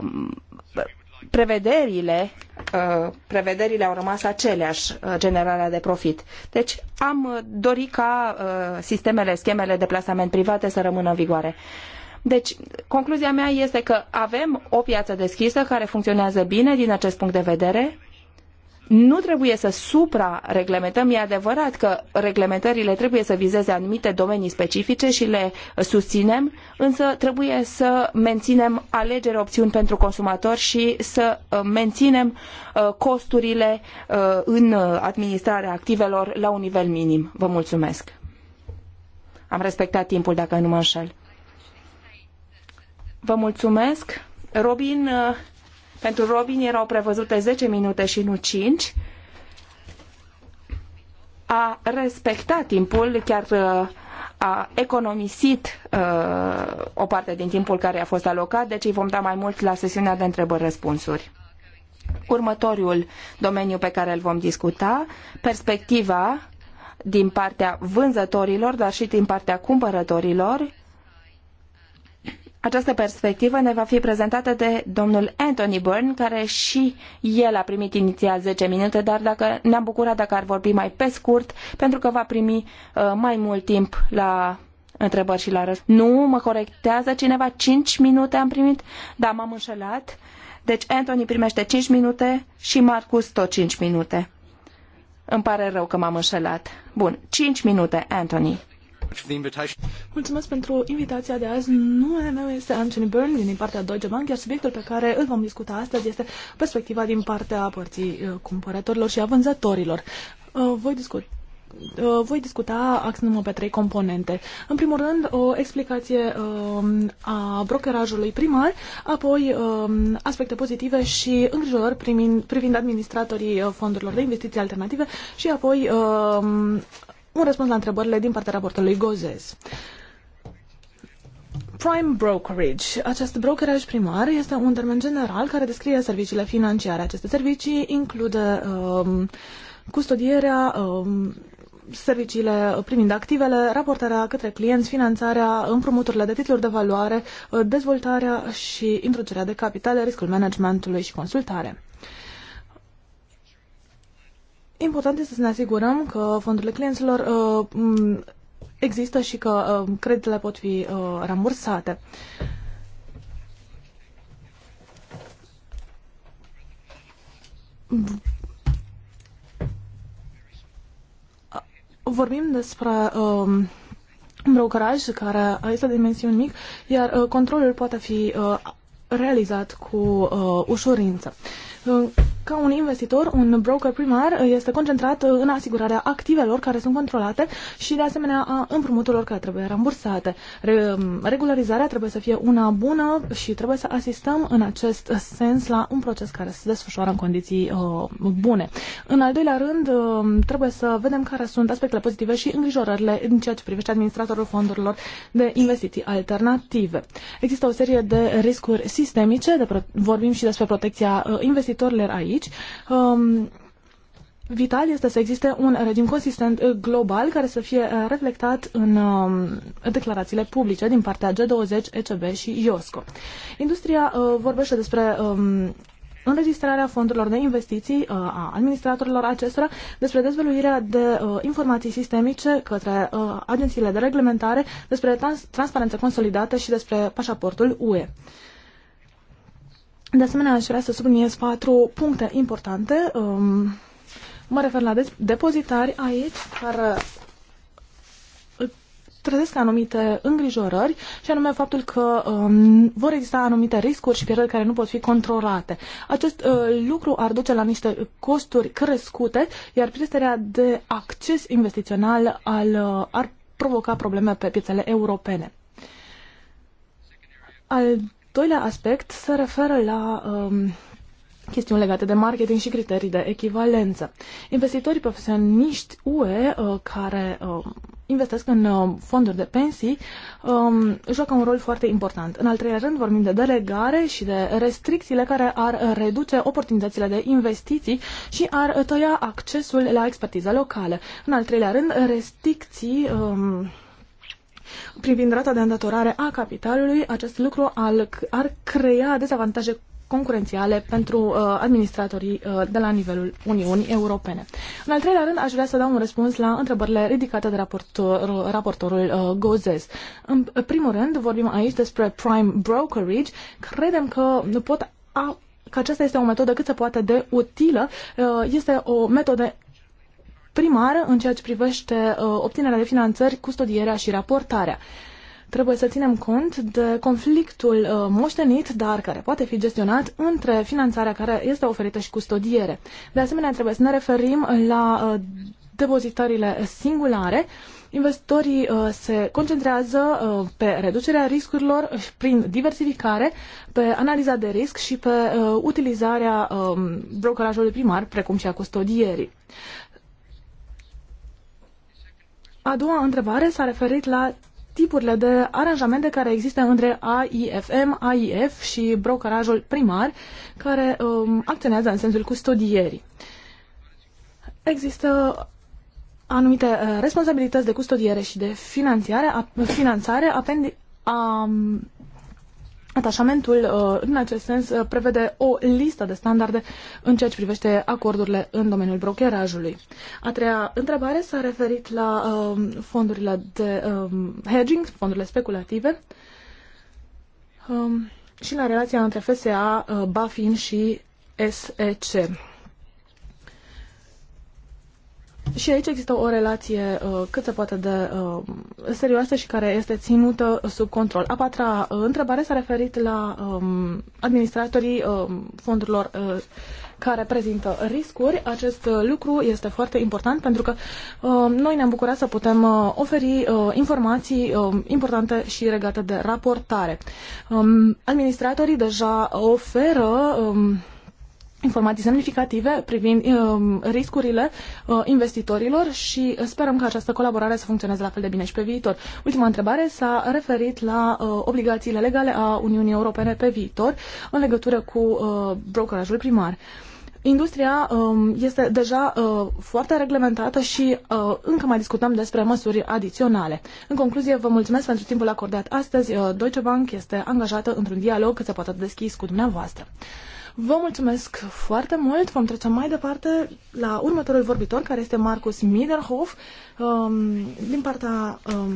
prevederile uh, prevederile au rămas aceleași, uh, generarea de profit. Deci am dorit ca sistemele, schemele de plasament private să rămână în vigoare. Deci, concluzia mea este că avem o piață deschisă care funcționează bine din acest punct de vedere, nu trebuie să suprareglementăm. E adevărat că reglementările trebuie să vizeze anumite domenii specifice și le susținem, însă trebuie să menținem alegere opțiuni pentru consumatori și să uh, menținem uh, costurile uh, în administrarea activelor la un nivel minim. Vă mulțumesc. Am respectat timpul, dacă nu mă înșel. Vă mulțumesc. Robin pentru Robin erau prevăzute 10 minute și nu 5. A respectat timpul, chiar uh, a economisit uh, o parte din timpul care a fost alocat, deci îi vom da mai mult la sesiunea de întrebări-răspunsuri. Următorul domeniu pe care îl vom discuta, perspectiva din partea vânzătorilor, dar și din partea cumpărătorilor această perspectivă ne va fi prezentată de domnul Anthony Byrne, care și el a primit inițial 10 minute, dar dacă ne-am bucurat dacă ar vorbi mai pe scurt, pentru că va primi uh, mai mult timp la întrebări și la răspunsuri. Nu, mă corectează cineva, 5 minute am primit? Da, m-am înșelat. Deci Anthony primește 5 minute și Marcus tot 5 minute. Îmi pare rău că m-am înșelat. Bun, 5 minute, Anthony. Mulțumesc pentru invitația de azi. Numele meu este Anthony Byrne din partea Deutsche Bank, iar subiectul pe care îl vom discuta astăzi este perspectiva din partea părții uh, cumpărătorilor și a vânzătorilor. Uh, uh, voi discuta voi discuta axându pe trei componente. În primul rând, o explicație um, a brokerajului primar, apoi um, aspecte pozitive și îngrijorări privind, privind administratorii fondurilor de investiții alternative și apoi um, un răspuns la întrebările din partea raportului Gozes. Prime brokerage. Acest brokeraj primar este un termen general care descrie serviciile financiare. Aceste servicii includ um, custodierea, um, serviciile primind activele, raportarea către clienți, finanțarea, împrumuturile de titluri de valoare, dezvoltarea și introducerea de capitale, riscul managementului și consultare. Important este să ne asigurăm că fondurile clienților uh, există și că uh, creditele pot fi uh, rambursate. Vorbim despre uh, brokeraj care este de dimensiuni mic, iar uh, controlul poate fi uh, realizat cu uh, ușurință. Uh, ca un investitor, un broker primar uh, este concentrat uh, în asigurarea activelor care sunt controlate și de asemenea a împrumuturilor care trebuie rambursate. Re um, regularizarea trebuie să fie una bună și trebuie să asistăm în acest sens la un proces care se desfășoară în condiții uh, bune. În al doilea rând, uh, trebuie să vedem care sunt aspectele pozitive și îngrijorările în ceea ce privește administratorul fondurilor de investiții alternative. Există o serie de riscuri sistemice, de vorbim și despre protecția uh, investitorilor aici, aici, um, vital este să existe un regim consistent uh, global care să fie uh, reflectat în um, declarațiile publice din partea G20, ECB și IOSCO. Industria uh, vorbește despre um, înregistrarea fondurilor de investiții uh, a administratorilor acestora, despre dezvăluirea de uh, informații sistemice către uh, agențiile de reglementare, despre trans- transparență consolidată și despre pașaportul UE. Uh, de asemenea, aș vrea să subliniez patru puncte importante. Um, mă refer la depozitari aici, care trezesc anumite îngrijorări și anume faptul că um, vor exista anumite riscuri și pierderi care nu pot fi controlate. Acest uh, lucru ar duce la niște costuri crescute, iar pierderea de acces investițional al, uh, ar provoca probleme pe piețele europene. Al doilea aspect se referă la um, chestiuni legate de marketing și criterii de echivalență. Investitorii profesioniști UE uh, care uh, investesc în uh, fonduri de pensii um, joacă un rol foarte important. În al treilea rând vorbim de delegare și de restricțiile care ar reduce oportunitățile de investiții și ar tăia accesul la expertiza locală. În al treilea rând, restricții um, privind rata de îndatorare a capitalului, acest lucru ar crea dezavantaje concurențiale pentru uh, administratorii uh, de la nivelul Uniunii Europene. În al treilea rând, aș vrea să dau un răspuns la întrebările ridicate de raportor, raportorul uh, Gozes. În primul rând, vorbim aici despre prime brokerage. Credem că pot a, că aceasta este o metodă cât se poate de utilă, uh, este o metodă Primar, în ceea ce privește uh, obținerea de finanțări, custodierea și raportarea. Trebuie să ținem cont de conflictul uh, moștenit, dar care poate fi gestionat între finanțarea care este oferită și custodiere. De asemenea, trebuie să ne referim la uh, depozitările singulare, investitorii uh, se concentrează uh, pe reducerea riscurilor prin diversificare, pe analiza de risc și pe uh, utilizarea um, brokerajului primar, precum și a custodierii. A doua întrebare s-a referit la tipurile de aranjamente care există între AIFM, AIF și brokerajul primar, care um, acționează în sensul custodierii. Există anumite uh, responsabilități de custodiere și de finanțare, a, finanțare apendi, Atașamentul, uh, în acest sens, uh, prevede o listă de standarde în ceea ce privește acordurile în domeniul brokerajului. A treia întrebare s-a referit la um, fondurile de um, hedging, fondurile speculative, um, și la relația între FSA, uh, BaFin și SEC. Și aici există o relație uh, cât se poate de uh, serioasă și care este ținută sub control. A patra uh, întrebare s-a referit la um, administratorii um, fondurilor uh, care prezintă riscuri. Acest uh, lucru este foarte important pentru că uh, noi ne-am bucurat să putem uh, oferi uh, informații uh, importante și regate de raportare. Um, administratorii deja oferă um, informații semnificative privind um, riscurile uh, investitorilor și sperăm că această colaborare să funcționeze la fel de bine și pe viitor. Ultima întrebare s-a referit la uh, obligațiile legale a Uniunii Europene pe viitor în legătură cu uh, brokerajul primar. Industria um, este deja uh, foarte reglementată și uh, încă mai discutăm despre măsuri adiționale. În concluzie, vă mulțumesc pentru timpul acordat astăzi. Uh, Deutsche Bank este angajată într-un dialog cât se poate deschis cu dumneavoastră. Vă mulțumesc foarte mult. Vom trece mai departe la următorul vorbitor, care este Marcus Miederhof, um, din partea um,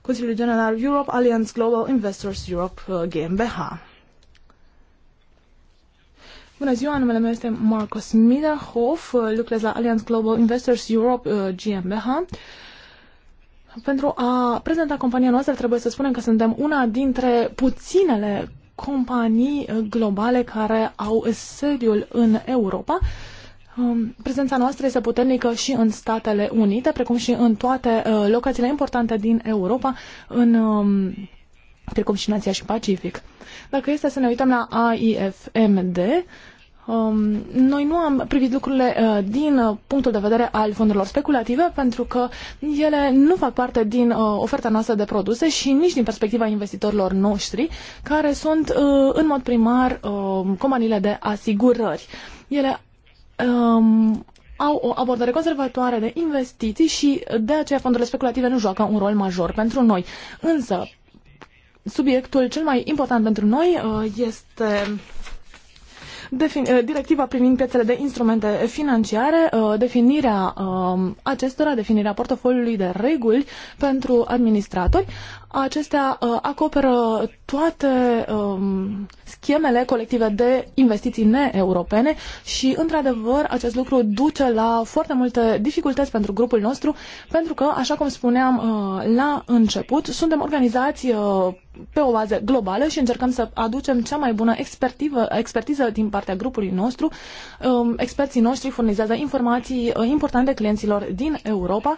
Consiliului General Europe Alliance Global Investors Europe GmbH. Uh, Bună ziua, numele meu este Marcus Miederhof, uh, lucrez la Alliance Global Investors Europe GmbH. Uh, Pentru a prezenta compania noastră, trebuie să spunem că suntem una dintre puținele companii uh, globale care au sediul în Europa. Um, prezența noastră este puternică și în Statele Unite, precum și în toate uh, locațiile importante din Europa, în, um, precum și în Asia și Pacific. Dacă este să ne uităm la AIFMD, Um, noi nu am privit lucrurile uh, din uh, punctul de vedere al fondurilor speculative pentru că ele nu fac parte din uh, oferta noastră de produse și nici din perspectiva investitorilor noștri, care sunt uh, în mod primar uh, companiile de asigurări. Ele um, au o abordare conservatoare de investiții și de aceea fondurile speculative nu joacă un rol major pentru noi. Însă, subiectul cel mai important pentru noi uh, este Eh, directiva privind piețele de instrumente financiare, eh, definirea eh, acestora, definirea portofoliului de reguli pentru administratori. Acestea uh, acoperă toate um, schemele colective de investiții neeuropene și, într-adevăr, acest lucru duce la foarte multe dificultăți pentru grupul nostru, pentru că, așa cum spuneam uh, la început, suntem organizați uh, pe o bază globală și încercăm să aducem cea mai bună expertiză din partea grupului nostru. Um, experții noștri furnizează informații uh, importante clienților din Europa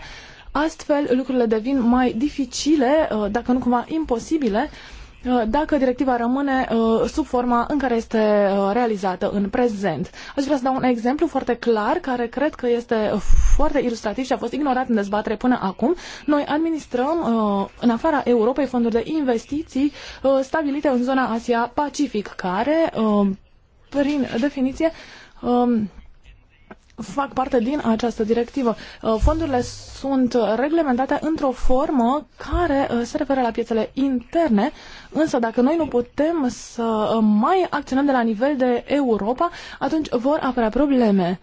Astfel, lucrurile devin mai dificile, uh, dacă nu cumva imposibile, uh, dacă directiva rămâne uh, sub forma în care este realizată în prezent. Aș vrea să dau un exemplu foarte clar, care cred că este foarte ilustrativ și a fost ignorat în dezbatere până acum. Noi administrăm în afara Europei fonduri de investiții stabilite în zona Asia-Pacific, care, prin definiție, um, fac parte din această directivă. Uh, fondurile sunt reglementate într-o formă care uh, se referă la piețele interne, însă dacă noi nu putem să mai acționăm de la nivel de Europa, atunci vor apărea probleme.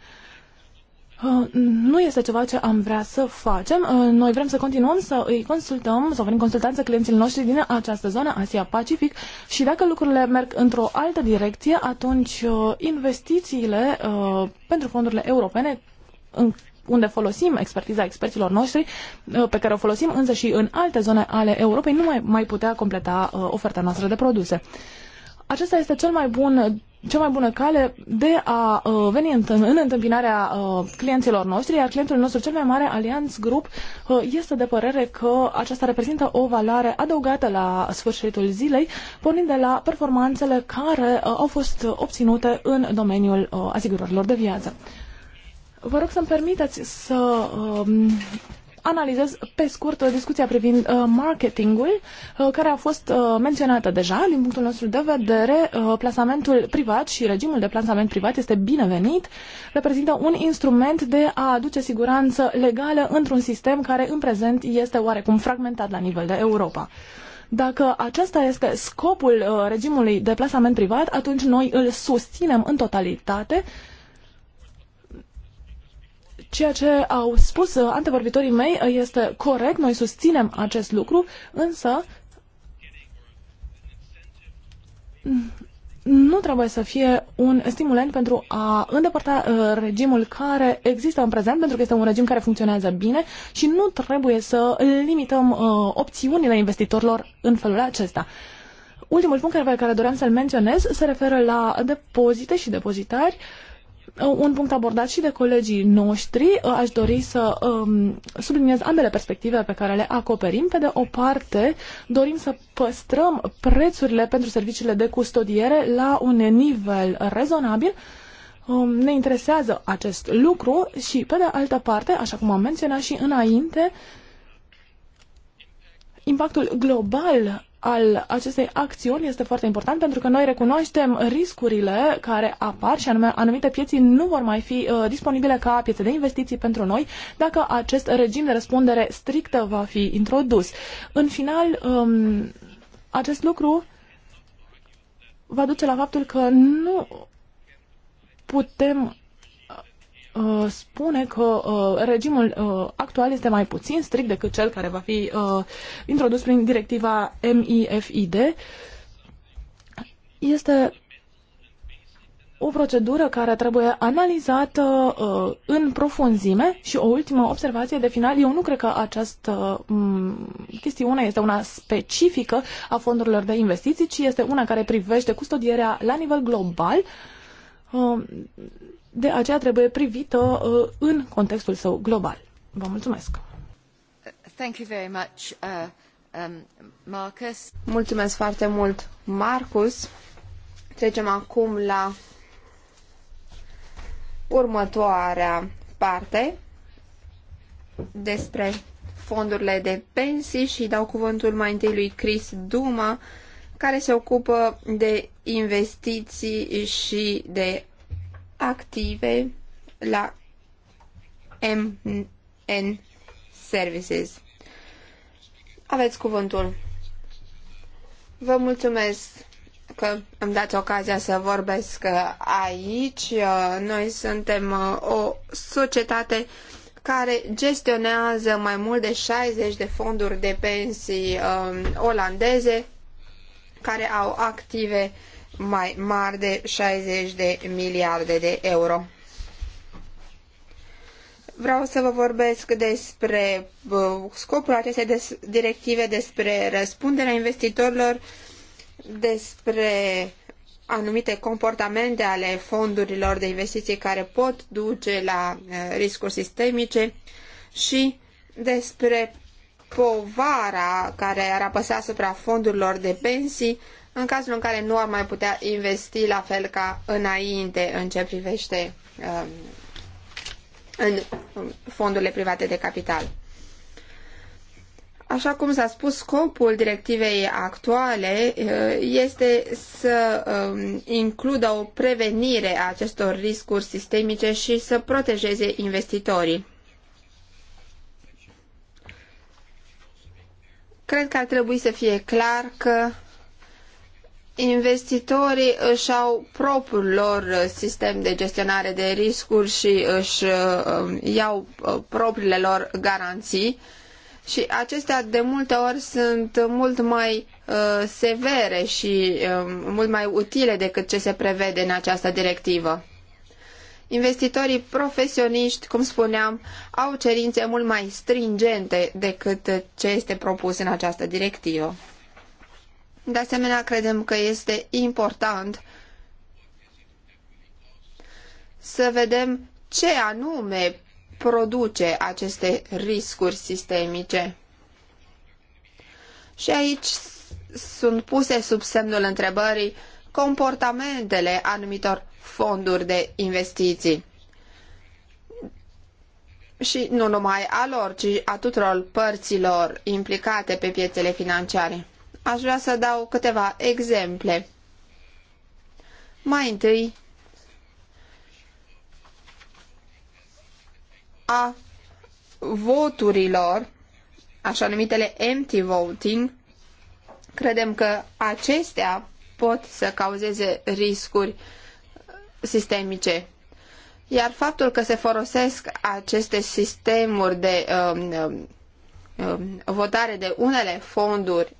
Uh, nu este ceva ce am vrea să facem. Uh, noi vrem să continuăm să îi consultăm, să oferim consultanță clienților noștri din această zonă, Asia-Pacific, și dacă lucrurile merg într-o altă direcție, atunci uh, investițiile pentru fondurile europene unde folosim expertiza experților noștri, pe care o folosim însă și în alte zone ale Europei, nu mai, mai putea completa oferta noastră de produse. Acesta este cel mai bun cea mai bună cale de a uh, veni în, în întâmpinarea uh, clienților noștri, iar clientul nostru cel mai mare, Allianz Group, uh, este de părere că aceasta reprezintă o valoare adăugată la sfârșitul zilei, pornind de la performanțele care uh, au fost obținute în domeniul uh, asigurărilor de viață. Vă rog să-mi permiteți să uh, analizez pe scurt uh, discuția privind uh, marketingul, uh, care a fost menționată deja. Din punctul nostru de vedere, plasamentul privat și regimul de plasament privat este binevenit, reprezintă un instrument de a aduce siguranță legală într-un sistem care în prezent este oarecum fragmentat la nivel de Europa. Dacă acesta este scopul uh, regimului de plasament privat, atunci noi îl susținem în totalitate Ceea ce au spus antevorbitorii mei este corect, noi susținem acest lucru, însă nu trebuie să fie un stimulent pentru a îndepărta uh, regimul care există în prezent, pentru că este un regim care funcționează bine și nu trebuie să limităm uh, opțiunile investitorilor în felul acesta. Ultimul punct pe care doream să-l menționez se referă la depozite și depozitari. Uh, un punct abordat și de colegii noștri. Aș dori să um, subliniez ambele perspective pe care le acoperim. Pe de o parte, dorim să păstrăm prețurile pentru serviciile de custodiere la un nivel rezonabil. Um, ne interesează acest lucru și, pe de altă parte, așa cum am menționat și înainte, impactul global al acestei acțiuni este foarte important pentru că noi recunoaștem riscurile care apar și anume anumite piețe nu vor mai fi uh, disponibile ca piețe de investiții pentru noi dacă acest regim de răspundere strictă va fi introdus. În final, um, acest lucru va duce la faptul că nu putem Uh, spune că uh, regimul uh, actual este mai puțin strict decât cel care va fi uh, introdus prin directiva MIFID. Este o procedură care trebuie analizată uh, în profunzime și o ultimă observație de final. Eu nu cred că această um, chestiune este una specifică a fondurilor de investiții, ci este una care privește custodierea la nivel global. Uh, de aceea trebuie privită uh, în contextul său global. Vă mulțumesc! Thank you very much, uh, um, Marcus. Mulțumesc foarte mult, Marcus. Trecem acum la următoarea parte despre fondurile de pensii și dau cuvântul mai întâi lui Chris Duma, care se ocupă de investiții și de active la MN Services. Aveți cuvântul. Vă mulțumesc că îmi dați ocazia să vorbesc aici. Noi suntem o societate care gestionează mai mult de 60 de fonduri de pensii um, olandeze care au active uh, mai mari de 60 de miliarde de euro. Vreau să vă vorbesc despre scopul acestei directive, despre răspunderea investitorilor, despre anumite comportamente ale fondurilor de investiții care pot duce la riscuri sistemice și despre povara care ar apăsa asupra fondurilor de pensii în cazul în care nu ar mai putea investi la fel ca înainte în ce privește um, în um, fondurile private de capital. Așa cum s-a spus, scopul directivei actuale uh, este să um, includă o prevenire a acestor riscuri sistemice și să protejeze investitorii. Cred că ar trebui să fie clar că investitorii își au propriul lor uh, sistem de gestionare de riscuri și își uh, um, iau uh, propriile lor garanții și acestea de multe ori sunt mult mai severe și um, mult mai utile decât ce se prevede în această directivă. Investitorii profesioniști, cum spuneam, au cerințe mult mai stringente decât ce este propus în această directivă. De asemenea, credem că este important să vedem ce anume produce aceste riscuri sistemice. Și aici sunt puse sub semnul întrebării comportamentele anumitor fonduri de investiții. Și nu numai a lor, ci a tuturor părților implicate pe piețele financiare. Aș vrea să dau câteva exemple. Mai întâi, a voturilor, așa numitele empty voting, credem că acestea pot să cauzeze riscuri sistemice. Iar faptul că se folosesc aceste sistemuri de um, um, um votare de unele fonduri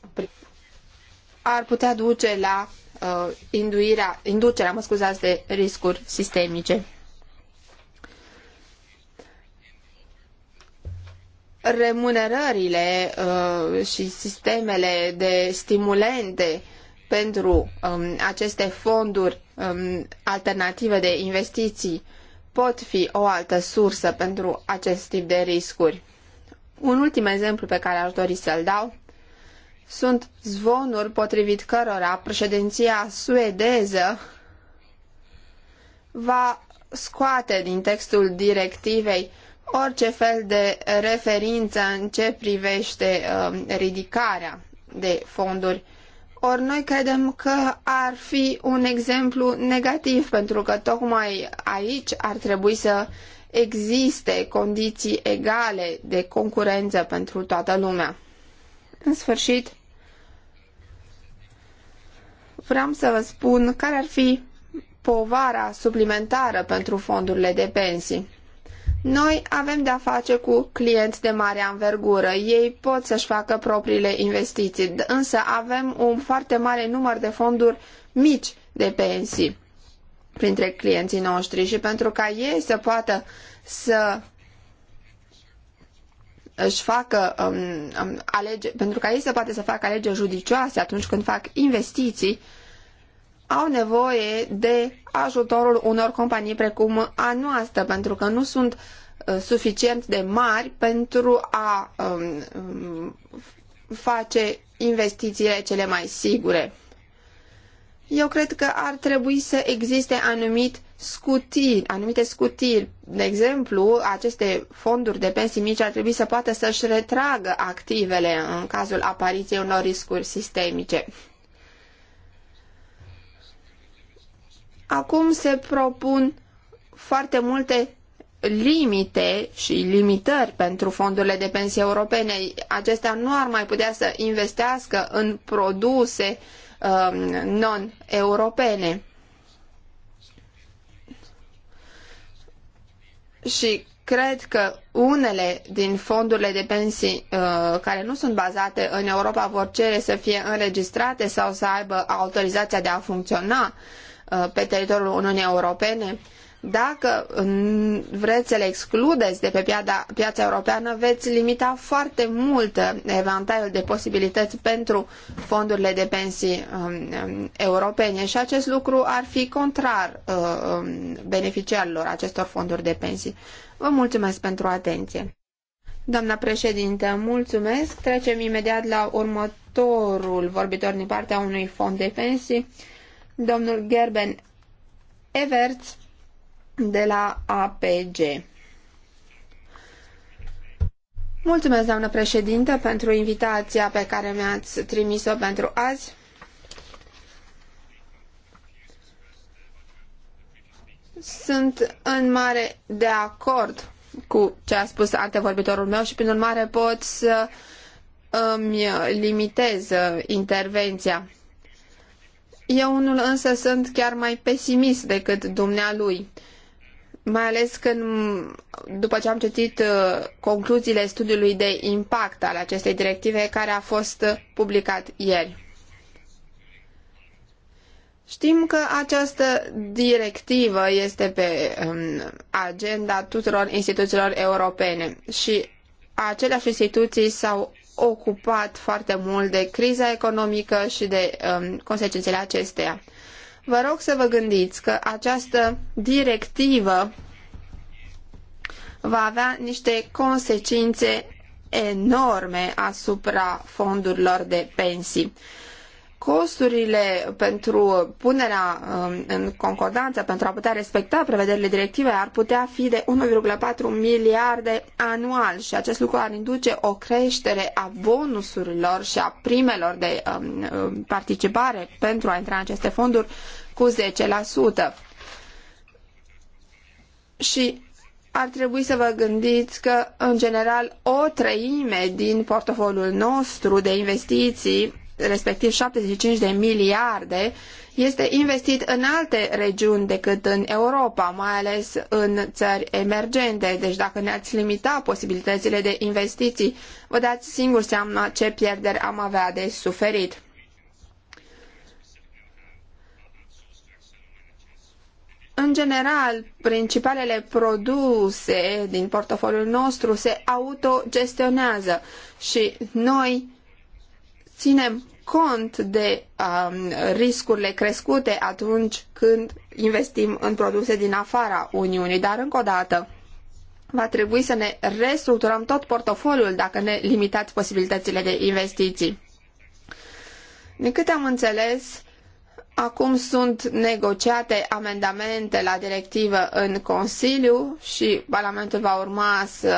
ar putea duce la uh, induirea, inducerea mă scuzați, de riscuri sistemice. Remunerările uh, și sistemele de stimulente pentru um, aceste fonduri um, alternative de investiții pot fi o altă sursă pentru acest tip de riscuri. Un ultim exemplu pe care aș dori să-l dau sunt zvonuri potrivit cărora președinția suedeză va scoate din textul directivei orice fel de referință în ce privește uh, ridicarea de fonduri. Ori noi credem că ar fi un exemplu negativ, pentru că tocmai aici ar trebui să existe condiții egale de concurență pentru toată lumea. În sfârșit, vreau să vă spun care ar fi povara suplimentară pentru fondurile de pensii. Noi avem de-a face cu clienți de mare anvergură. Ei pot să-și facă propriile investiții, însă avem un foarte mare număr de fonduri mici de pensii printre clienții noștri și pentru ca ei să poată să își facă um, um alege, pentru ca ei să poată să facă alegeri judicioase atunci când fac investiții, au nevoie de ajutorul unor companii precum a noastră, pentru că nu sunt uh, suficient de mari pentru a um, um, face investițiile cele mai sigure. Eu cred că ar trebui să existe anumit scutiri, anumite scutiri. De exemplu, aceste fonduri de pensii mici ar trebui să poată să-și retragă activele în cazul apariției unor riscuri sistemice. Acum se propun foarte multe limite și limitări pentru fondurile de pensii europene. Acestea nu ar mai putea să investească în produse uh, non-europene. Și cred că unele din fondurile de pensii uh, care nu sunt bazate în Europa vor cere să fie înregistrate sau să aibă autorizația de a funcționa uh, Uh, pe teritoriul Uniunii Europene, dacă vreți să le excludeți de pe piața, piața europeană, veți limita foarte mult uh, evantaiul de posibilități pentru fondurile de pensii um, um, europene și acest lucru ar fi contrar uh, um, beneficiarilor acestor fonduri de pensii. Vă mulțumesc pentru atenție. Doamna președintă, mulțumesc. Trecem imediat la următorul vorbitor din partea unui fond de pensii domnul Gerben Everts de la APG. Mulțumesc, doamnă președinte, pentru invitația pe care mi-ați trimis-o pentru azi. Sunt în mare de acord cu ce a spus antevorbitorul meu și, prin urmare, pot să îmi limitez intervenția. Eu unul însă sunt chiar mai pesimist decât dumnealui, mai ales când, după ce am citit uh, concluziile studiului de impact al acestei directive care a fost publicat ieri. Știm că această directivă este pe um, agenda tuturor instituțiilor europene și aceleași instituții s-au ocupat foarte mult de criza economică și de um, consecințele acesteia. Vă rog să vă gândiți că această directivă va avea niște consecințe enorme asupra fondurilor de pensii costurile pentru punerea um, în concordanță, pentru a putea respecta prevederile directivei, ar putea fi de 1,4 miliarde anual și acest lucru ar induce o creștere a bonusurilor și a primelor de um, um, participare pentru a intra în aceste fonduri cu 10%. Și ar trebui să vă gândiți că, în general, o treime din portofoliul nostru de investiții respectiv 75 de miliarde, este investit în alte regiuni decât în Europa, mai ales în țări emergente. Deci dacă ne-ați limita posibilitățile de investiții, vă dați singur seama ce pierderi am avea de suferit. În general, principalele produse din portofoliul nostru se autogestionează și noi ținem cont de um, riscurile crescute atunci când investim în produse din afara Uniunii. Dar, încă o dată, va trebui să ne restructurăm tot portofoliul dacă ne limitați posibilitățile de investiții. Din câte am înțeles, acum sunt negociate amendamente la directivă în Consiliu și Parlamentul va urma să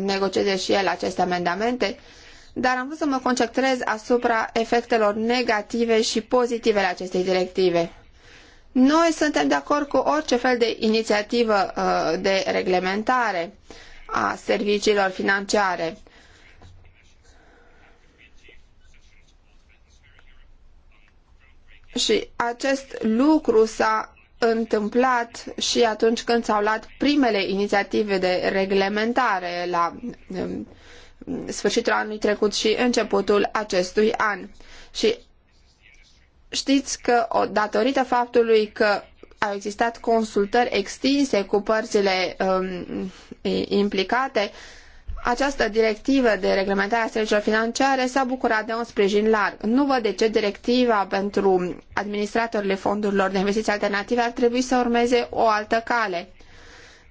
negocieze și el aceste amendamente. Uh, dar am vrut să mă concentrez asupra efectelor negative și pozitive ale acestei directive. Noi suntem de acord cu orice fel de inițiativă uh, de reglementare a serviciilor financiare. Și acest lucru s-a întâmplat și atunci când s-au luat primele inițiative de reglementare la um, sfârșitul anului trecut și începutul acestui an. Și știți că datorită faptului că au existat consultări extinse cu părțile um, implicate, această directivă de reglementare a serviciilor financiare s-a bucurat de un sprijin larg. Nu văd de ce directiva pentru administratorile fondurilor de investiții alternative ar trebui să urmeze o altă cale.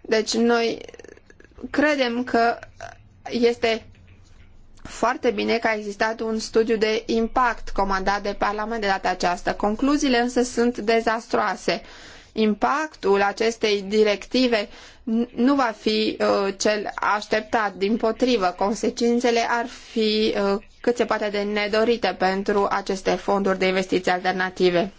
Deci noi credem că este foarte bine că a existat un studiu de impact comandat de Parlament de data aceasta. Concluziile însă sunt dezastroase. Impactul acestei directive nu va fi uh, cel așteptat. Din potrivă, consecințele ar fi uh, cât se poate de nedorite pentru aceste fonduri de investiții alternative.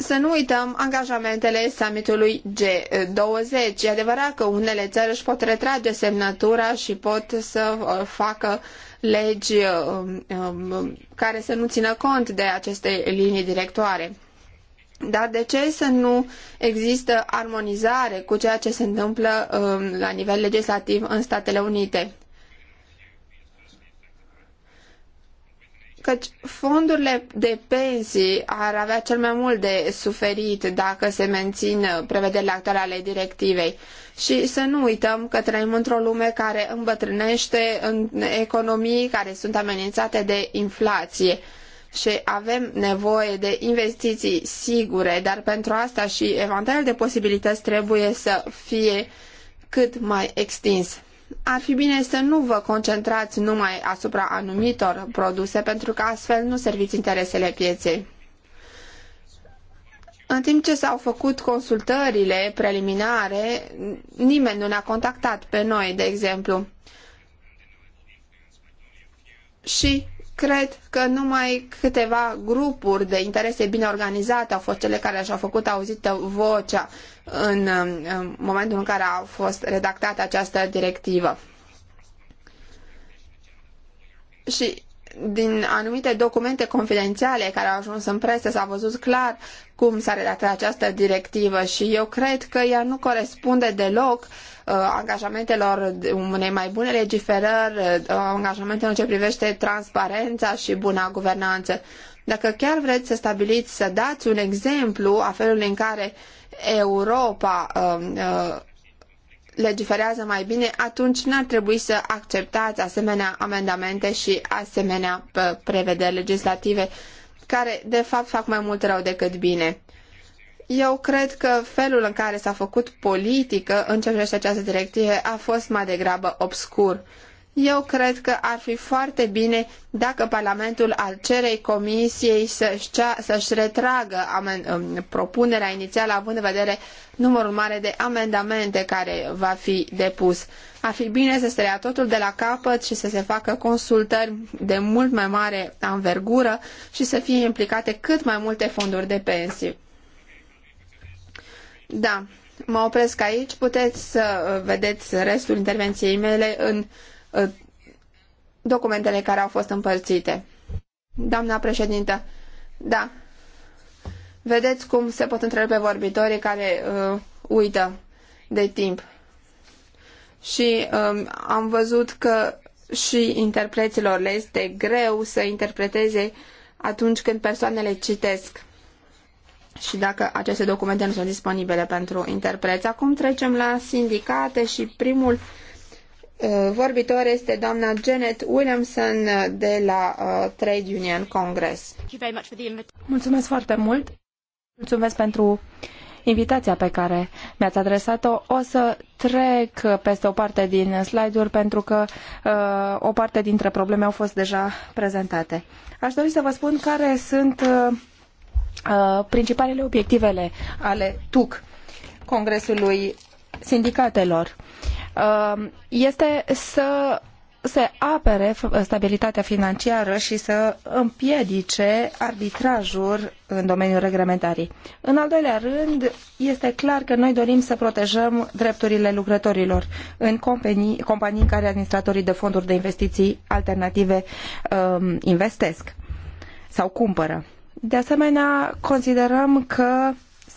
Să nu uităm angajamentele summitului G20. E adevărat că unele țări își pot retrage semnătura și pot să uh, facă legi uh, um, um, care să nu țină cont de aceste linii directoare. Dar de ce să nu există armonizare cu ceea ce se întâmplă um, la nivel legislativ în Statele Unite? Căci fondurile de pensii ar avea cel mai mult de suferit dacă se mențin prevederile actuale ale directivei. Și să nu uităm că trăim într-o lume care îmbătrânește în economii care sunt amenințate de inflație și avem nevoie de investiții sigure, dar pentru asta și eventualele de posibilități trebuie să fie cât mai extins ar fi bine să nu vă concentrați numai asupra anumitor produse, pentru că astfel nu serviți interesele pieței. În timp ce s-au făcut consultările preliminare, nimeni nu ne-a contactat pe noi, de exemplu. Și Cred că numai câteva grupuri de interese bine organizate au fost cele care și-au făcut auzită vocea în, în momentul în care a fost redactată această directivă. Și din anumite documente confidențiale care au ajuns în presă s-a văzut clar cum s-a redactat această directivă și eu cred că ea nu corespunde deloc Uh, angajamentelor unei mai bune legiferări, uh, angajamentelor ce privește transparența și buna guvernanță. Dacă chiar vreți să stabiliți, să dați un exemplu a felului în care Europa um, uh, legiferează mai bine, atunci n-ar trebui să acceptați asemenea amendamente și asemenea prevederi legislative care, de fapt, fac mai mult rău decât bine. Eu cred că felul în care s-a făcut politică în ce privește această directivă a fost mai degrabă obscur. Eu cred că ar fi foarte bine dacă Parlamentul ar cere Comisiei să-și, să retragă um, propunerea inițială, având în vedere numărul mare de amendamente care va fi depus. Ar fi bine să se ia totul de la capăt și să se facă consultări de mult mai mare anvergură și să fie implicate cât mai multe fonduri de pensii. Da, mă opresc aici. Puteți să uh, vedeți restul intervenției mele în uh, documentele care au fost împărțite. Doamna președintă, da, vedeți cum se pot întrerupe vorbitorii care uh, uită de timp. Și um, am văzut că și interpreților le este greu să interpreteze atunci când persoanele citesc și dacă aceste documente nu sunt disponibile pentru interpreți. Acum trecem la sindicate și primul uh, vorbitor este doamna Janet Williamson uh, de la uh, Trade Union Congress. Mulțumesc foarte mult! Mulțumesc pentru invitația pe care mi-ați adresat-o. O să trec peste o parte din slide-uri pentru că uh, o parte dintre probleme au fost deja prezentate. Aș dori să vă spun care sunt uh, Uh, principalele obiectivele ale TUC, Congresului Sindicatelor, uh, este să se apere uh, stabilitatea financiară și să împiedice arbitrajul în domeniul reglementării. În al doilea rând, este clar că noi dorim să protejăm drepturile lucrătorilor în companii, companii în care administratorii de fonduri de investiții alternative um, investesc sau cumpără. De asemenea, considerăm că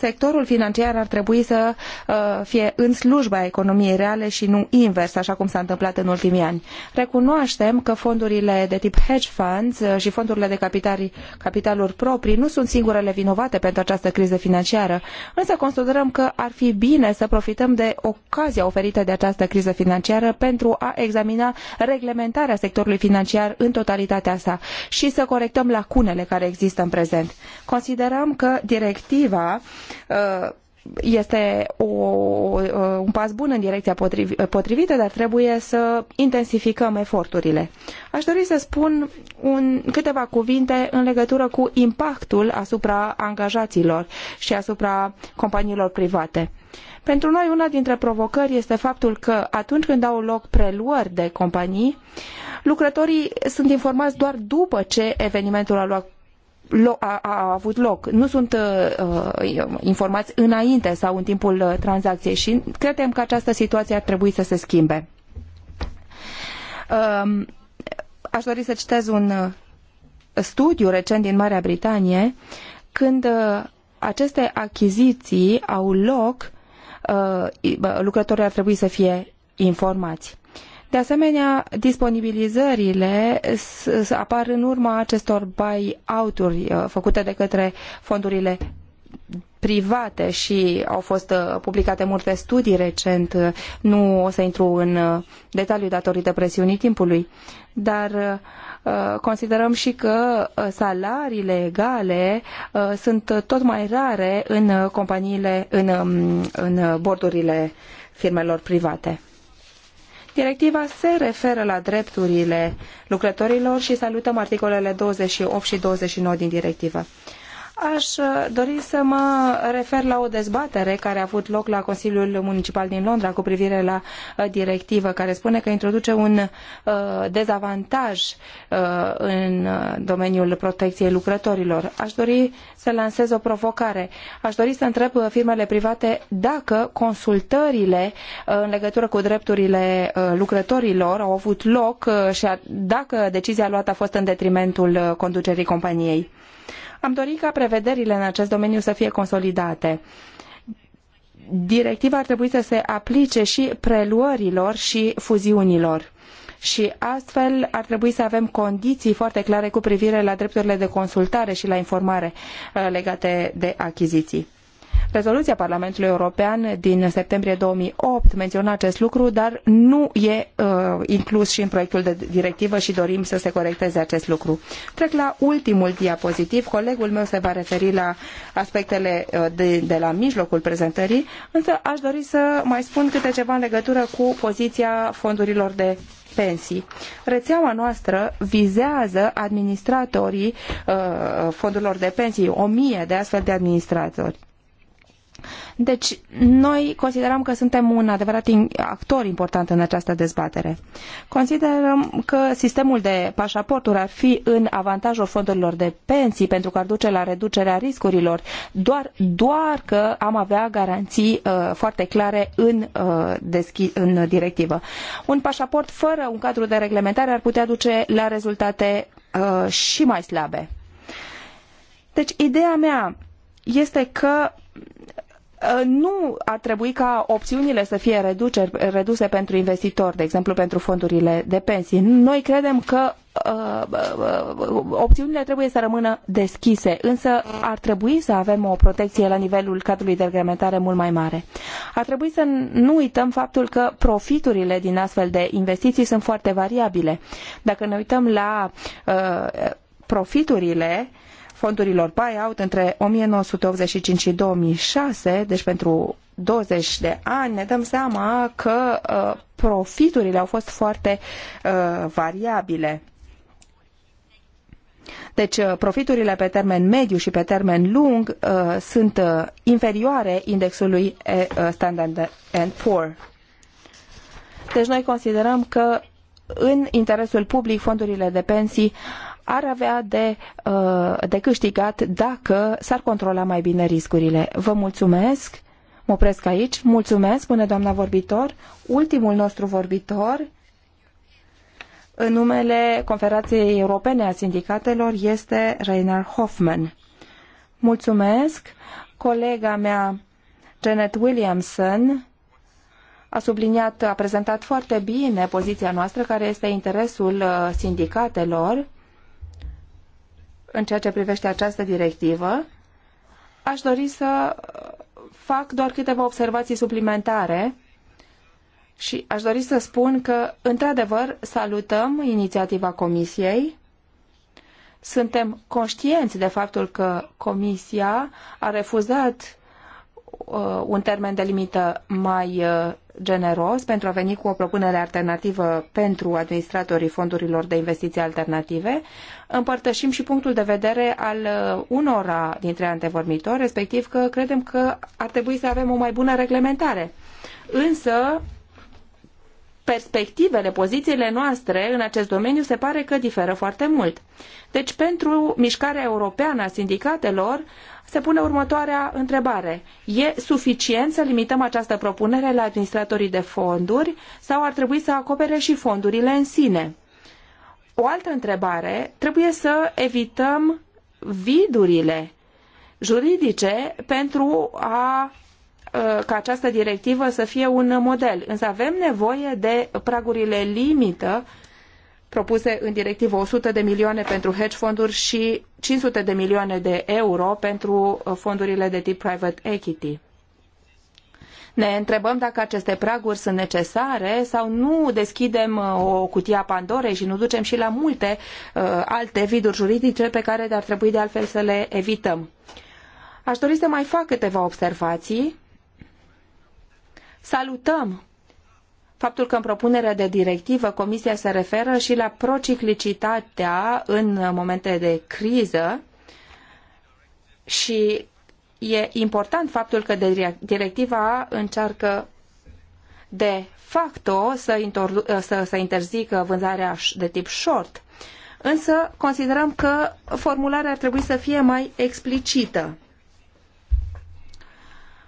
sectorul financiar ar trebui să uh, fie în slujba economiei reale și nu invers, așa cum s-a întâmplat în ultimii ani. Recunoaștem că fondurile de tip hedge funds uh, și fondurile de capitali, capitaluri proprii nu sunt singurele vinovate pentru această criză financiară, însă considerăm că ar fi bine să profităm de ocazia oferită de această criză financiară pentru a examina reglementarea sectorului financiar în totalitatea sa și să corectăm lacunele care există în prezent. Considerăm că directiva Uh, este o, un pas bun în direcția potrivită, dar trebuie să intensificăm eforturile. Aș dori să spun un, câteva cuvinte în legătură cu impactul asupra angajaților și asupra companiilor private. Pentru noi una dintre provocări este faptul că atunci când au loc preluări de companii, lucrătorii sunt informați doar după ce evenimentul a luat a, avut loc. Nu sunt uh, uh informați înainte sau în timpul uh, tranzacției și credem că această situație ar trebui să se schimbe. Uh, aș dori să citez un uh, studiu recent din Marea Britanie când uh, aceste achiziții au loc, uh, lucrătorii ar trebui să fie informați. De asemenea, disponibilizările apar în urma acestor buy-out-uri uh, făcute de către fondurile private și au fost uh, publicate multe studii recent. Nu o să intru în uh, detaliu datorită presiunii timpului, dar considerăm și că salariile egale sunt tot mai rare în companiile, în, um, în bordurile firmelor private. Directiva se referă la drepturile lucrătorilor și salutăm articolele 28 și 29 din directivă. Aș uh, dori să mă refer la o dezbatere care a avut loc la Consiliul Municipal din Londra cu privire la uh, directivă care spune că introduce un uh, dezavantaj în domeniul protecției lucrătorilor. Aș dori să lansez o provocare. Aș dori să întreb firmele private dacă consultările în legătură cu drepturile lucrătorilor au avut loc și dacă decizia luată a fost în detrimentul conducerii companiei. Am dorit ca prevederile în acest domeniu să fie consolidate directiva ar trebui să se aplice și preluărilor și fuziunilor. Și astfel ar trebui să avem condiții foarte clare cu privire la drepturile de consultare și la informare uh, legate de achiziții. Rezoluția Parlamentului European din septembrie 2008 menționa acest lucru, dar nu e uh, inclus și în proiectul de directivă și dorim să se corecteze acest lucru. Trec la ultimul diapozitiv. Colegul meu se va referi la aspectele uh, de, de la mijlocul prezentării, însă aș dori să mai spun câte ceva în legătură cu poziția fondurilor de pensii. Rețeaua noastră vizează administratorii uh, fondurilor de pensii, o mie de astfel de administratori. Deci, noi considerăm că suntem un adevărat actor important în această dezbatere. Considerăm că sistemul de pașaporturi ar fi în avantajul fondurilor de pensii pentru că ar duce la reducerea riscurilor, doar, doar că am avea garanții uh, foarte clare în, uh, în directivă. Un pașaport fără un cadru de reglementare ar putea duce la rezultate uh, și mai slabe. Deci, ideea mea este că Uh, nu ar trebui ca opțiunile să fie reduse pentru investitori, de exemplu pentru fondurile de pensii. Noi credem că uh, uh, opțiunile trebuie să rămână deschise, însă ar trebui să avem o protecție la nivelul cadrului de reglementare mult mai mare. Ar trebui să nu uităm faptul că profiturile din astfel de investiții sunt foarte variabile. Dacă ne uităm la uh, profiturile uh, fondurilor buyout între 1985 și 2006, deci pentru 20 de ani, ne dăm seama că uh, profiturile au fost foarte uh, variabile. Deci uh, profiturile pe termen mediu și pe termen lung uh, sunt uh, inferioare indexului Standard Poor. Deci noi considerăm că în interesul public fondurile de pensii ar avea de, uh, de câștigat dacă s-ar controla mai bine riscurile. Vă mulțumesc! Mă opresc aici. Mulțumesc, spune doamna vorbitor. Ultimul nostru vorbitor, în numele Conferației Europene a Sindicatelor, este Rainer Hoffman. Mulțumesc. Colega mea, Janet Williamson, a subliniat, a prezentat foarte bine poziția noastră, care este interesul uh, sindicatelor în ceea ce privește această directivă, aș dori să fac doar câteva observații suplimentare și aș dori să spun că, într-adevăr, salutăm inițiativa Comisiei. Suntem conștienți de faptul că Comisia a refuzat Uh, un termen de limită mai uh, generos pentru a veni cu o propunere alternativă pentru administratorii fondurilor de investiții alternative. Împărtășim și punctul de vedere al uh, unora dintre antevormitori, respectiv că credem că ar trebui să avem o mai bună reglementare. Însă, perspectivele, pozițiile noastre în acest domeniu se pare că diferă foarte mult. Deci, pentru mișcarea europeană a sindicatelor, se pune următoarea întrebare. E suficient să limităm această propunere la administratorii de fonduri sau ar trebui să acopere și fondurile în sine? O altă întrebare, trebuie să evităm vidurile juridice pentru a ă, ca această directivă să fie un model. Însă avem nevoie de pragurile limită propuse în directivă 100 de milioane pentru hedge fonduri și 500 de milioane de euro pentru uh, fondurile de tip private equity. Ne întrebăm dacă aceste praguri sunt necesare sau nu deschidem uh, o cutie a Pandorei și nu ducem și la multe uh, alte viduri juridice pe care ar trebui de altfel să le evităm. Aș dori să mai fac câteva observații. Salutăm faptul că în propunerea de directivă Comisia se referă și la prociclicitatea în momente de criză și e important faptul că directiva încearcă de facto să, să, să interzică vânzarea de tip short. Însă considerăm că formularea ar trebui să fie mai explicită.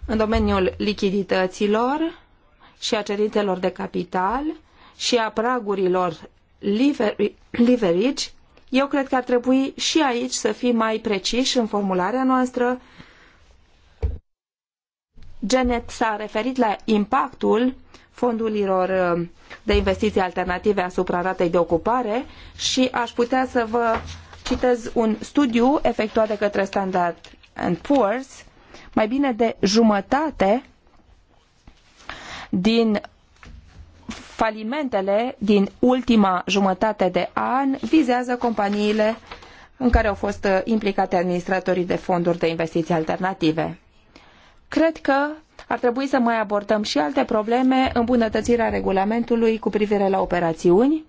În domeniul lichidităților, și a ceritelor de capital și a pragurilor leverage, eu cred că ar trebui și aici să fim mai preciși în formularea noastră. Janet s-a referit la impactul fondurilor uh, de investiții alternative asupra ratei de ocupare și aș putea să vă citez un studiu efectuat de către Standard Poor's. Mai bine de jumătate din falimentele din ultima jumătate de an vizează companiile în care au fost uh, implicate administratorii de fonduri de investiții alternative. Cred că ar trebui să mai abordăm și alte probleme, îmbunătățirea regulamentului cu privire la operațiuni,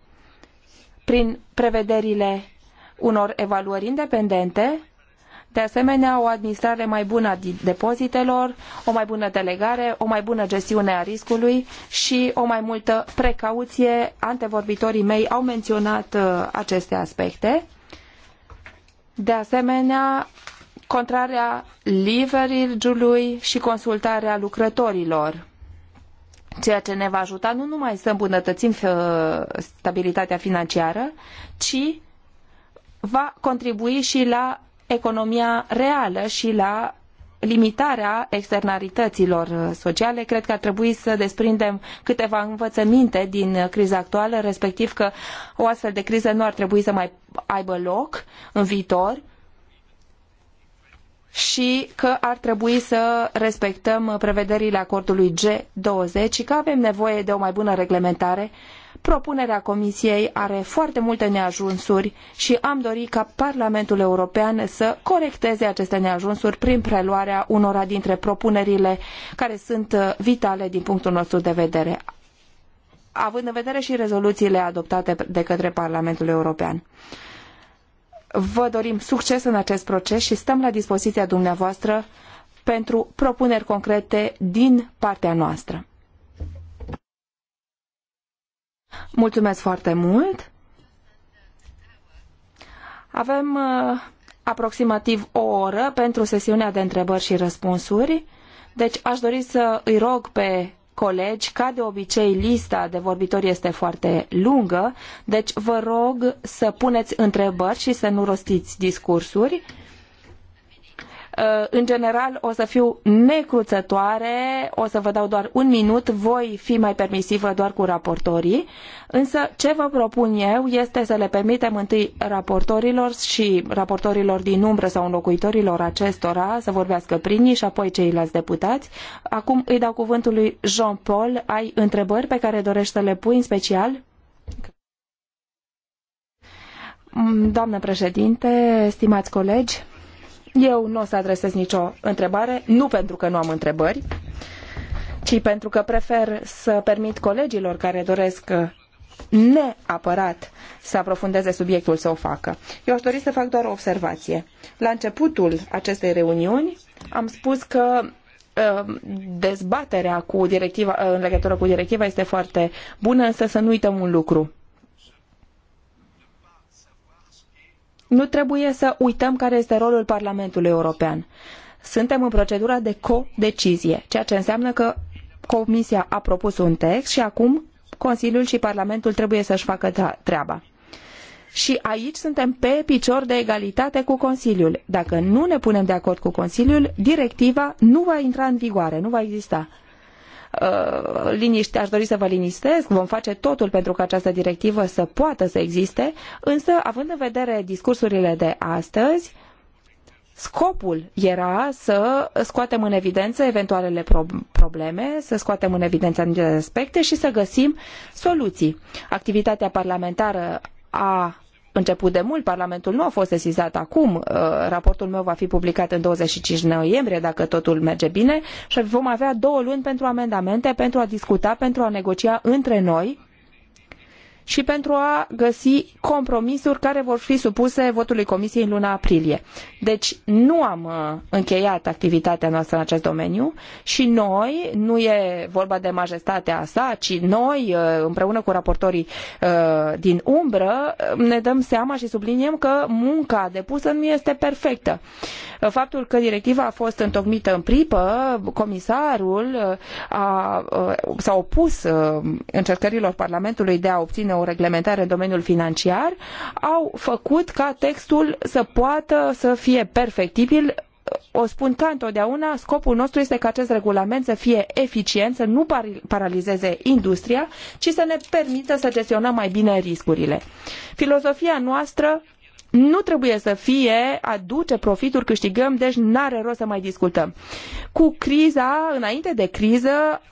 prin prevederile unor evaluări independente de asemenea o administrare mai bună a depozitelor, o mai bună delegare, o mai bună gestiune a riscului și o mai multă precauție. Antevorbitorii mei au menționat uh, aceste aspecte. De asemenea, contrarea leverage-ului și consultarea lucrătorilor ceea ce ne va ajuta nu numai să îmbunătățim uh, stabilitatea financiară, ci va contribui și la economia reală și la limitarea externalităților sociale. Cred că ar trebui să desprindem câteva învățăminte din criza actuală, respectiv că o astfel de criză nu ar trebui să mai aibă loc în viitor și că ar trebui să respectăm prevederile acordului G20 și că avem nevoie de o mai bună reglementare uh, Propunerea Comisiei are foarte multe neajunsuri și am dorit ca Parlamentul European să corecteze aceste neajunsuri prin preluarea unora dintre propunerile care sunt uh, vitale din punctul nostru de vedere, având în vedere și rezoluțiile adoptate de către Parlamentul European. Vă dorim succes în acest proces și stăm la dispoziția dumneavoastră pentru propuneri concrete din partea noastră. Mulțumesc foarte mult. Avem uh, aproximativ o oră pentru sesiunea de întrebări și răspunsuri, deci aș dori să îi rog pe colegi, ca de obicei lista de vorbitori este foarte lungă, deci vă rog să puneți întrebări și să nu rostiți discursuri. Uh, în general, o să fiu necruțătoare, o să vă dau doar un minut, voi fi mai permisivă doar cu raportorii, însă ce vă propun eu este să le permitem întâi raportorilor și raportorilor din umbră sau înlocuitorilor acestora să vorbească primii și apoi ceilalți deputați. Acum îi dau cuvântul lui Jean-Paul. Ai întrebări pe care dorești să le pui în special? Doamnă președinte, stimați colegi, eu nu o să adresez nicio întrebare, nu pentru că nu am întrebări, ci pentru că prefer să permit colegilor care doresc uh, neapărat să aprofundeze subiectul să o facă. Eu aș dori să fac doar o observație. La începutul acestei reuniuni am spus că uh, dezbaterea cu directiva, uh, în legătură cu directiva este foarte bună, însă să nu uităm un lucru. nu trebuie să uităm care este rolul Parlamentului European. Suntem în procedura de codecizie, ceea ce înseamnă că Comisia a propus un text și acum Consiliul și Parlamentul trebuie să-și facă treaba. Și aici suntem pe picior de egalitate cu Consiliul. Dacă nu ne punem de acord cu Consiliul, directiva nu va intra în vigoare, nu va exista. Uh, liniște, aș dori să vă liniștesc, vom face totul pentru ca această directivă să poată să existe, însă, având în vedere discursurile de astăzi, Scopul era să scoatem în evidență eventualele probleme, să scoatem în evidență anumite aspecte și să găsim soluții. Activitatea parlamentară a început de mult, Parlamentul nu a fost sesizat acum, uh, raportul meu va fi publicat în 25 noiembrie, dacă totul merge bine, și vom avea două luni pentru amendamente, pentru a discuta, pentru a negocia între noi și pentru a găsi compromisuri care vor fi supuse votului Comisiei în luna aprilie. Deci nu am uh, încheiat activitatea noastră în acest domeniu și noi, nu e vorba de majestatea sa, ci noi, uh, împreună cu raportorii uh, din umbră, ne dăm seama și subliniem că munca depusă nu este perfectă. Faptul că directiva a fost întocmită în pripă, comisarul a, s-a opus încercărilor Parlamentului de a obține reglementare în domeniul financiar au făcut ca textul să poată să fie perfectibil o spun ca întotdeauna, scopul nostru este ca acest regulament să fie eficient, să nu paralizeze industria, ci să ne permită să gestionăm mai bine riscurile. Filozofia noastră nu trebuie să fie aduce profituri, câștigăm, deci n-are rost să mai discutăm. Cu criza, înainte de criză,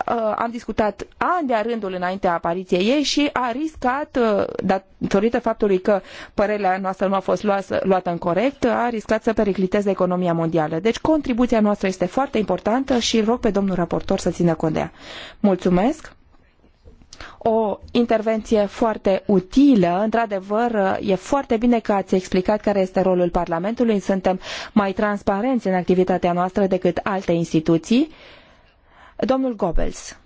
uh, am discutat ani de-a rândul înaintea apariției ei și a riscat, uh, datorită faptului că părerea noastră nu a fost luată în corect, a riscat să pericliteze economia mondială. Deci contribuția noastră este foarte importantă și rog pe domnul raportor să țină cont de ea. Mulțumesc! o intervenție foarte utilă. Într-adevăr, e foarte bine că ați explicat care este rolul Parlamentului. Suntem mai transparenți în activitatea noastră decât alte instituții. Domnul Goebbels.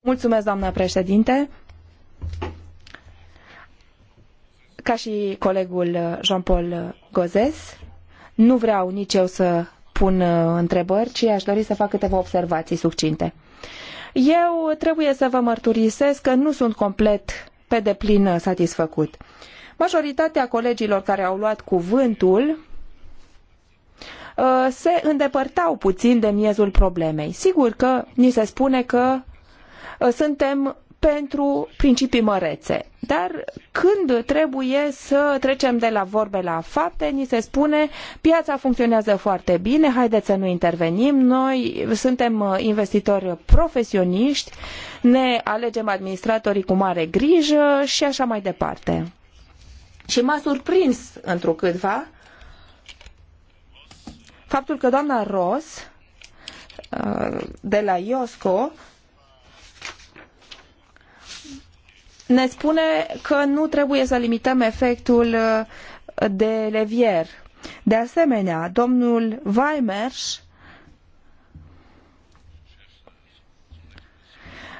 Mulțumesc, doamna președinte. Ca și colegul Jean-Paul Gozes, nu vreau nici eu să pun uh, întrebări, ci aș dori să fac câteva observații succinte. Eu trebuie să vă mărturisesc că nu sunt complet pe deplin satisfăcut. Majoritatea colegilor care au luat cuvântul uh, se îndepărtau puțin de miezul problemei. Sigur că ni se spune că uh, suntem pentru principii mărețe. Dar când trebuie să trecem de la vorbe la fapte, ni se spune piața funcționează foarte bine, haideți să nu intervenim, noi suntem uh, investitori profesioniști, ne alegem administratorii cu mare grijă și așa mai departe. Și m-a surprins întrucâtva faptul că doamna Ross uh, de la IOSCO ne spune că nu trebuie să limităm efectul uh, de levier. De asemenea, domnul Weimers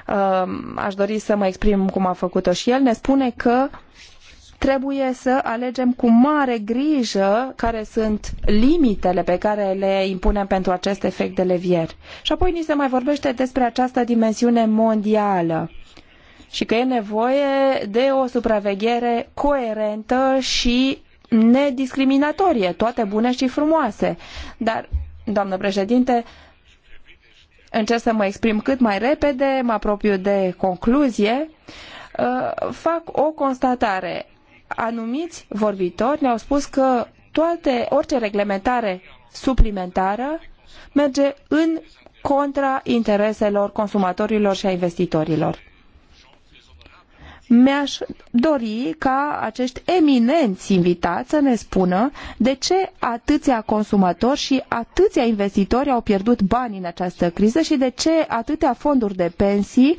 um, aș dori să mă exprim cum a făcut-o și el, ne spune că trebuie să alegem cu mare grijă care sunt limitele pe care le impunem pentru acest efect de levier. Și apoi ni se mai vorbește despre această dimensiune mondială și că e nevoie de o supraveghere coerentă și nediscriminatorie, toate bune și frumoase. Dar, doamnă președinte, încerc să mă exprim cât mai repede, mă apropiu de concluzie, uh, fac o constatare. Anumiți vorbitori ne-au spus că toate, orice reglementare suplimentară merge în contra intereselor consumatorilor și a investitorilor. Mi-aș dori ca acești eminenți invitați să ne spună de ce atâția consumatori și atâția investitori au pierdut bani în această criză și de ce atâtea fonduri de pensii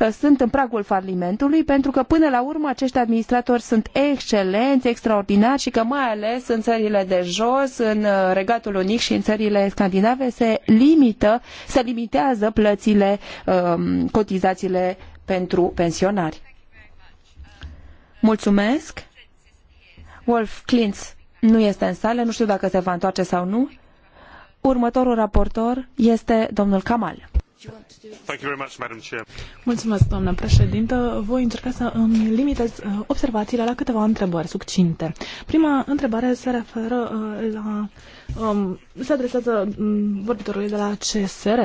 uh, sunt în pragul falimentului, pentru că până la urmă acești administratori sunt excelenți, extraordinari și că mai ales în țările de jos, în uh, Regatul Unic și în țările scandinave se limită, se limitează plățile, um, cotizațiile pentru pensionari. Mulțumesc. Wolf Klintz nu este în sală, nu știu dacă se va întoarce sau nu. Următorul raportor este domnul Kamal. Mulțumesc, doamnă președintă. Voi încerca să îmi limitez uh, observațiile la câteva întrebări succinte. Prima întrebare se referă uh, la... Um, se adresează mm, vorbitorului de la CSR.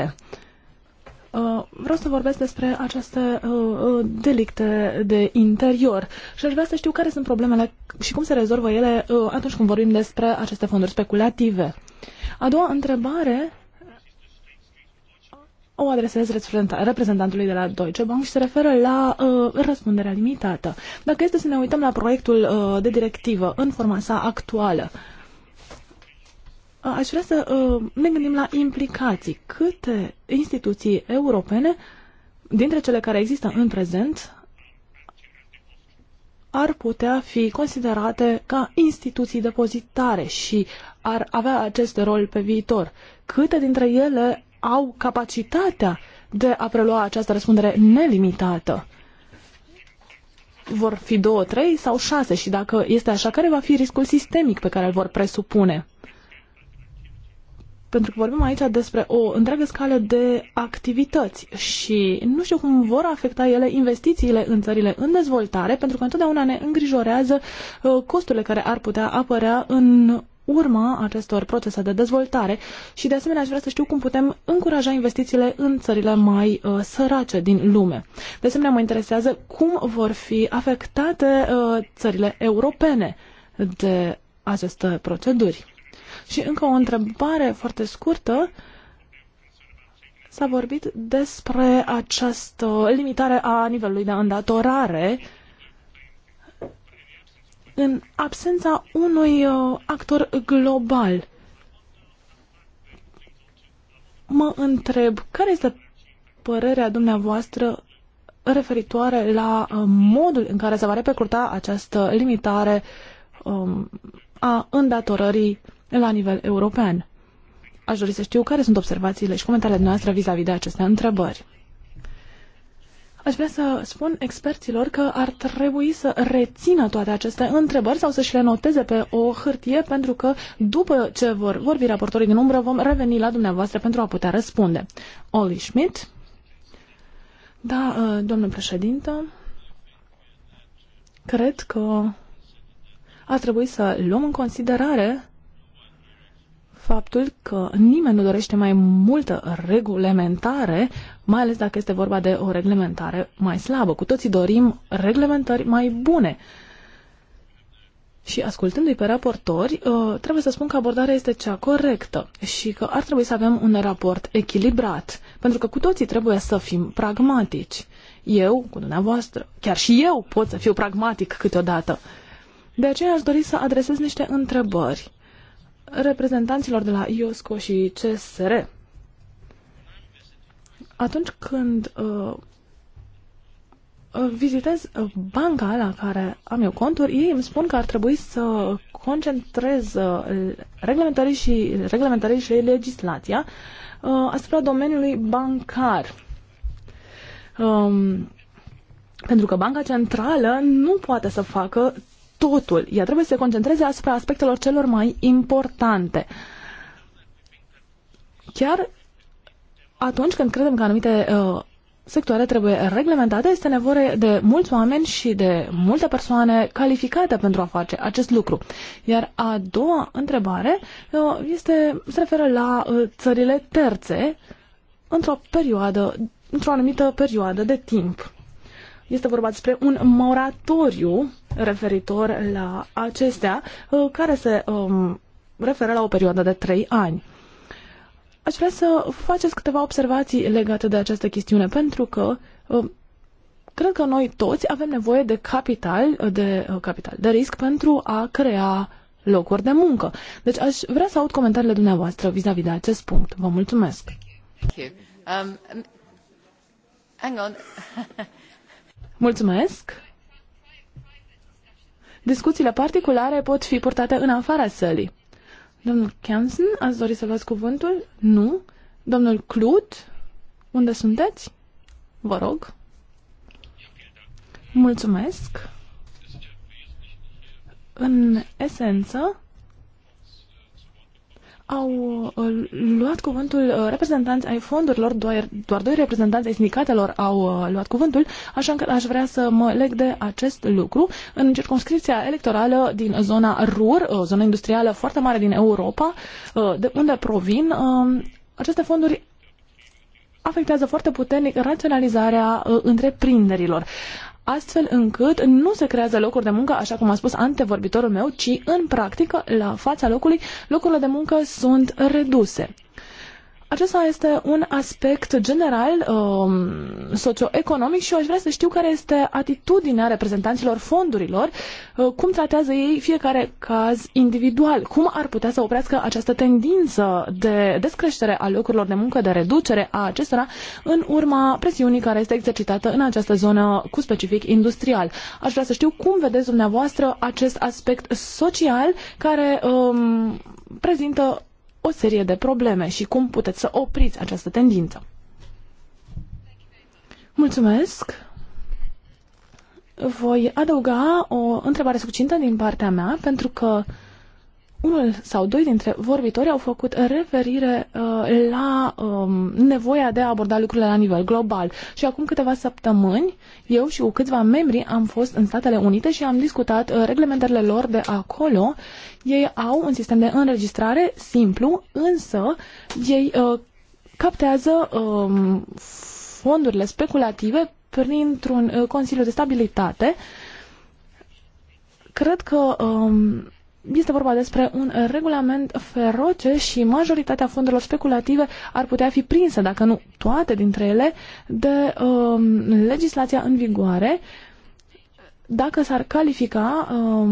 Uh, vreau să vorbesc despre aceste uh, uh, delicte de interior și aș vrea să știu care sunt problemele și cum se rezolvă ele atunci când vorbim despre aceste fonduri speculative. A doua întrebare o adresez reprezentantului de la Deutsche Bank și se referă la uh, răspunderea limitată. Dacă este să ne uităm la proiectul uh, de directivă în forma sa actuală, uh, aș vrea să ă, ne gândim la implicații. Câte instituții europene, dintre cele care există în prezent, ar putea fi considerate ca instituții depozitare și ar avea acest rol pe viitor? Câte dintre ele au capacitatea de a prelua această răspundere nelimitată? Vor fi două, trei sau șase și dacă este așa, care va fi riscul sistemic pe care îl vor presupune? Pentru că vorbim aici despre o întreagă scală de activități și nu știu cum vor afecta ele investițiile în țările în dezvoltare, pentru că întotdeauna ne îngrijorează uh, costurile care ar putea apărea în urma acestor procese de dezvoltare și de asemenea aș vrea să știu cum putem încuraja investițiile în țările mai uh, sărace din lume. De asemenea mă interesează cum vor fi afectate uh, țările europene de aceste proceduri. Și încă o întrebare foarte scurtă. S-a vorbit despre această limitare a nivelului de îndatorare în absența unui uh, actor global. Mă întreb, care este părerea dumneavoastră referitoare la uh, modul în care se va repercuta această limitare um, a îndatorării la nivel european. Aș dori să știu care sunt observațiile și comentariile noastre vis-a-vis -vis de aceste întrebări. Aș vrea să spun experților că ar trebui să rețină toate aceste întrebări sau să-și le noteze pe o hârtie, pentru că după ce vor vorbi raportorii din umbră, vom reveni la dumneavoastră pentru a putea răspunde. Oli Schmidt. Da, uh, domnule președinte, cred că ar trebui să luăm în considerare faptul că nimeni nu dorește mai multă reglementare, mai ales dacă este vorba de o reglementare mai slabă. Cu toții dorim reglementări mai bune. Și ascultându-i pe raportori, uh, trebuie să spun că abordarea este cea corectă și că ar trebui să avem un raport echilibrat, pentru că cu toții trebuie să fim pragmatici. Eu, cu dumneavoastră, chiar și eu pot să fiu pragmatic câteodată. De aceea aș dori să adresez niște întrebări reprezentanților de la IOSCO și CSR. Atunci când uh, vizitez banca la care am eu conturi, ei îmi spun că ar trebui să concentrez uh, reglementării și, reglementării și legislația uh, asupra domeniului bancar. Um, pentru că banca centrală nu poate să facă totul. Ea trebuie să se concentreze asupra aspectelor celor mai importante. Chiar atunci când credem că anumite uh, sectoare trebuie reglementate, este nevoie de mulți oameni și de multe persoane calificate pentru a face acest lucru. Iar a doua întrebare uh, este, se referă la uh, țările terțe într-o perioadă, într-o anumită perioadă de timp. Este vorba despre un moratoriu referitor la acestea, uh, care se um, referă la o perioadă de trei ani. Aș vrea să faceți câteva observații legate de această chestiune, pentru că um, cred că noi toți avem nevoie de capital, de uh, capital, de risc pentru a crea locuri de muncă. Deci aș vrea să aud comentariile dumneavoastră vis-a-vis -vis de acest punct. Vă mulțumesc. Thank you. Um, hang on. Mulțumesc! Discuțiile particulare pot fi purtate în afara sălii. Domnul Camson, ați dori să luați cuvântul? Nu. Domnul Clut, unde sunteți? Vă rog. Mulțumesc. În esență, au uh, luat cuvântul uh, reprezentanți ai fondurilor, doar, doar doi reprezentanți ai sindicatelor au uh, luat cuvântul, așa că aș vrea să mă leg de acest lucru. În circunscripția electorală din zona RUR, zona industrială foarte mare din Europa, de unde provin, um, aceste fonduri afectează foarte puternic raționalizarea întreprinderilor astfel încât nu se creează locuri de muncă, așa cum a spus antevorbitorul meu, ci în practică, la fața locului, locurile de muncă sunt reduse. Acesta este un aspect general um, socioeconomic și eu aș vrea să știu care este atitudinea reprezentanților fondurilor, uh, cum tratează ei fiecare caz individual, cum ar putea să oprească această tendință de descreștere a locurilor de muncă, de reducere a acestora în urma presiunii care este exercitată în această zonă cu specific industrial. Aș vrea să știu cum vedeți dumneavoastră acest aspect social care um, prezintă o serie de probleme și cum puteți să opriți această tendință. Mulțumesc! Voi adăuga o întrebare succintă din partea mea, pentru că uh, unul sau doi dintre vorbitori au făcut referire uh, la um, nevoia de a aborda lucrurile la nivel global. Și acum câteva săptămâni, eu și cu câțiva membri am fost în Statele Unite și am discutat uh, reglementările lor de acolo. Ei au un sistem de înregistrare simplu, însă ei uh, captează um, fondurile speculative printr-un uh, Consiliu de Stabilitate. Cred că um, este vorba despre un regulament feroce și majoritatea fondurilor speculative ar putea fi prinse, dacă nu toate dintre ele, de uh, legislația în vigoare dacă s-ar califica uh,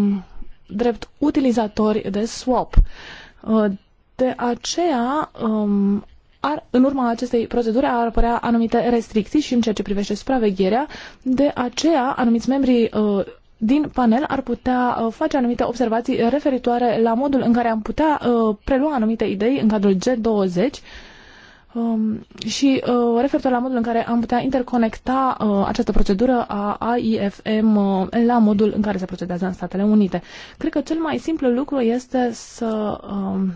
drept utilizatori de swap. Uh, de aceea, um, ar, în urma acestei proceduri ar apărea anumite restricții și în ceea ce privește supravegherea. De aceea, anumiți membrii uh, din panel ar putea uh, face anumite observații referitoare la modul în care am putea uh, prelua anumite idei în cadrul G20 um, și uh, referitor la modul în care am putea interconecta această procedură a AIFM la modul în care se procedează în Statele Unite. Cred că cel mai simplu lucru este să um,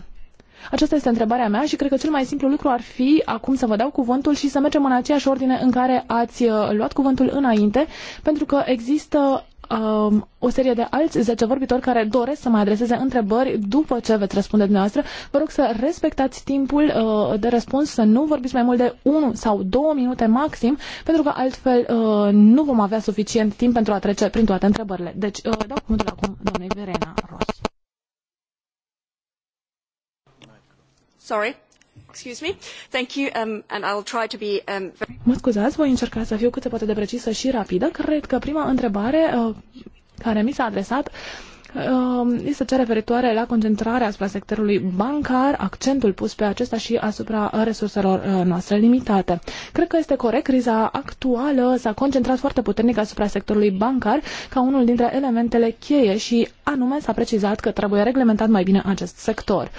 aceasta este întrebarea mea și cred că cel mai simplu lucru ar fi acum să vă dau cuvântul și să mergem în aceeași ordine în care ați luat cuvântul înainte, pentru că există um, o serie de alți 10 vorbitori care doresc să mai adreseze întrebări după ce veți răspunde dumneavoastră. Vă rog să respectați timpul uh, de răspuns, să nu vorbiți mai mult de 1 sau 2 minute maxim, pentru că altfel uh, nu vom avea suficient timp pentru a trece prin toate întrebările. Deci uh, dau cuvântul acum doamnei Verena Ros. Sorry. Mă scuzați, voi încerca să fiu cât se poate de precisă și rapidă. Cred că prima întrebare uh, care mi s-a adresat um, este cea referitoare la concentrarea asupra sectorului bancar, accentul pus pe acesta și asupra resurselor uh, noastre limitate. Cred că este corect, criza actuală s-a concentrat foarte puternic asupra sectorului bancar ca unul dintre elementele cheie și anume s-a precizat că trebuie reglementat mai bine acest sector.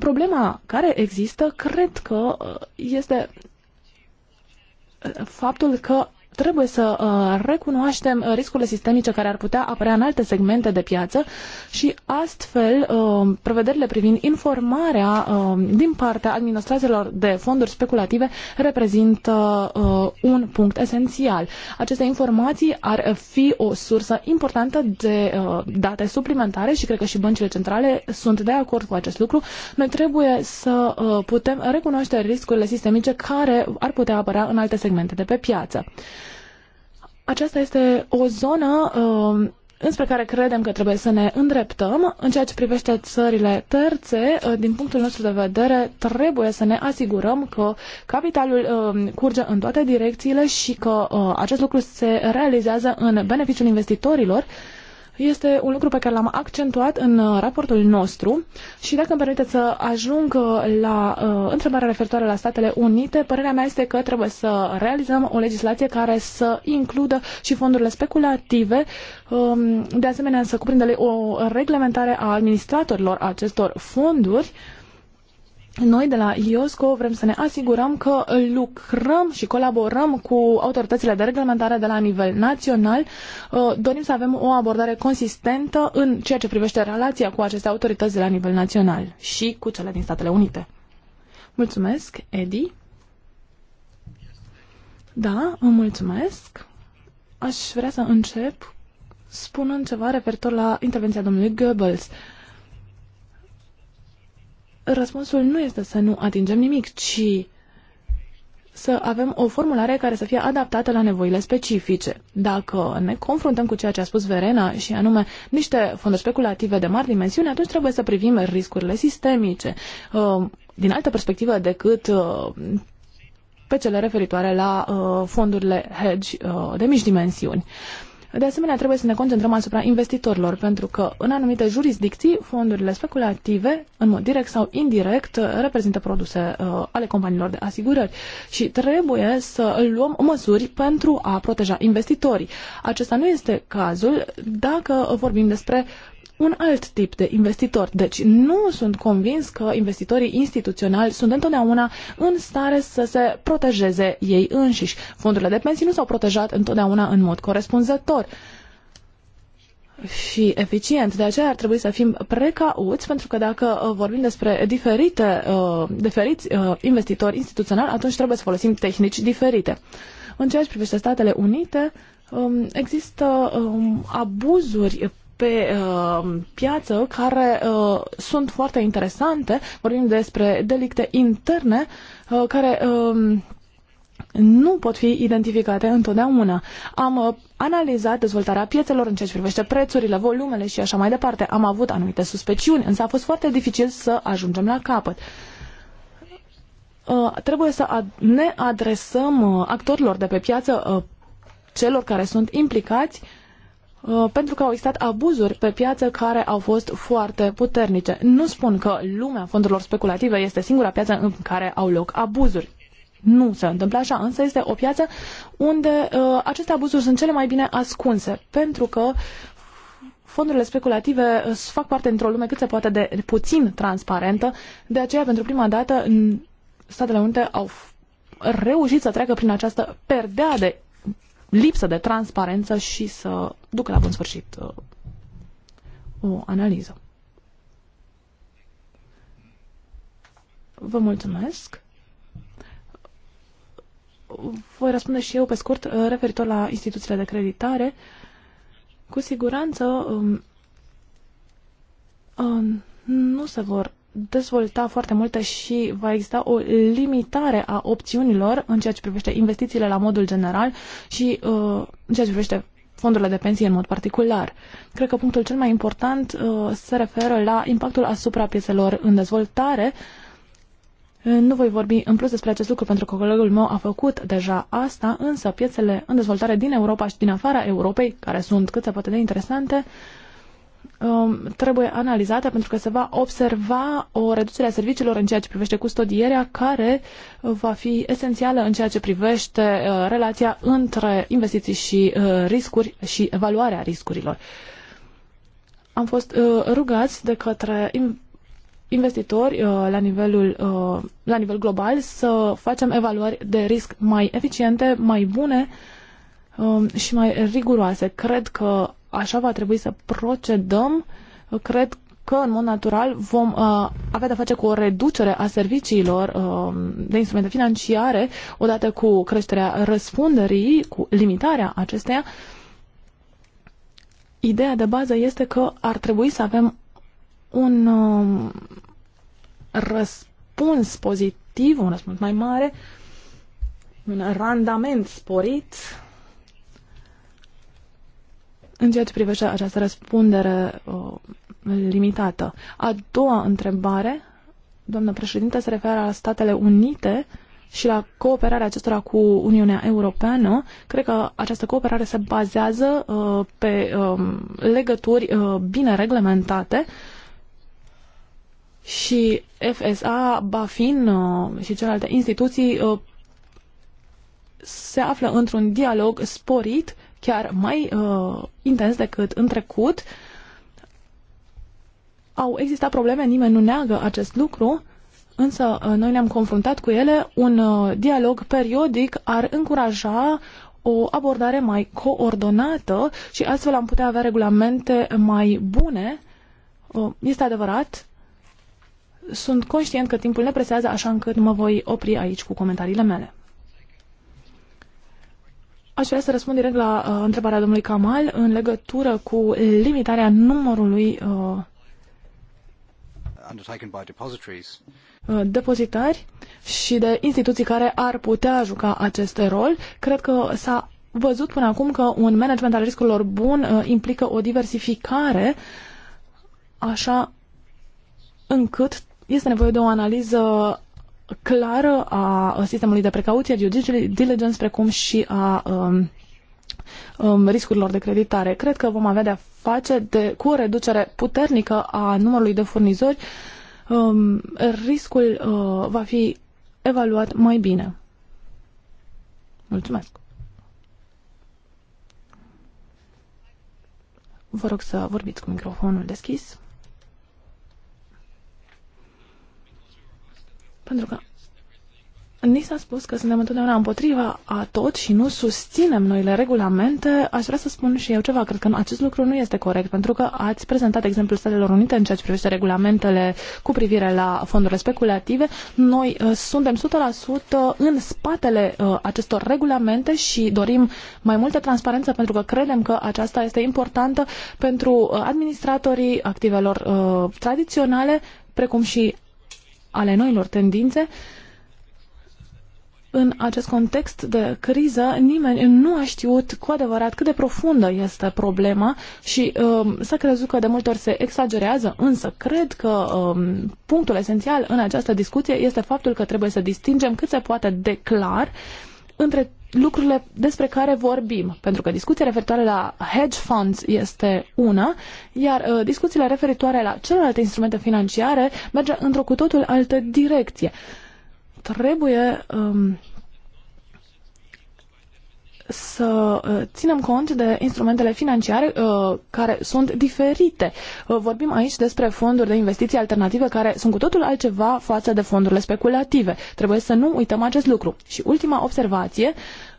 Problema care există, cred că uh, este uh, faptul că trebuie să uh, recunoaștem uh, riscurile sistemice care ar putea apărea în alte segmente de piață și astfel uh, prevederile privind informarea din partea administrațiilor de fonduri speculative reprezintă un punct esențial. Aceste informații ar fi o sursă importantă de date suplimentare și cred că și băncile centrale sunt de acord cu acest lucru. Noi trebuie să putem recunoaște riscurile sistemice care ar putea apărea în alte segmente de pe piață. Aceasta este o zonă uh, înspre care credem că trebuie să ne îndreptăm. În ceea ce privește țările terțe, uh, din punctul nostru de vedere, trebuie să ne asigurăm că capitalul uh, curge în toate direcțiile și că uh, acest lucru se realizează în beneficiul investitorilor uh, este un lucru pe care l-am accentuat în uh, raportul nostru și dacă îmi permiteți să ajung uh, la uh, întrebarea referitoare la Statele Unite, părerea mea este că trebuie să realizăm o legislație care să includă și fondurile speculative, um, de asemenea să cuprindă o reglementare a administratorilor acestor fonduri, uh, noi de la IOSCO vrem să ne asigurăm că lucrăm și colaborăm cu autoritățile de reglementare de la nivel național. Uh, dorim să avem o abordare consistentă în ceea ce privește relația cu aceste autorități de la nivel național și cu cele din Statele Unite. Mulțumesc, Edi. Da, îmi mulțumesc. Aș vrea să încep spunând ceva referitor la intervenția domnului Goebbels. Uh, răspunsul nu este să nu atingem nimic, ci să avem o formulare care să fie adaptată la nevoile specifice. Dacă ne confruntăm cu ceea ce a spus Verena și anume niște fonduri speculative de mari dimensiuni, atunci trebuie să privim riscurile sistemice uh, din altă perspectivă decât uh, pe cele referitoare la uh, fondurile hedge de mici dimensiuni. De asemenea, trebuie să ne concentrăm asupra investitorilor, pentru că în anumite jurisdicții, fondurile speculative, în mod direct sau indirect, reprezintă produse uh, ale companiilor de asigurări și trebuie să luăm măsuri pentru a proteja investitorii. Acesta nu este cazul dacă vorbim despre un alt tip de investitor. Deci nu sunt convins că investitorii instituționali sunt întotdeauna în stare să se protejeze ei înșiși. Fondurile de pensii nu s-au protejat întotdeauna în mod corespunzător și eficient. De aceea ar trebui să fim precauți, pentru că dacă uh, vorbim despre diferite, uh, diferiți uh, investitori instituționali, atunci trebuie să folosim tehnici diferite. În ceea ce privește Statele Unite, um, există um, abuzuri pe uh, piață care uh, sunt foarte interesante. Vorbim despre delicte interne uh, care uh, nu pot fi identificate întotdeauna. Am uh, analizat dezvoltarea piețelor în ceea ce privește prețurile, volumele și așa mai departe. Am avut anumite suspeciuni, însă a fost foarte dificil să ajungem la capăt. Uh, trebuie să ne adresăm uh, actorilor de pe piață, celor care sunt implicați Uh, pentru că au existat abuzuri pe piață care au fost foarte puternice. Nu spun că lumea fondurilor speculative este singura piață în care au loc abuzuri. Nu se întâmplă așa, însă este o piață unde uh, aceste abuzuri sunt cele mai bine ascunse, pentru că fondurile speculative uh, fac parte într-o lume cât se poate de puțin transparentă, de aceea pentru prima dată Statele Unite au reușit să treacă prin această perdea de lipsă de transparență și să ducă la bun sfârșit uh, o analiză. Vă mulțumesc. Voi răspunde și eu pe scurt uh, referitor la instituțiile de creditare. Cu siguranță um, um, nu se vor dezvolta foarte multă și va exista o limitare a opțiunilor în ceea ce privește investițiile la modul general și uh, în ceea ce privește fondurile de pensie în mod particular. Cred că punctul cel mai important uh, se referă la impactul asupra pieselor în dezvoltare. Uh, nu voi vorbi în plus despre acest lucru pentru că colegul meu a făcut deja asta, însă piețele în dezvoltare din Europa și din afara Europei, care sunt cât se poate de interesante, uh, Um, trebuie analizată pentru că se va observa o reducere a serviciilor în ceea ce privește custodierea care va fi esențială în ceea ce privește uh, relația între investiții și uh, riscuri și evaluarea riscurilor. Am fost uh, rugați de către investitori la, nivelul, la nivel global să facem evaluări de risc mai eficiente, mai bune um, și mai riguroase. Cred că așa va trebui să procedăm, cred că în mod natural vom uh, avea de-a face cu o reducere a serviciilor uh, de instrumente financiare, odată cu creșterea răspunderii, cu limitarea acesteia. Ideea de bază este că ar trebui să avem un uh, răspuns pozitiv, un răspuns mai mare, un randament sporit în ceea ce privește această răspundere limitată. A doua întrebare, doamnă președinte, se referă la Statele Unite și la cooperarea acestora cu Uniunea Europeană. Cred că această cooperare se bazează uh, pe legături uh, bine reglementate și FSA, BaFin uh, și celelalte instituții uh, se află într-un dialog sporit chiar mai uh, intens decât în trecut. Au existat probleme, nimeni nu neagă acest lucru, însă uh, noi ne-am confruntat cu ele. Un uh, dialog periodic ar încuraja o abordare mai coordonată și astfel am putea avea regulamente mai bune. Uh, este adevărat, sunt conștient că timpul ne presează, așa încât mă voi opri aici cu comentariile mele. Aș vrea să răspund direct la uh, întrebarea domnului Kamal în legătură cu limitarea numărului uh, uh, depozitari și de instituții care ar putea juca acest rol. Cred că s-a văzut până acum că un management al riscurilor bun uh, implică o diversificare așa încât este nevoie de o analiză clară a sistemului de precauție, due diligence, precum și a um, um, riscurilor de creditare. Cred că vom avea de-a face de, cu o reducere puternică a numărului de furnizori. Um, riscul uh, va fi evaluat mai bine. Mulțumesc! Vă rog să vorbiți cu microfonul deschis. Pentru că Ni s-a spus că suntem întotdeauna împotriva a tot și nu susținem noile regulamente. Aș vrea să spun și eu ceva. Cred că acest lucru nu este corect, pentru că ați prezentat exemplul Statelor Unite în ceea ce privește regulamentele cu privire la fondurile speculative. Noi uh, suntem 100% în spatele uh, acestor regulamente și dorim mai multă transparență pentru că credem că aceasta este importantă pentru uh, administratorii activelor uh, tradiționale, precum și ale noilor tendințe, în acest context de criză, nimeni nu a știut cu adevărat cât de profundă este problema și um, s-a crezut că de multe ori se exagerează, însă cred că um, punctul esențial în această discuție este faptul că trebuie să distingem cât se poate de clar între lucrurile despre care vorbim, pentru că discuția referitoare la hedge funds este una, iar uh, discuțiile referitoare la celelalte instrumente financiare merge într-o cu totul altă direcție. Trebuie um, să uh, ținem cont de instrumentele financiare uh, care sunt diferite. Uh, vorbim aici despre fonduri de investiții alternative care sunt cu totul altceva față de fondurile speculative. Trebuie să nu uităm acest lucru. Și ultima observație,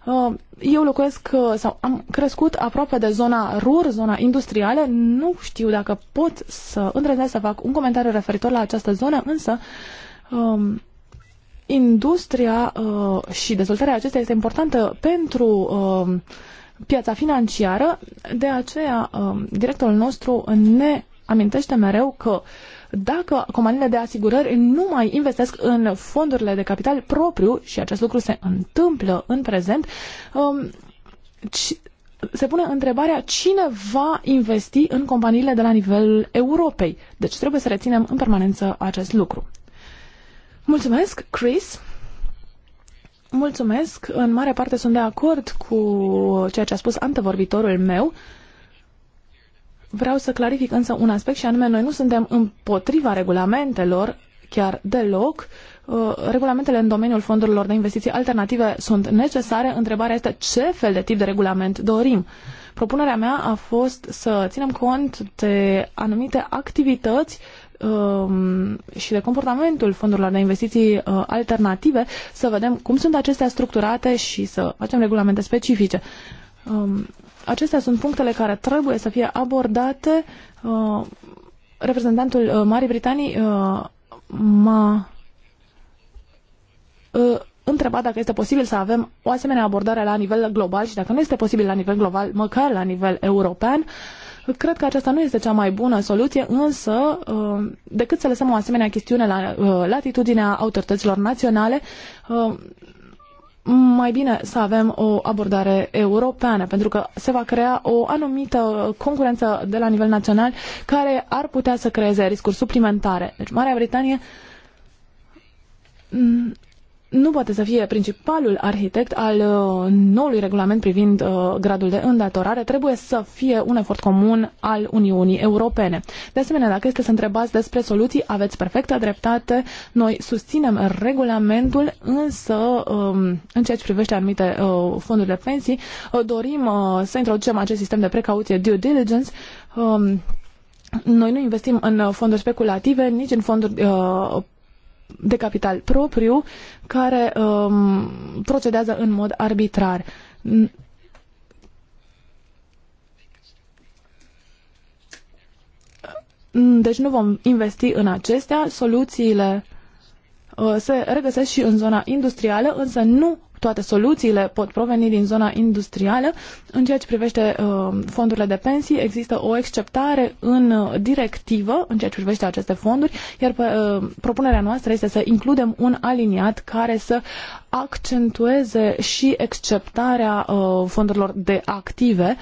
uh, eu locuiesc uh, sau am crescut aproape de zona rur, zona industrială, nu știu dacă pot să îndrăznesc să fac un comentariu referitor la această zonă, însă um, industria uh, și dezvoltarea acesteia este importantă pentru uh, piața financiară, de aceea uh, directorul nostru ne amintește mereu că dacă companiile de asigurări nu mai investesc în fondurile de capital propriu, și acest lucru se întâmplă în prezent, um, ci, se pune întrebarea cine va investi în companiile de la nivelul Europei. Deci trebuie să reținem în permanență acest lucru. Mulțumesc, Chris. Mulțumesc. În mare parte sunt de acord cu ceea ce a spus antevorbitorul meu. Vreau să clarific însă un aspect și anume, noi nu suntem împotriva regulamentelor chiar deloc. Uh, regulamentele în domeniul fondurilor de investiții alternative sunt necesare. Întrebarea este ce fel de tip de regulament dorim. Propunerea mea a fost să ținem cont de anumite activități uh, Um, și de comportamentul fondurilor de investiții uh, alternative, să vedem cum sunt acestea structurate și să facem regulamente specifice. Um, acestea sunt punctele care trebuie să fie abordate. Uh, reprezentantul uh, Marii Britanii m-a întrebat dacă este posibil să avem o asemenea abordare la nivel global și dacă nu este posibil la nivel global, măcar la nivel european. Uh, Cred că aceasta nu este cea mai bună soluție, însă uh, decât să lăsăm o asemenea chestiune la uh, latitudinea autorităților naționale, uh, mai bine să avem o abordare europeană, pentru că se va crea o anumită concurență de la nivel național care ar putea să creeze riscuri suplimentare. Deci Marea Britanie nu poate să fie principalul arhitect al uh, noului regulament privind uh, gradul de îndatorare, trebuie să fie un efort comun al Uniunii Europene. De asemenea, dacă este să întrebați despre soluții, aveți perfectă dreptate. Noi susținem regulamentul, însă um, în ceea ce privește anumite uh, fonduri de pensii, uh, dorim uh, să introducem acest sistem de precauție due diligence. Um, noi nu investim în fonduri speculative, nici în fonduri uh, de capital propriu care um, procedează în mod arbitrar. Deci nu vom investi în acestea. Soluțiile uh, se regăsesc și în zona industrială, însă nu toate soluțiile pot proveni din zona industrială. În ceea ce privește uh, fondurile de pensii, există o exceptare în uh, directivă în ceea ce privește aceste fonduri, iar uh, propunerea noastră este să includem un aliniat care să accentueze și exceptarea uh, fondurilor de active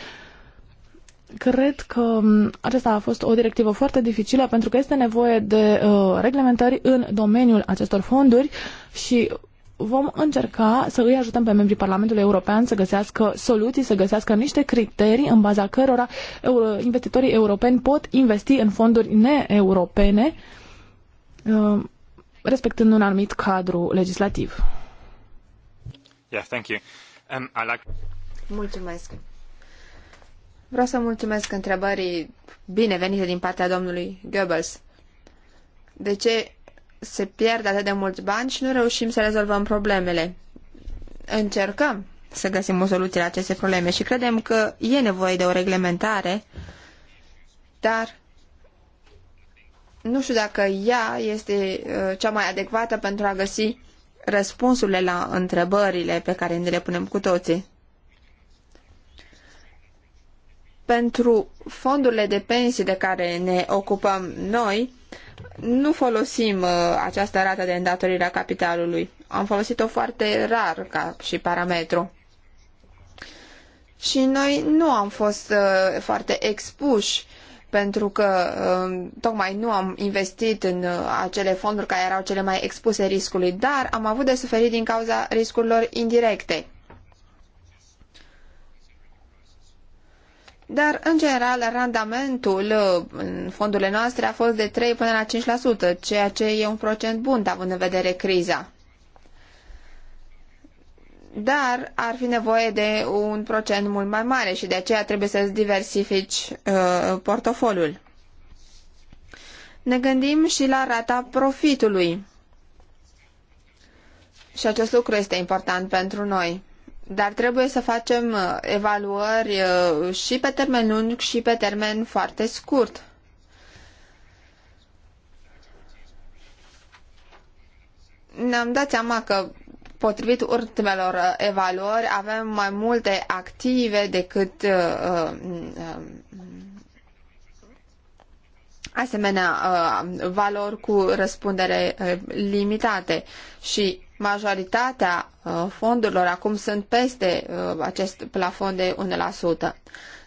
Cred că um, aceasta a fost o directivă foarte dificilă pentru că este nevoie de uh, reglementări în domeniul acestor fonduri și vom încerca să îi ajutăm pe membrii Parlamentului European să găsească soluții, să găsească niște criterii în baza cărora investitorii europeni pot investi în fonduri neeuropene, uh, respectând un anumit cadru legislativ. Yeah, thank you. Um, I like... Mulțumesc. Vreau să mulțumesc întrebării binevenite din partea domnului Goebbels. De ce se pierd atât de mulți bani și nu reușim să rezolvăm problemele. Încercăm să găsim o soluție la aceste probleme și credem că e nevoie de o reglementare, dar nu știu dacă ea este uh, cea mai adecvată pentru a găsi răspunsurile la întrebările pe care ne le punem cu toții. Pentru fondurile de pensii de care ne ocupăm noi, nu folosim uh, această rată de îndatorire a capitalului. Am folosit-o foarte rar ca și parametru. Și noi nu am fost uh, foarte expuși pentru că um, tocmai nu am investit în uh, acele fonduri care erau cele mai expuse riscului, dar am avut de suferit din cauza riscurilor indirecte. Dar, în general, randamentul uh, în fondurile noastre a fost de 3 până la 5%, ceea ce e un procent bun, având în vedere criza. Dar ar fi nevoie de un procent mult mai mare și de aceea trebuie să-ți diversifici uh, portofoliul. Ne gândim și la rata profitului. Și acest lucru este important pentru noi. Dar trebuie să facem uh, evaluări uh, și pe termen lung și pe termen foarte scurt. Ne-am dat seama că potrivit ultimelor uh, evaluări, avem mai multe active decât uh, uh, um, asemenea uh, valori cu răspundere limitate și majoritatea uh, fondurilor acum sunt peste uh, acest plafon de 1%.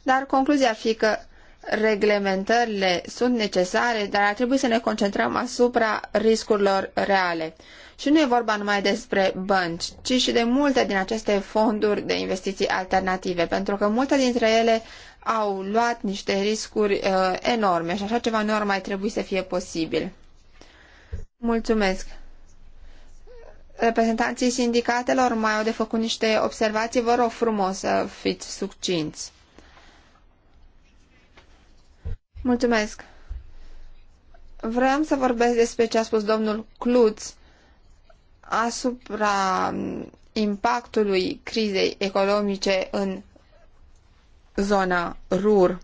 Dar concluzia ar fi că reglementările sunt necesare, dar ar trebui să ne concentrăm asupra riscurilor reale. Și nu e vorba numai despre bănci, ci și de multe din aceste fonduri de investiții alternative, pentru că multe dintre ele au luat niște riscuri uh, enorme și așa ceva nu ar mai trebui să fie posibil. Mulțumesc! reprezentanții sindicatelor mai au de făcut niște observații. Vă rog frumos să fiți succinți. Mulțumesc. Vreau să vorbesc despre ce a spus domnul Cluț asupra impactului crizei economice în zona rur.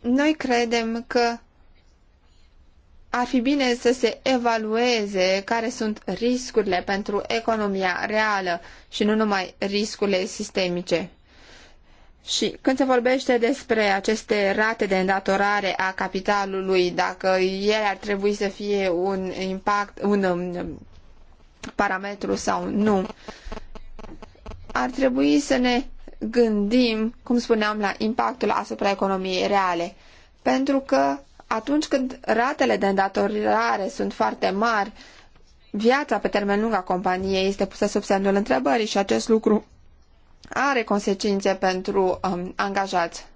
Noi credem că ar fi bine să se evalueze care sunt riscurile pentru economia reală și nu numai riscurile sistemice. Și când se vorbește despre aceste rate de îndatorare a capitalului, dacă ele ar trebui să fie un impact, un um, parametru sau nu, ar trebui să ne gândim, cum spuneam, la impactul asupra economiei reale. Pentru că atunci când ratele de îndatorare sunt foarte mari, viața pe termen lung a companiei este pusă sub semnul întrebării și acest lucru are consecințe pentru um, angajați.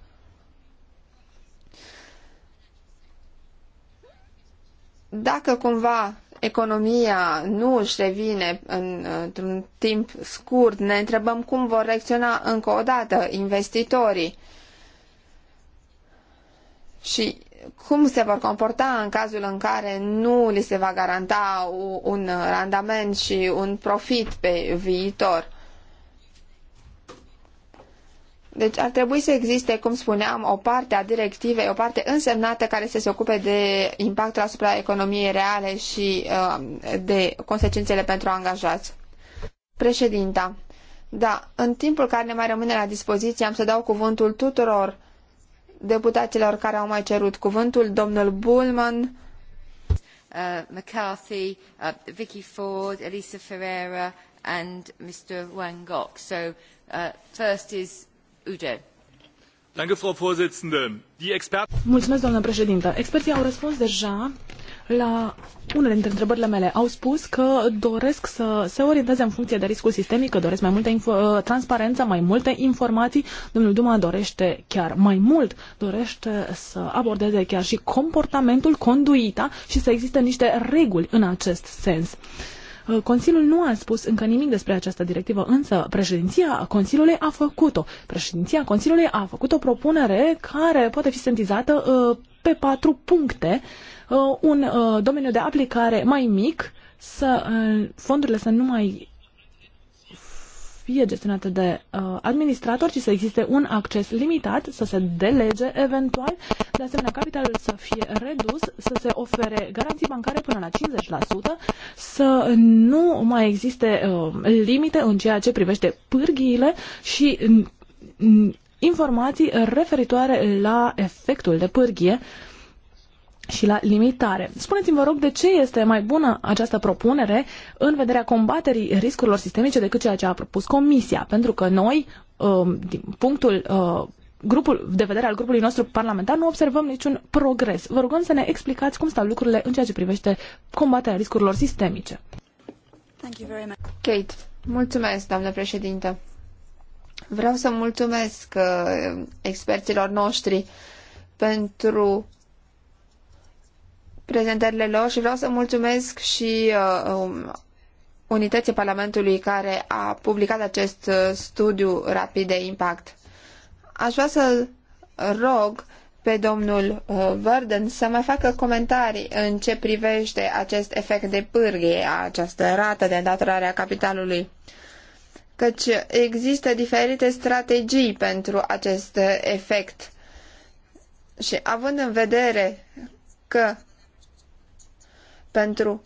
Dacă cumva economia nu își revine în, într-un timp scurt, ne întrebăm cum vor reacționa încă o dată investitorii. Și cum se vor comporta în cazul în care nu li se va garanta un randament și un profit pe viitor. Deci ar trebui să existe, cum spuneam, o parte a directivei, o parte însemnată care să se ocupe de impactul asupra economiei reale și uh, de consecințele pentru angajați. Președinta, da, în timpul care ne mai rămâne la dispoziție am să dau cuvântul tuturor deputaților care au mai cerut cuvântul, domnul Bullman, uh, McCarthy, uh, Vicky Ford, Elisa Ferreira and Mr. Wangok. So uh, first is Udo. Mulțumesc, doamnă președintă. Experții au răspuns deja la unele dintre întrebările mele au spus că doresc să se orienteze în funcție de riscul sistemic, că doresc mai multă info- uh, transparență, mai multe informații. Domnul Duma dorește chiar mai mult, dorește să abordeze chiar și comportamentul, conduita și să existe niște reguli în acest sens. Uh, Consiliul nu a spus încă nimic despre această directivă, însă președinția Consiliului a făcut-o. Președinția Consiliului a făcut o propunere care poate fi sentizată uh, pe patru puncte Uh, un uh, domeniu de aplicare mai mic, să uh, fondurile să nu mai fie gestionate de uh, administrator, ci să existe un acces limitat, să se delege eventual, de asemenea capitalul să fie redus, să se ofere garanții bancare până la 50%, să nu mai existe uh, limite în ceea ce privește pârghiile și mm, mm, informații referitoare la efectul de pârghie și la limitare. Spuneți-mi, vă rog, de ce este mai bună această propunere în vederea combaterii riscurilor sistemice decât ceea ce a propus Comisia? Pentru că noi, um, din punctul uh, grupul, de vedere al grupului nostru parlamentar, nu observăm niciun progres. Vă rugăm să ne explicați cum stau lucrurile în ceea ce privește combaterea riscurilor sistemice. Kate, mulțumesc, doamnă președintă. Vreau să mulțumesc uh, experților noștri pentru prezentările lor și vreau să mulțumesc și uh, um, unității Parlamentului care a publicat acest uh, studiu rapid de impact. Aș vrea să rog pe domnul uh, Verden să mai facă comentarii în ce privește acest efect de pârghie, această rată de îndatorare a capitalului. Căci există diferite strategii pentru acest efect. Și având în vedere că pentru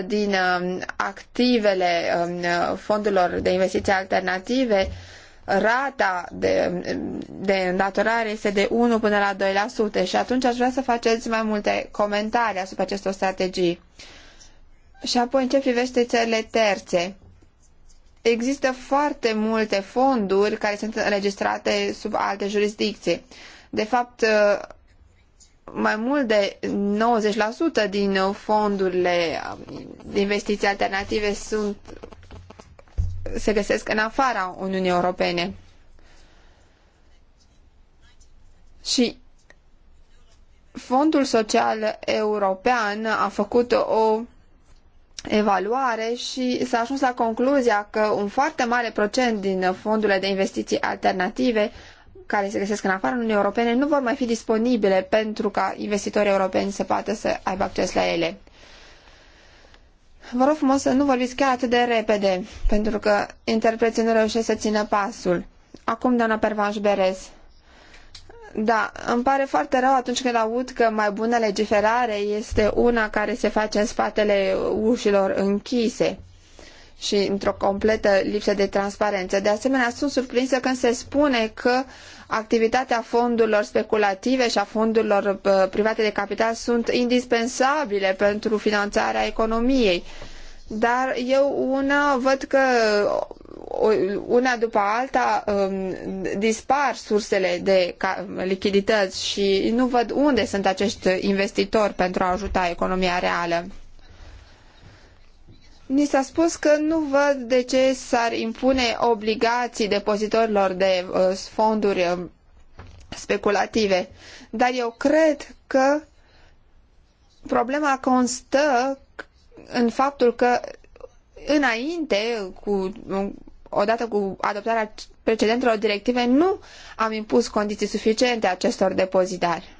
70% din um, activele um, fondurilor de investiții alternative, rata de, um, de îndatorare este de 1 până la 2% și atunci aș vrea să faceți mai multe comentarii asupra acestor strategii. Și apoi în ce privește țările terțe, există foarte multe fonduri care sunt înregistrate sub alte jurisdicții. De fapt, uh, mai mult de 90% din fondurile de investiții alternative sunt, se găsesc în afara Uniunii Europene. Și Fondul Social European a făcut o evaluare și s-a ajuns la concluzia că un foarte mare procent din fondurile de investiții alternative care se găsesc în afara Uniunii Europene nu vor mai fi disponibile pentru ca investitorii europeni să poată să aibă acces la ele. Vă rog frumos să nu vorbiți chiar atât de repede, pentru că interpreții nu reușesc să țină pasul. Acum, doamna Pervanș Berez. Da, îmi pare foarte rău atunci când aud că mai bună legiferare este una care se face în spatele ușilor închise și într-o completă lipsă de transparență. De asemenea, sunt surprinsă când se spune că activitatea fondurilor speculative și a fondurilor private de capital sunt indispensabile pentru finanțarea economiei. Dar eu una văd că una după alta um, dispar sursele de lichidități și nu văd unde sunt acești investitori pentru a ajuta economia reală. Ni s-a spus că nu văd de ce s-ar impune obligații depozitorilor de uh, fonduri uh, speculative, dar eu cred că problema constă în faptul că înainte, cu, odată cu adoptarea precedentelor directive, nu am impus condiții suficiente acestor depozitari.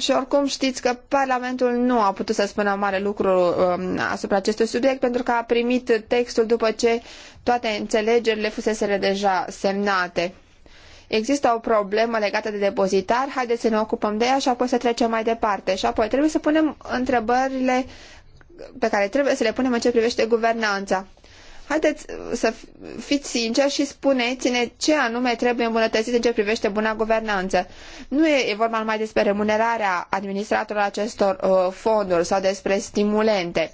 Și oricum știți că Parlamentul nu a putut să spună mare lucru um, asupra acestui subiect pentru că a primit textul după ce toate înțelegerile fuseseră deja semnate. Există o problemă legată de depozitar, haideți să ne ocupăm de ea și apoi să trecem mai departe. Și apoi trebuie să punem întrebările pe care trebuie să le punem în ce privește guvernanța. Haideți uh, să fiți sinceri și spuneți-ne ce anume trebuie îmbunătățit în ce privește buna guvernanță. Nu e, vorba numai despre remunerarea administratorilor acestor uh, fonduri sau despre stimulente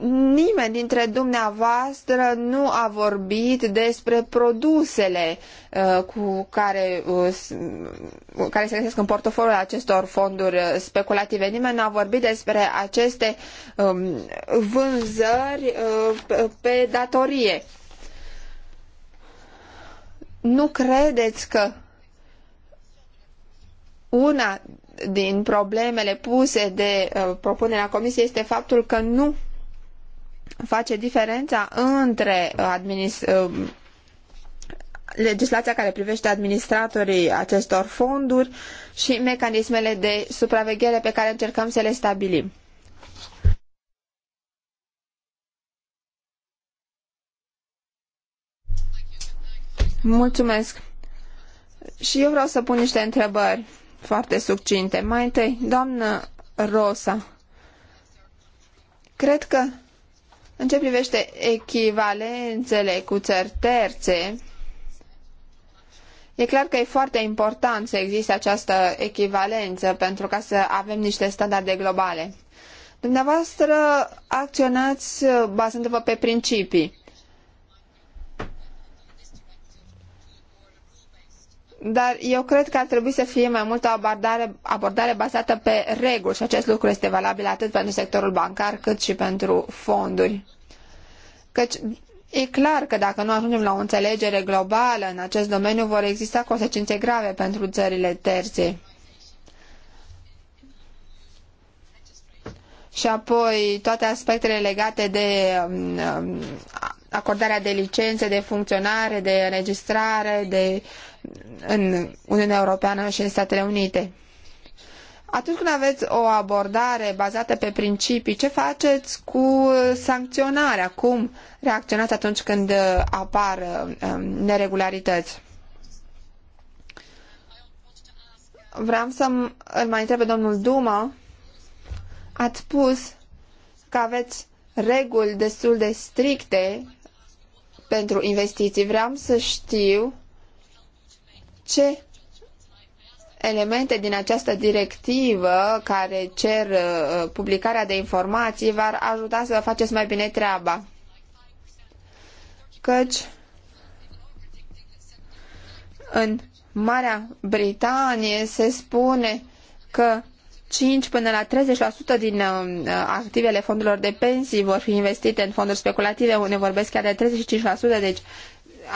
nimeni dintre dumneavoastră nu a vorbit despre produsele uh, cu care, uh, care se găsesc în portofoliul acestor fonduri uh, speculative. Nimeni nu a vorbit despre aceste um, vânzări uh, pe datorie. Nu credeți că una din problemele puse de uh, propunerea Comisiei este faptul că nu face diferența între uh, uh, legislația care privește administratorii acestor fonduri și mecanismele de supraveghere pe care încercăm să le stabilim. Mulțumesc. Și eu vreau să pun niște întrebări foarte succinte. Mai întâi, doamnă Rosa, cred că în ce privește echivalențele cu țări terțe, e clar că e foarte important să existe această echivalență pentru ca să avem niște standarde globale. Dumneavoastră acționați bazându-vă pe principii. dar eu cred că ar trebui să fie mai mult o abordare, abordare bazată pe reguli și acest lucru este valabil atât pentru sectorul bancar cât și pentru fonduri. Căci e clar că dacă nu ajungem la o înțelegere globală în acest domeniu vor exista consecințe grave pentru țările terțe. Și apoi toate aspectele legate de um, um, acordarea de licențe, de funcționare, de înregistrare, de uh, în Uniunea Europeană și în Statele Unite. Atunci când aveți o abordare bazată pe principii, ce faceți cu sancționarea? Cum reacționați atunci când apar um, neregularități? Vreau să îl mai întreb pe domnul Duma. Ați spus că aveți reguli destul de stricte pentru investiții. Vreau să știu ce elemente din această directivă care cer uh, publicarea de informații v-ar ajuta să faceți mai bine treaba. Căci în Marea Britanie se spune că 5 până la 30% din uh, activele fondurilor de pensii vor fi investite în fonduri speculative, unde vorbesc chiar de 35%, deci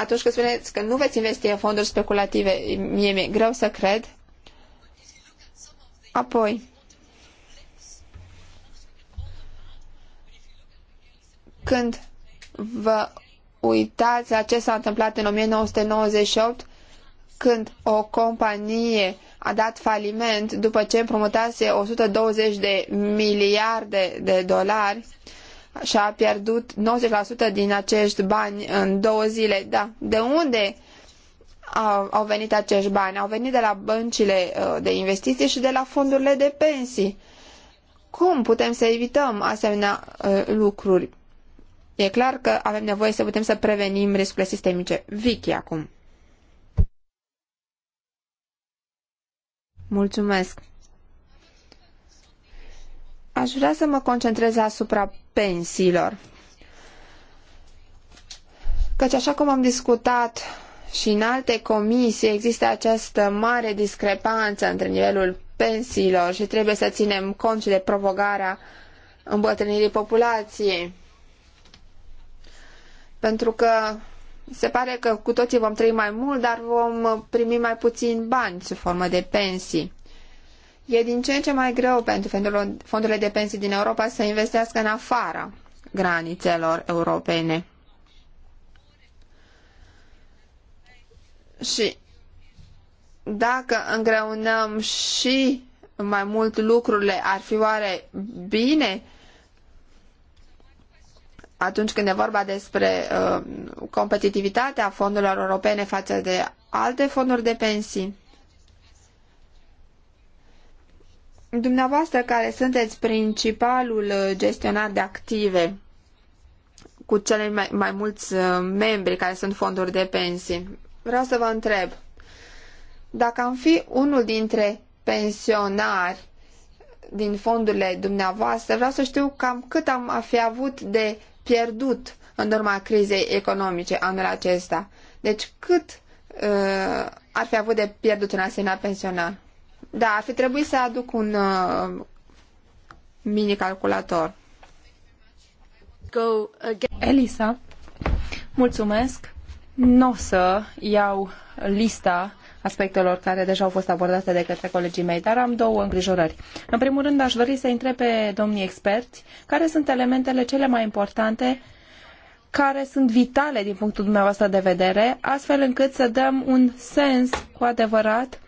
atunci când spuneți că nu veți investi în fonduri speculative, mie mi-e greu să cred. Apoi, când vă uitați la ce s-a întâmplat în 1998, când o companie a dat faliment după ce împrumutase 120 de miliarde de dolari, și a pierdut 90% din acești bani în două zile. Da, de unde au, au venit acești bani? Au venit de la băncile uh, de investiții și de la fondurile de pensii. Cum putem să evităm asemenea uh, lucruri? E clar că avem nevoie să putem să prevenim riscurile sistemice. Vicky acum. Mulțumesc. Aș vrea să mă concentrez asupra pensiilor. Căci așa cum am discutat și în alte comisii există această mare discrepanță între nivelul pensiilor și trebuie să ținem cont și de provocarea îmbătrânirii populației. Pentru că se pare că cu toții vom trăi mai mult, dar vom primi mai puțin bani sub formă de pensii. E din ce în ce mai greu pentru fondurile de pensii din Europa să investească în afara granițelor europene. Și dacă îngreunăm și mai mult lucrurile, ar fi oare bine atunci când e vorba despre uh, competitivitatea fondurilor europene față de alte fonduri de pensii? Dumneavoastră care sunteți principalul uh, gestionar de active cu cele mai, mai mulți uh, membri care sunt fonduri de pensii, vreau să vă întreb dacă am fi unul dintre pensionari din fondurile dumneavoastră, vreau să știu cam cât am fi avut de pierdut în urma crizei economice anul acesta. Deci cât uh, ar fi avut de pierdut în asemenea pensionar? Da, ar fi trebuit să aduc un uh, mini-calculator. Elisa, mulțumesc. Nu o să iau lista aspectelor care deja au fost abordate de către colegii mei, dar am două îngrijorări. În primul rând, aș dori să întreb pe domnii experți care sunt elementele cele mai importante care sunt vitale din punctul dumneavoastră de vedere, astfel încât să dăm un sens cu adevărat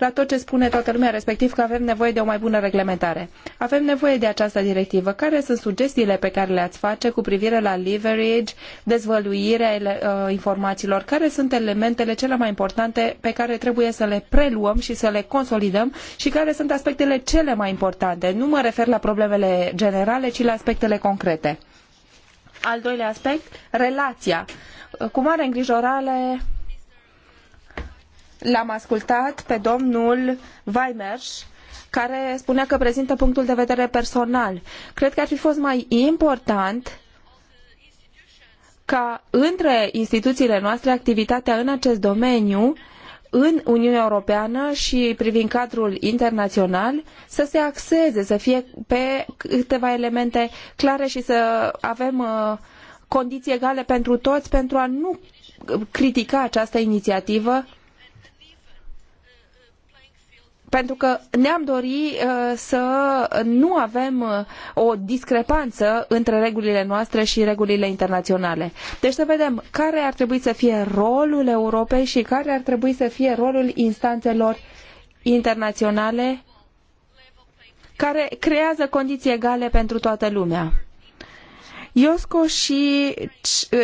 la tot ce spune toată lumea, respectiv că avem nevoie de o mai bună reglementare. Avem nevoie de această directivă. Care sunt sugestiile pe care le-ați face cu privire la leverage, dezvăluirea uh, informațiilor? Care sunt elementele cele mai importante pe care trebuie să le preluăm și să le consolidăm și care sunt aspectele cele mai importante? Nu mă refer la problemele generale, ci la aspectele concrete. Al doilea aspect, relația. Cu mare îngrijorare l-am ascultat pe domnul Weimers, care spunea că prezintă punctul de vedere personal. Cred că ar fi fost mai important ca între instituțiile noastre activitatea în acest domeniu în Uniunea Europeană și privind cadrul internațional să se axeze, să fie pe câteva elemente clare și să avem uh, condiții egale pentru toți pentru a nu critica această inițiativă pentru că ne-am dori uh, să nu avem uh, o discrepanță între regulile noastre și regulile internaționale. Deci să vedem care ar trebui să fie rolul Europei și care ar trebui să fie rolul instanțelor internaționale care creează condiții egale pentru toată lumea. IOSCO și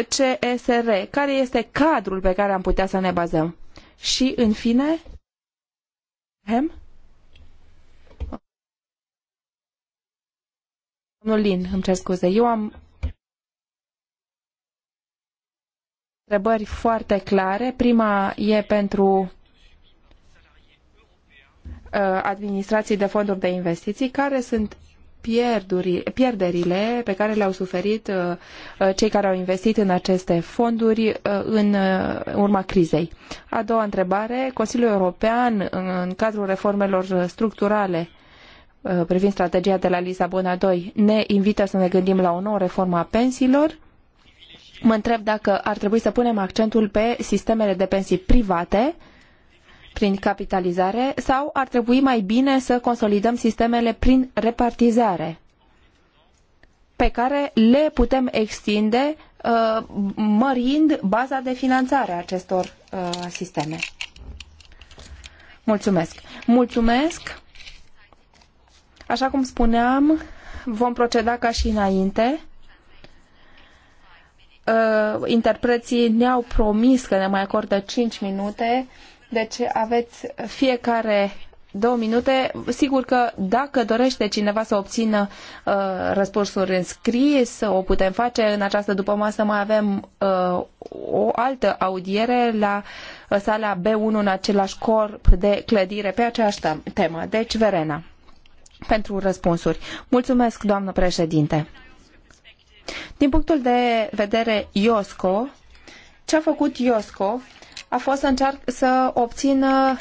CSR, care este cadrul pe care am putea să ne bazăm? Și, în fine, Hem? Domnul Lin, îmi cer scuze. Eu am întrebări foarte clare. Prima e pentru uh, administrații de fonduri de investiții. Care sunt pierderile pe care le-au suferit uh, uh, cei care au investit în aceste fonduri uh, în urma crizei. A doua întrebare, Consiliul European, în cadrul reformelor structurale privind strategia de la Lisabona 2, ne invită să ne gândim la o nouă reformă a pensiilor. Mă întreb dacă ar trebui să punem accentul pe sistemele de pensii private, uh, prin capitalizare sau ar trebui mai bine să consolidăm sistemele prin repartizare pe care le putem extinde uh, mărind baza de finanțare a acestor uh, sisteme. Mulțumesc. Mulțumesc. Așa cum spuneam, vom proceda ca și înainte. Uh, interpreții ne-au promis că ne mai acordă 5 minute. Deci aveți fiecare două minute. Sigur că dacă dorește cineva să obțină uh, răspunsuri în scris, o putem face. În această dupămasă mai avem uh, o altă audiere la uh, sala B1 în același corp de clădire pe aceeași temă. Deci, Verena, pentru răspunsuri. Mulțumesc, doamnă președinte. Din punctul de vedere IOSCO, ce a făcut IOSCO a fost să încearcă să obțină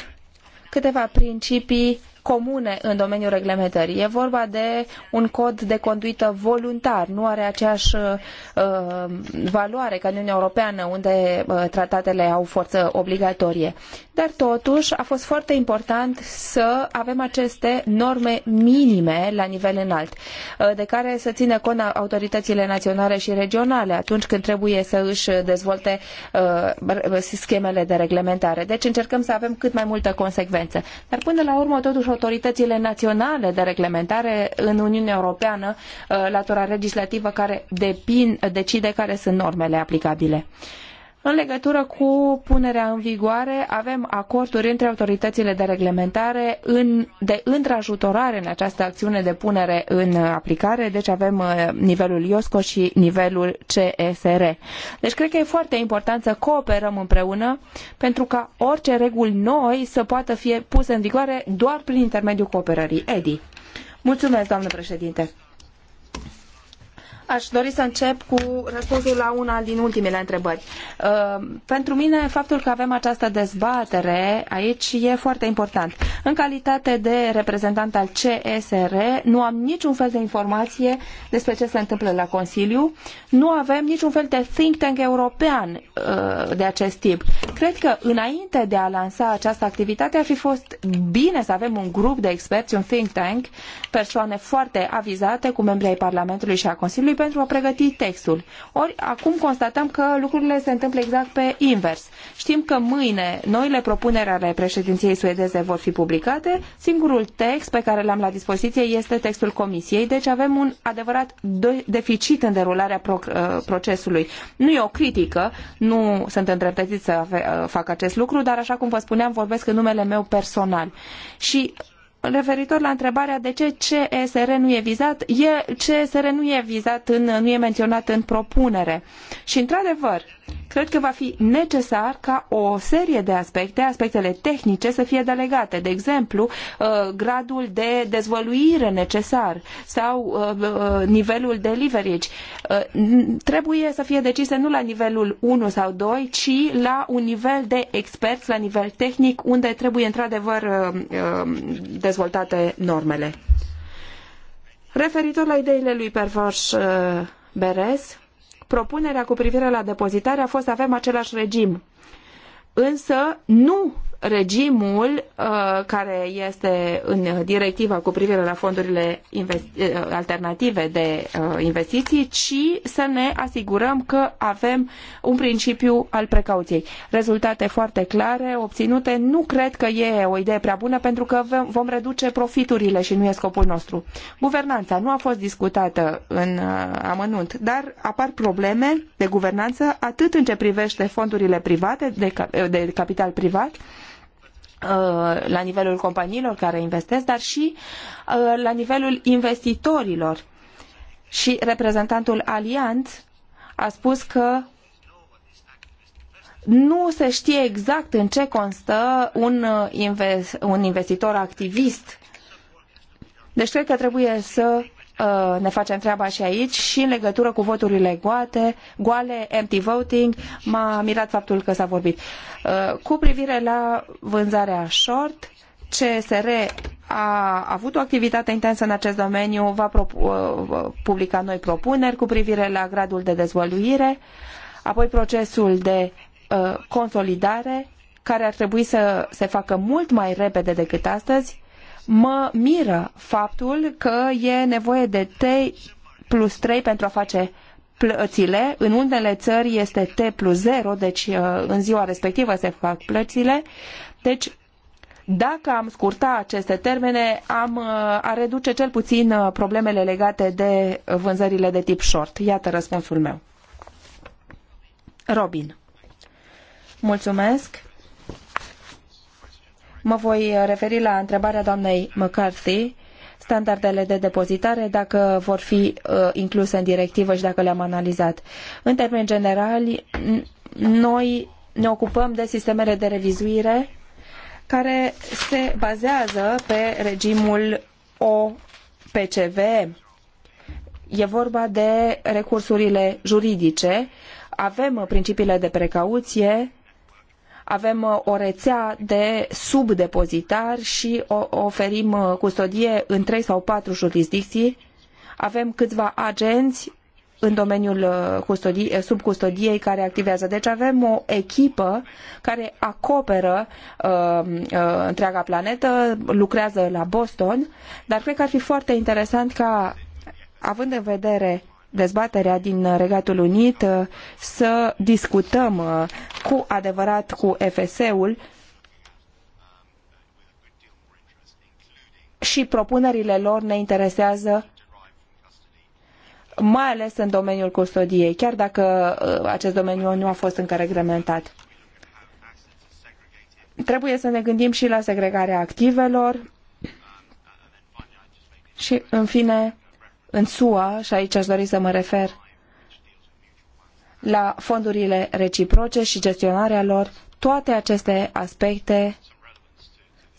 câteva principii comune în domeniul reglementării. E vorba de un cod de conduită voluntar, nu are aceeași uh, valoare ca în Uniunea Europeană, unde uh, tratatele au forță obligatorie. Dar totuși a fost foarte important să avem aceste norme minime la nivel înalt, uh, de care să țină cont autoritățile naționale și regionale atunci când trebuie să își dezvolte uh, schemele de reglementare. Deci încercăm să avem cât mai multă consecvență. Dar până la urmă totuși autoritățile naționale de reglementare în Uniunea Europeană, uh, latura legislativă care depin, decide care sunt normele aplicabile. În legătură cu punerea în vigoare, avem acorduri între autoritățile de reglementare în, de întrajutorare în această acțiune de punere în aplicare, deci avem uh, nivelul IOSCO și nivelul CSR. Deci cred că e foarte important să cooperăm împreună pentru ca orice reguli noi să poată fi puse în vigoare doar prin intermediul cooperării. Edi. Mulțumesc, doamnă președinte. Aș dori să încep cu răspunsul la una din ultimele întrebări. Uh, pentru mine, faptul că avem această dezbatere aici e foarte important. În calitate de reprezentant al CSR, nu am niciun fel de informație despre ce se întâmplă la Consiliu, nu avem niciun fel de think tank european uh, de acest tip. Cred că înainte de a lansa această activitate ar fi fost bine să avem un grup de experți, un think tank, persoane foarte avizate cu membrii ai Parlamentului și a Consiliului, Parlamentului pentru a pregăti textul. Ori acum constatăm că lucrurile se întâmplă exact pe invers. Știm că mâine noile propuneri ale președinției suedeze vor fi publicate. Singurul text pe care l-am la dispoziție este textul Comisiei, deci avem un adevărat deficit în derularea uh, procesului. Nu e o critică, nu sunt îndreptățit să uh, fac acest lucru, dar așa cum vă spuneam, vorbesc în numele meu personal. Și referitor la întrebarea de ce CSR nu e vizat, e, CSR nu e vizat în, nu e menționat în propunere. Și într-adevăr, cred că va fi necesar ca o serie de aspecte, aspectele tehnice, să fie delegate. De exemplu, uh, gradul de dezvăluire necesar sau uh, uh, nivelul de leverage. Trebuie să fie decise nu la nivelul unu sau doi, ci la un nivel de experți, la nivel tehnic, unde trebuie într-adevăr dezvoltate normele. Referitor la ideile lui Pervoș Beres propunerea cu privire la depozitare a fost să avem același regim. Însă nu regimul uh, care este în directiva cu privire la fondurile uh, alternative de uh, investiții, ci să ne asigurăm că avem un principiu al precauției. Rezultate foarte clare, obținute, nu cred că e o idee prea bună pentru că vom reduce profiturile și nu e scopul nostru. Guvernanța nu a fost discutată în amănunt, dar apar probleme de guvernanță atât în ce privește fondurile private, de, de capital privat, Uh, la nivelul companiilor care investesc, dar și uh, la nivelul investitorilor. Și reprezentantul Allianz a spus că nu se știe exact în ce constă un, uh, invest, un investitor activist. Deci cred că trebuie să Uh, ne facem treaba și aici și în legătură cu voturile goate, goale, empty voting, m-a mirat faptul că s-a vorbit. Uh, cu privire la vânzarea short, CSR a avut o activitate intensă în acest domeniu, uh, va publica noi propuneri cu privire la gradul de dezvăluire, apoi procesul de consolidare, care ar trebui să se facă mult mai repede decât astăzi, Mă miră faptul că e nevoie de T plus 3 pentru a face plățile. În unele țări este T plus 0, deci uh, în ziua respectivă se fac plățile. Deci dacă am scurta aceste termene, am uh, a reduce cel puțin uh, problemele legate de vânzările de tip short. Iată răspunsul meu. Robin. Mulțumesc. Mă voi referi la întrebarea doamnei McCarthy, standardele de depozitare, dacă vor fi uh, incluse în directivă și dacă le-am analizat. În termeni generali, noi ne ocupăm de sistemele de revizuire care se bazează pe regimul OPCV. E vorba de recursurile juridice. Avem uh, principiile de precauție, avem uh, o rețea de subdepozitari și oferim uh, custodie în trei sau patru jurisdicții. Avem câțiva agenți în domeniul uh, subcustodiei care activează. Deci avem o echipă care acoperă uh, uh, întreaga planetă, lucrează la Boston, dar cred că ar fi foarte interesant ca, având în vedere dezbaterea din Regatul Unit uh, să discutăm uh, cu adevărat cu FSE-ul și propunerile lor ne interesează mai ales în domeniul custodiei, chiar dacă uh, acest domeniu nu a fost încă reglementat. Trebuie să ne gândim și la segregarea activelor și, în fine, în SUA, și aici aș dori să mă refer la fondurile reciproce și gestionarea lor, toate aceste aspecte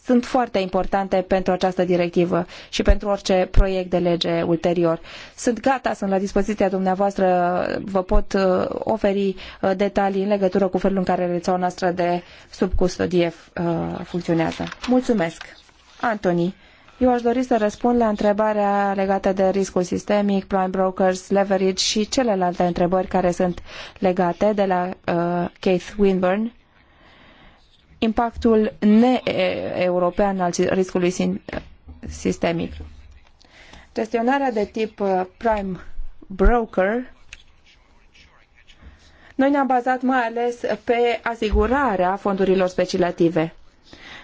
sunt foarte importante pentru această directivă și pentru orice proiect de lege ulterior. Sunt gata, sunt la dispoziția dumneavoastră, vă pot uh, oferi uh, detalii în legătură cu felul în care rețeaua noastră de subcustodie uh, funcționează. Mulțumesc! Antoni, eu aș dori să răspund la întrebarea legată de riscul sistemic, prime brokers, leverage și celelalte întrebări care sunt legate de la uh, Keith Winburn. Impactul ne-european al riscului sistemic. Gestionarea de tip uh, prime broker noi ne-am bazat mai ales pe asigurarea fondurilor speculative.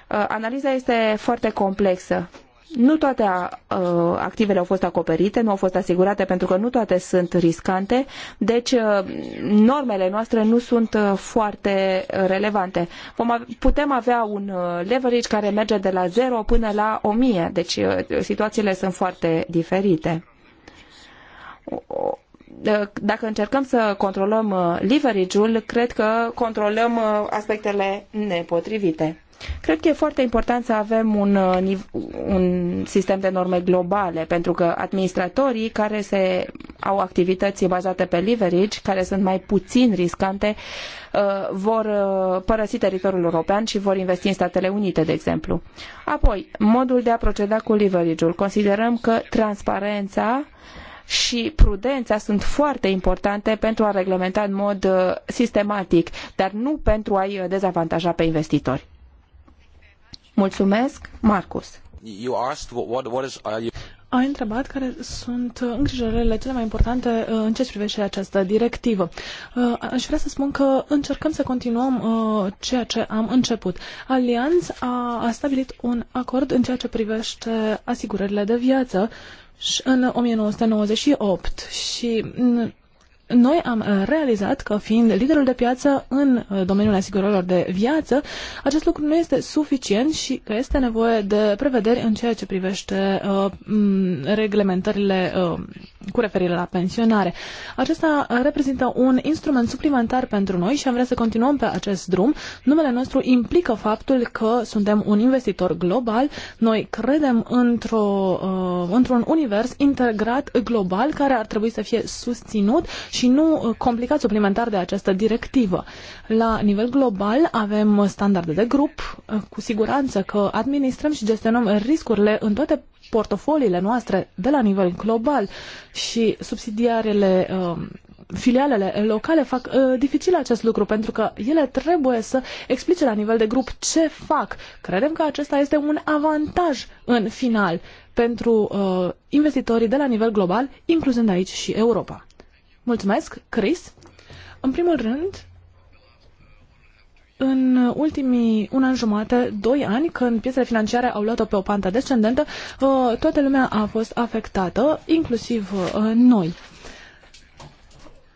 Uh, analiza este foarte complexă nu toate uh, activele au fost acoperite, nu au fost asigurate pentru că nu toate sunt riscante, deci uh, normele noastre nu sunt uh, foarte relevante. putem avea un leverage care merge de la zero până la 1000, deci situațiile sunt foarte diferite dacă încercăm să controlăm leverage-ul, cred că controlăm aspectele nepotrivite. Cred că e foarte important să avem un, uh, un sistem de norme globale, pentru că administratorii care se, au activități bazate pe leverage, care sunt mai puțin riscante, uh, vor uh, părăsi teritoriul european și vor investi în Statele Unite, de exemplu. Apoi, modul de a proceda cu leverage-ul. Considerăm că transparența și prudența sunt foarte importante pentru a reglementa în mod sistematic, dar nu pentru a-i dezavantaja pe investitori. Mulțumesc, Marcus. You asked what, what is, you... Ai întrebat care sunt îngrijorările cele mai importante uh, în ce privește această directivă. Uh, aș vrea să spun că încercăm să continuăm uh, ceea ce am început. Allianz a, a stabilit un acord în ceea ce privește asigurările de viață în 1998 și noi am uh, realizat că fiind liderul de piață în uh, domeniul asigurărilor de viață, acest lucru nu este suficient și că este nevoie de prevederi în ceea ce privește uh, reglementările cu referire la pensionare. Acesta reprezintă un instrument suplimentar pentru noi și am vrea să continuăm pe acest drum. Numele nostru implică faptul că suntem un investitor global. Noi credem într-o, într-un univers integrat global care ar trebui să fie susținut și și nu uh, complicat suplimentar de această directivă. La nivel global avem standarde de grup, uh, cu siguranță că administrăm și gestionăm riscurile în toate portofoliile noastre de la nivel global și subsidiarele uh, filialele locale fac uh, dificil acest lucru pentru că ele trebuie să explice la nivel de grup ce fac. Credem că acesta este un avantaj în final pentru uh, investitorii de la nivel global, incluzând aici și Europa. Mulțumesc, Chris. În primul rând, în ultimii un an jumate, doi ani, când piețele financiare au luat-o pe o pantă descendentă, toată lumea a fost afectată, inclusiv uh, noi.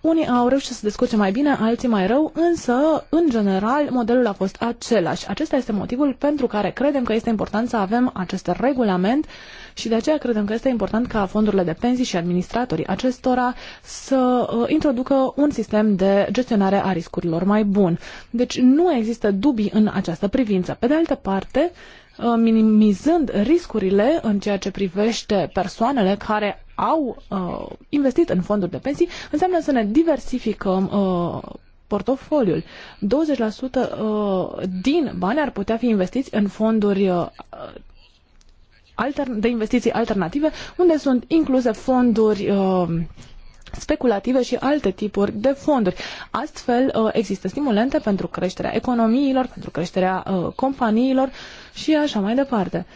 Unii au reușit să se descurce mai bine, alții mai rău, însă, în general, modelul a fost același. Acesta este motivul pentru care credem că este important să avem acest regulament uh, și de aceea credem că este important ca fondurile de pensii și administratorii acestora să uh, introducă un sistem de gestionare a riscurilor mai bun. Deci nu există dubii în această privință. Pe de altă parte, uh, minimizând riscurile în ceea ce privește persoanele care au uh, investit în fonduri de pensii, înseamnă să ne diversificăm uh, portofoliul. 20% uh, din bani ar putea fi investiți în fonduri uh, de investiții alternative, unde sunt incluse fonduri uh, speculative și alte tipuri de fonduri. Astfel uh, există stimulente pentru creșterea economiilor, pentru creșterea uh, companiilor și așa mai departe.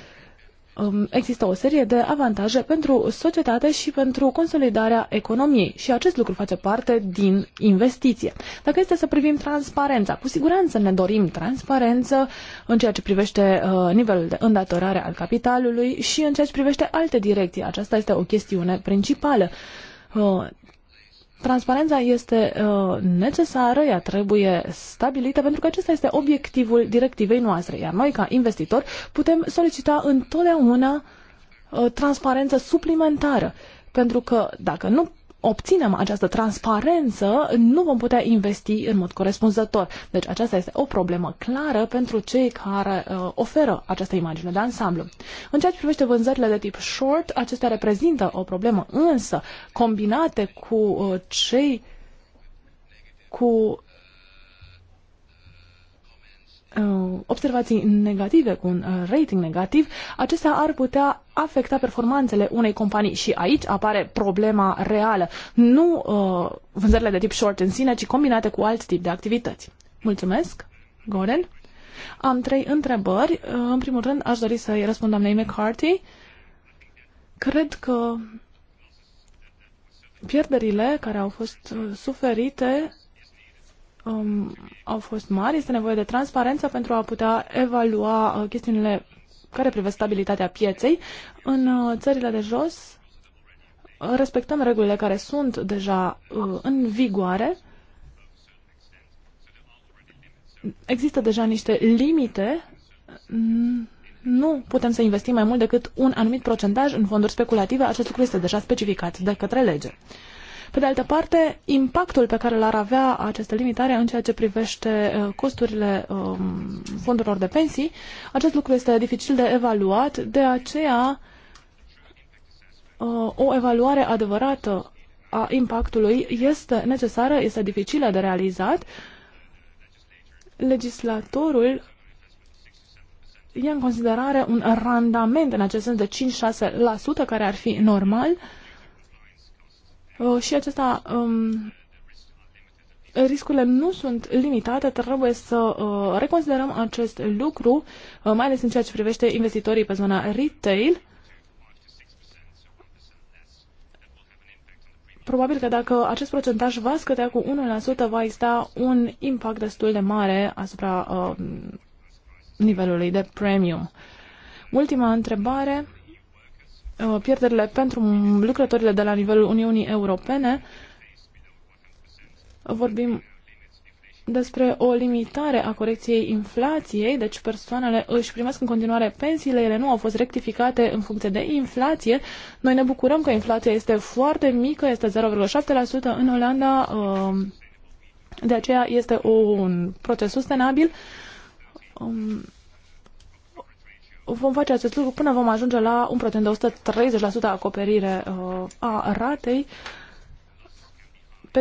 Um, există o serie de avantaje pentru societate și pentru consolidarea economiei și acest lucru face parte din investiție. Dacă este să privim transparența, cu siguranță ne dorim transparență în ceea ce privește uh, nivelul de îndatorare al capitalului și în ceea ce privește alte direcții. Aceasta este o chestiune principală uh, Transparența este uh, necesară, ea trebuie stabilită, pentru că acesta este obiectivul directivei noastre, iar noi, ca investitori, putem solicita întotdeauna uh, transparență suplimentară, pentru că dacă nu obținem această transparență, nu vom putea investi în mod corespunzător. Deci aceasta este o problemă clară pentru cei care uh, oferă această imagine de ansamblu. În ceea ce privește vânzările de tip short, acestea reprezintă o problemă, însă combinate cu uh, cei cu Uh, observații negative cu un uh, rating negativ, acestea ar putea afecta performanțele unei companii și aici apare problema reală, nu uh, vânzările de tip short în sine, ci combinate cu alt tip de activități. Mulțumesc, Gordon. Am trei întrebări. Uh, în primul rând, aș dori să-i răspund doamnei McCarthy. Cred că pierderile care au fost suferite um, au fost mari. Este nevoie de transparență pentru a putea evalua uh, chestiunile care privesc stabilitatea pieței. În uh, țările de jos uh, respectăm regulile care sunt deja uh, în vigoare. Există deja niște limite. Nu putem să investim mai mult decât un anumit procentaj în fonduri speculative. Acest lucru este deja specificat de către lege. Pe de altă parte, impactul pe care l-ar avea aceste limitare în ceea ce privește uh, costurile um, fondurilor de pensii, acest lucru este dificil de evaluat, de aceea uh, o evaluare adevărată a impactului este necesară, este dificilă de realizat. Legislatorul ia în considerare un randament în acest sens de 5-6% care ar fi normal Uh, și acesta um, riscurile nu sunt limitate, trebuie să uh, reconsiderăm acest lucru, uh, mai ales în ceea ce privește investitorii pe zona retail. Probabil că dacă acest procentaj va scădea cu 1%, va exista un impact destul de mare asupra uh, nivelului de premium. Ultima întrebare Uh, pierderile pentru lucrătorile de la nivelul Uniunii Europene. Vorbim despre o limitare a corecției inflației, deci persoanele își primesc în continuare pensiile, ele nu au fost rectificate în funcție de inflație. Noi ne bucurăm că inflația este foarte mică, este 0,7% în Olanda, um, de aceea este un proces sustenabil. Um, vom face acest lucru până vom ajunge la un procent de 130% acoperire uh, a ratei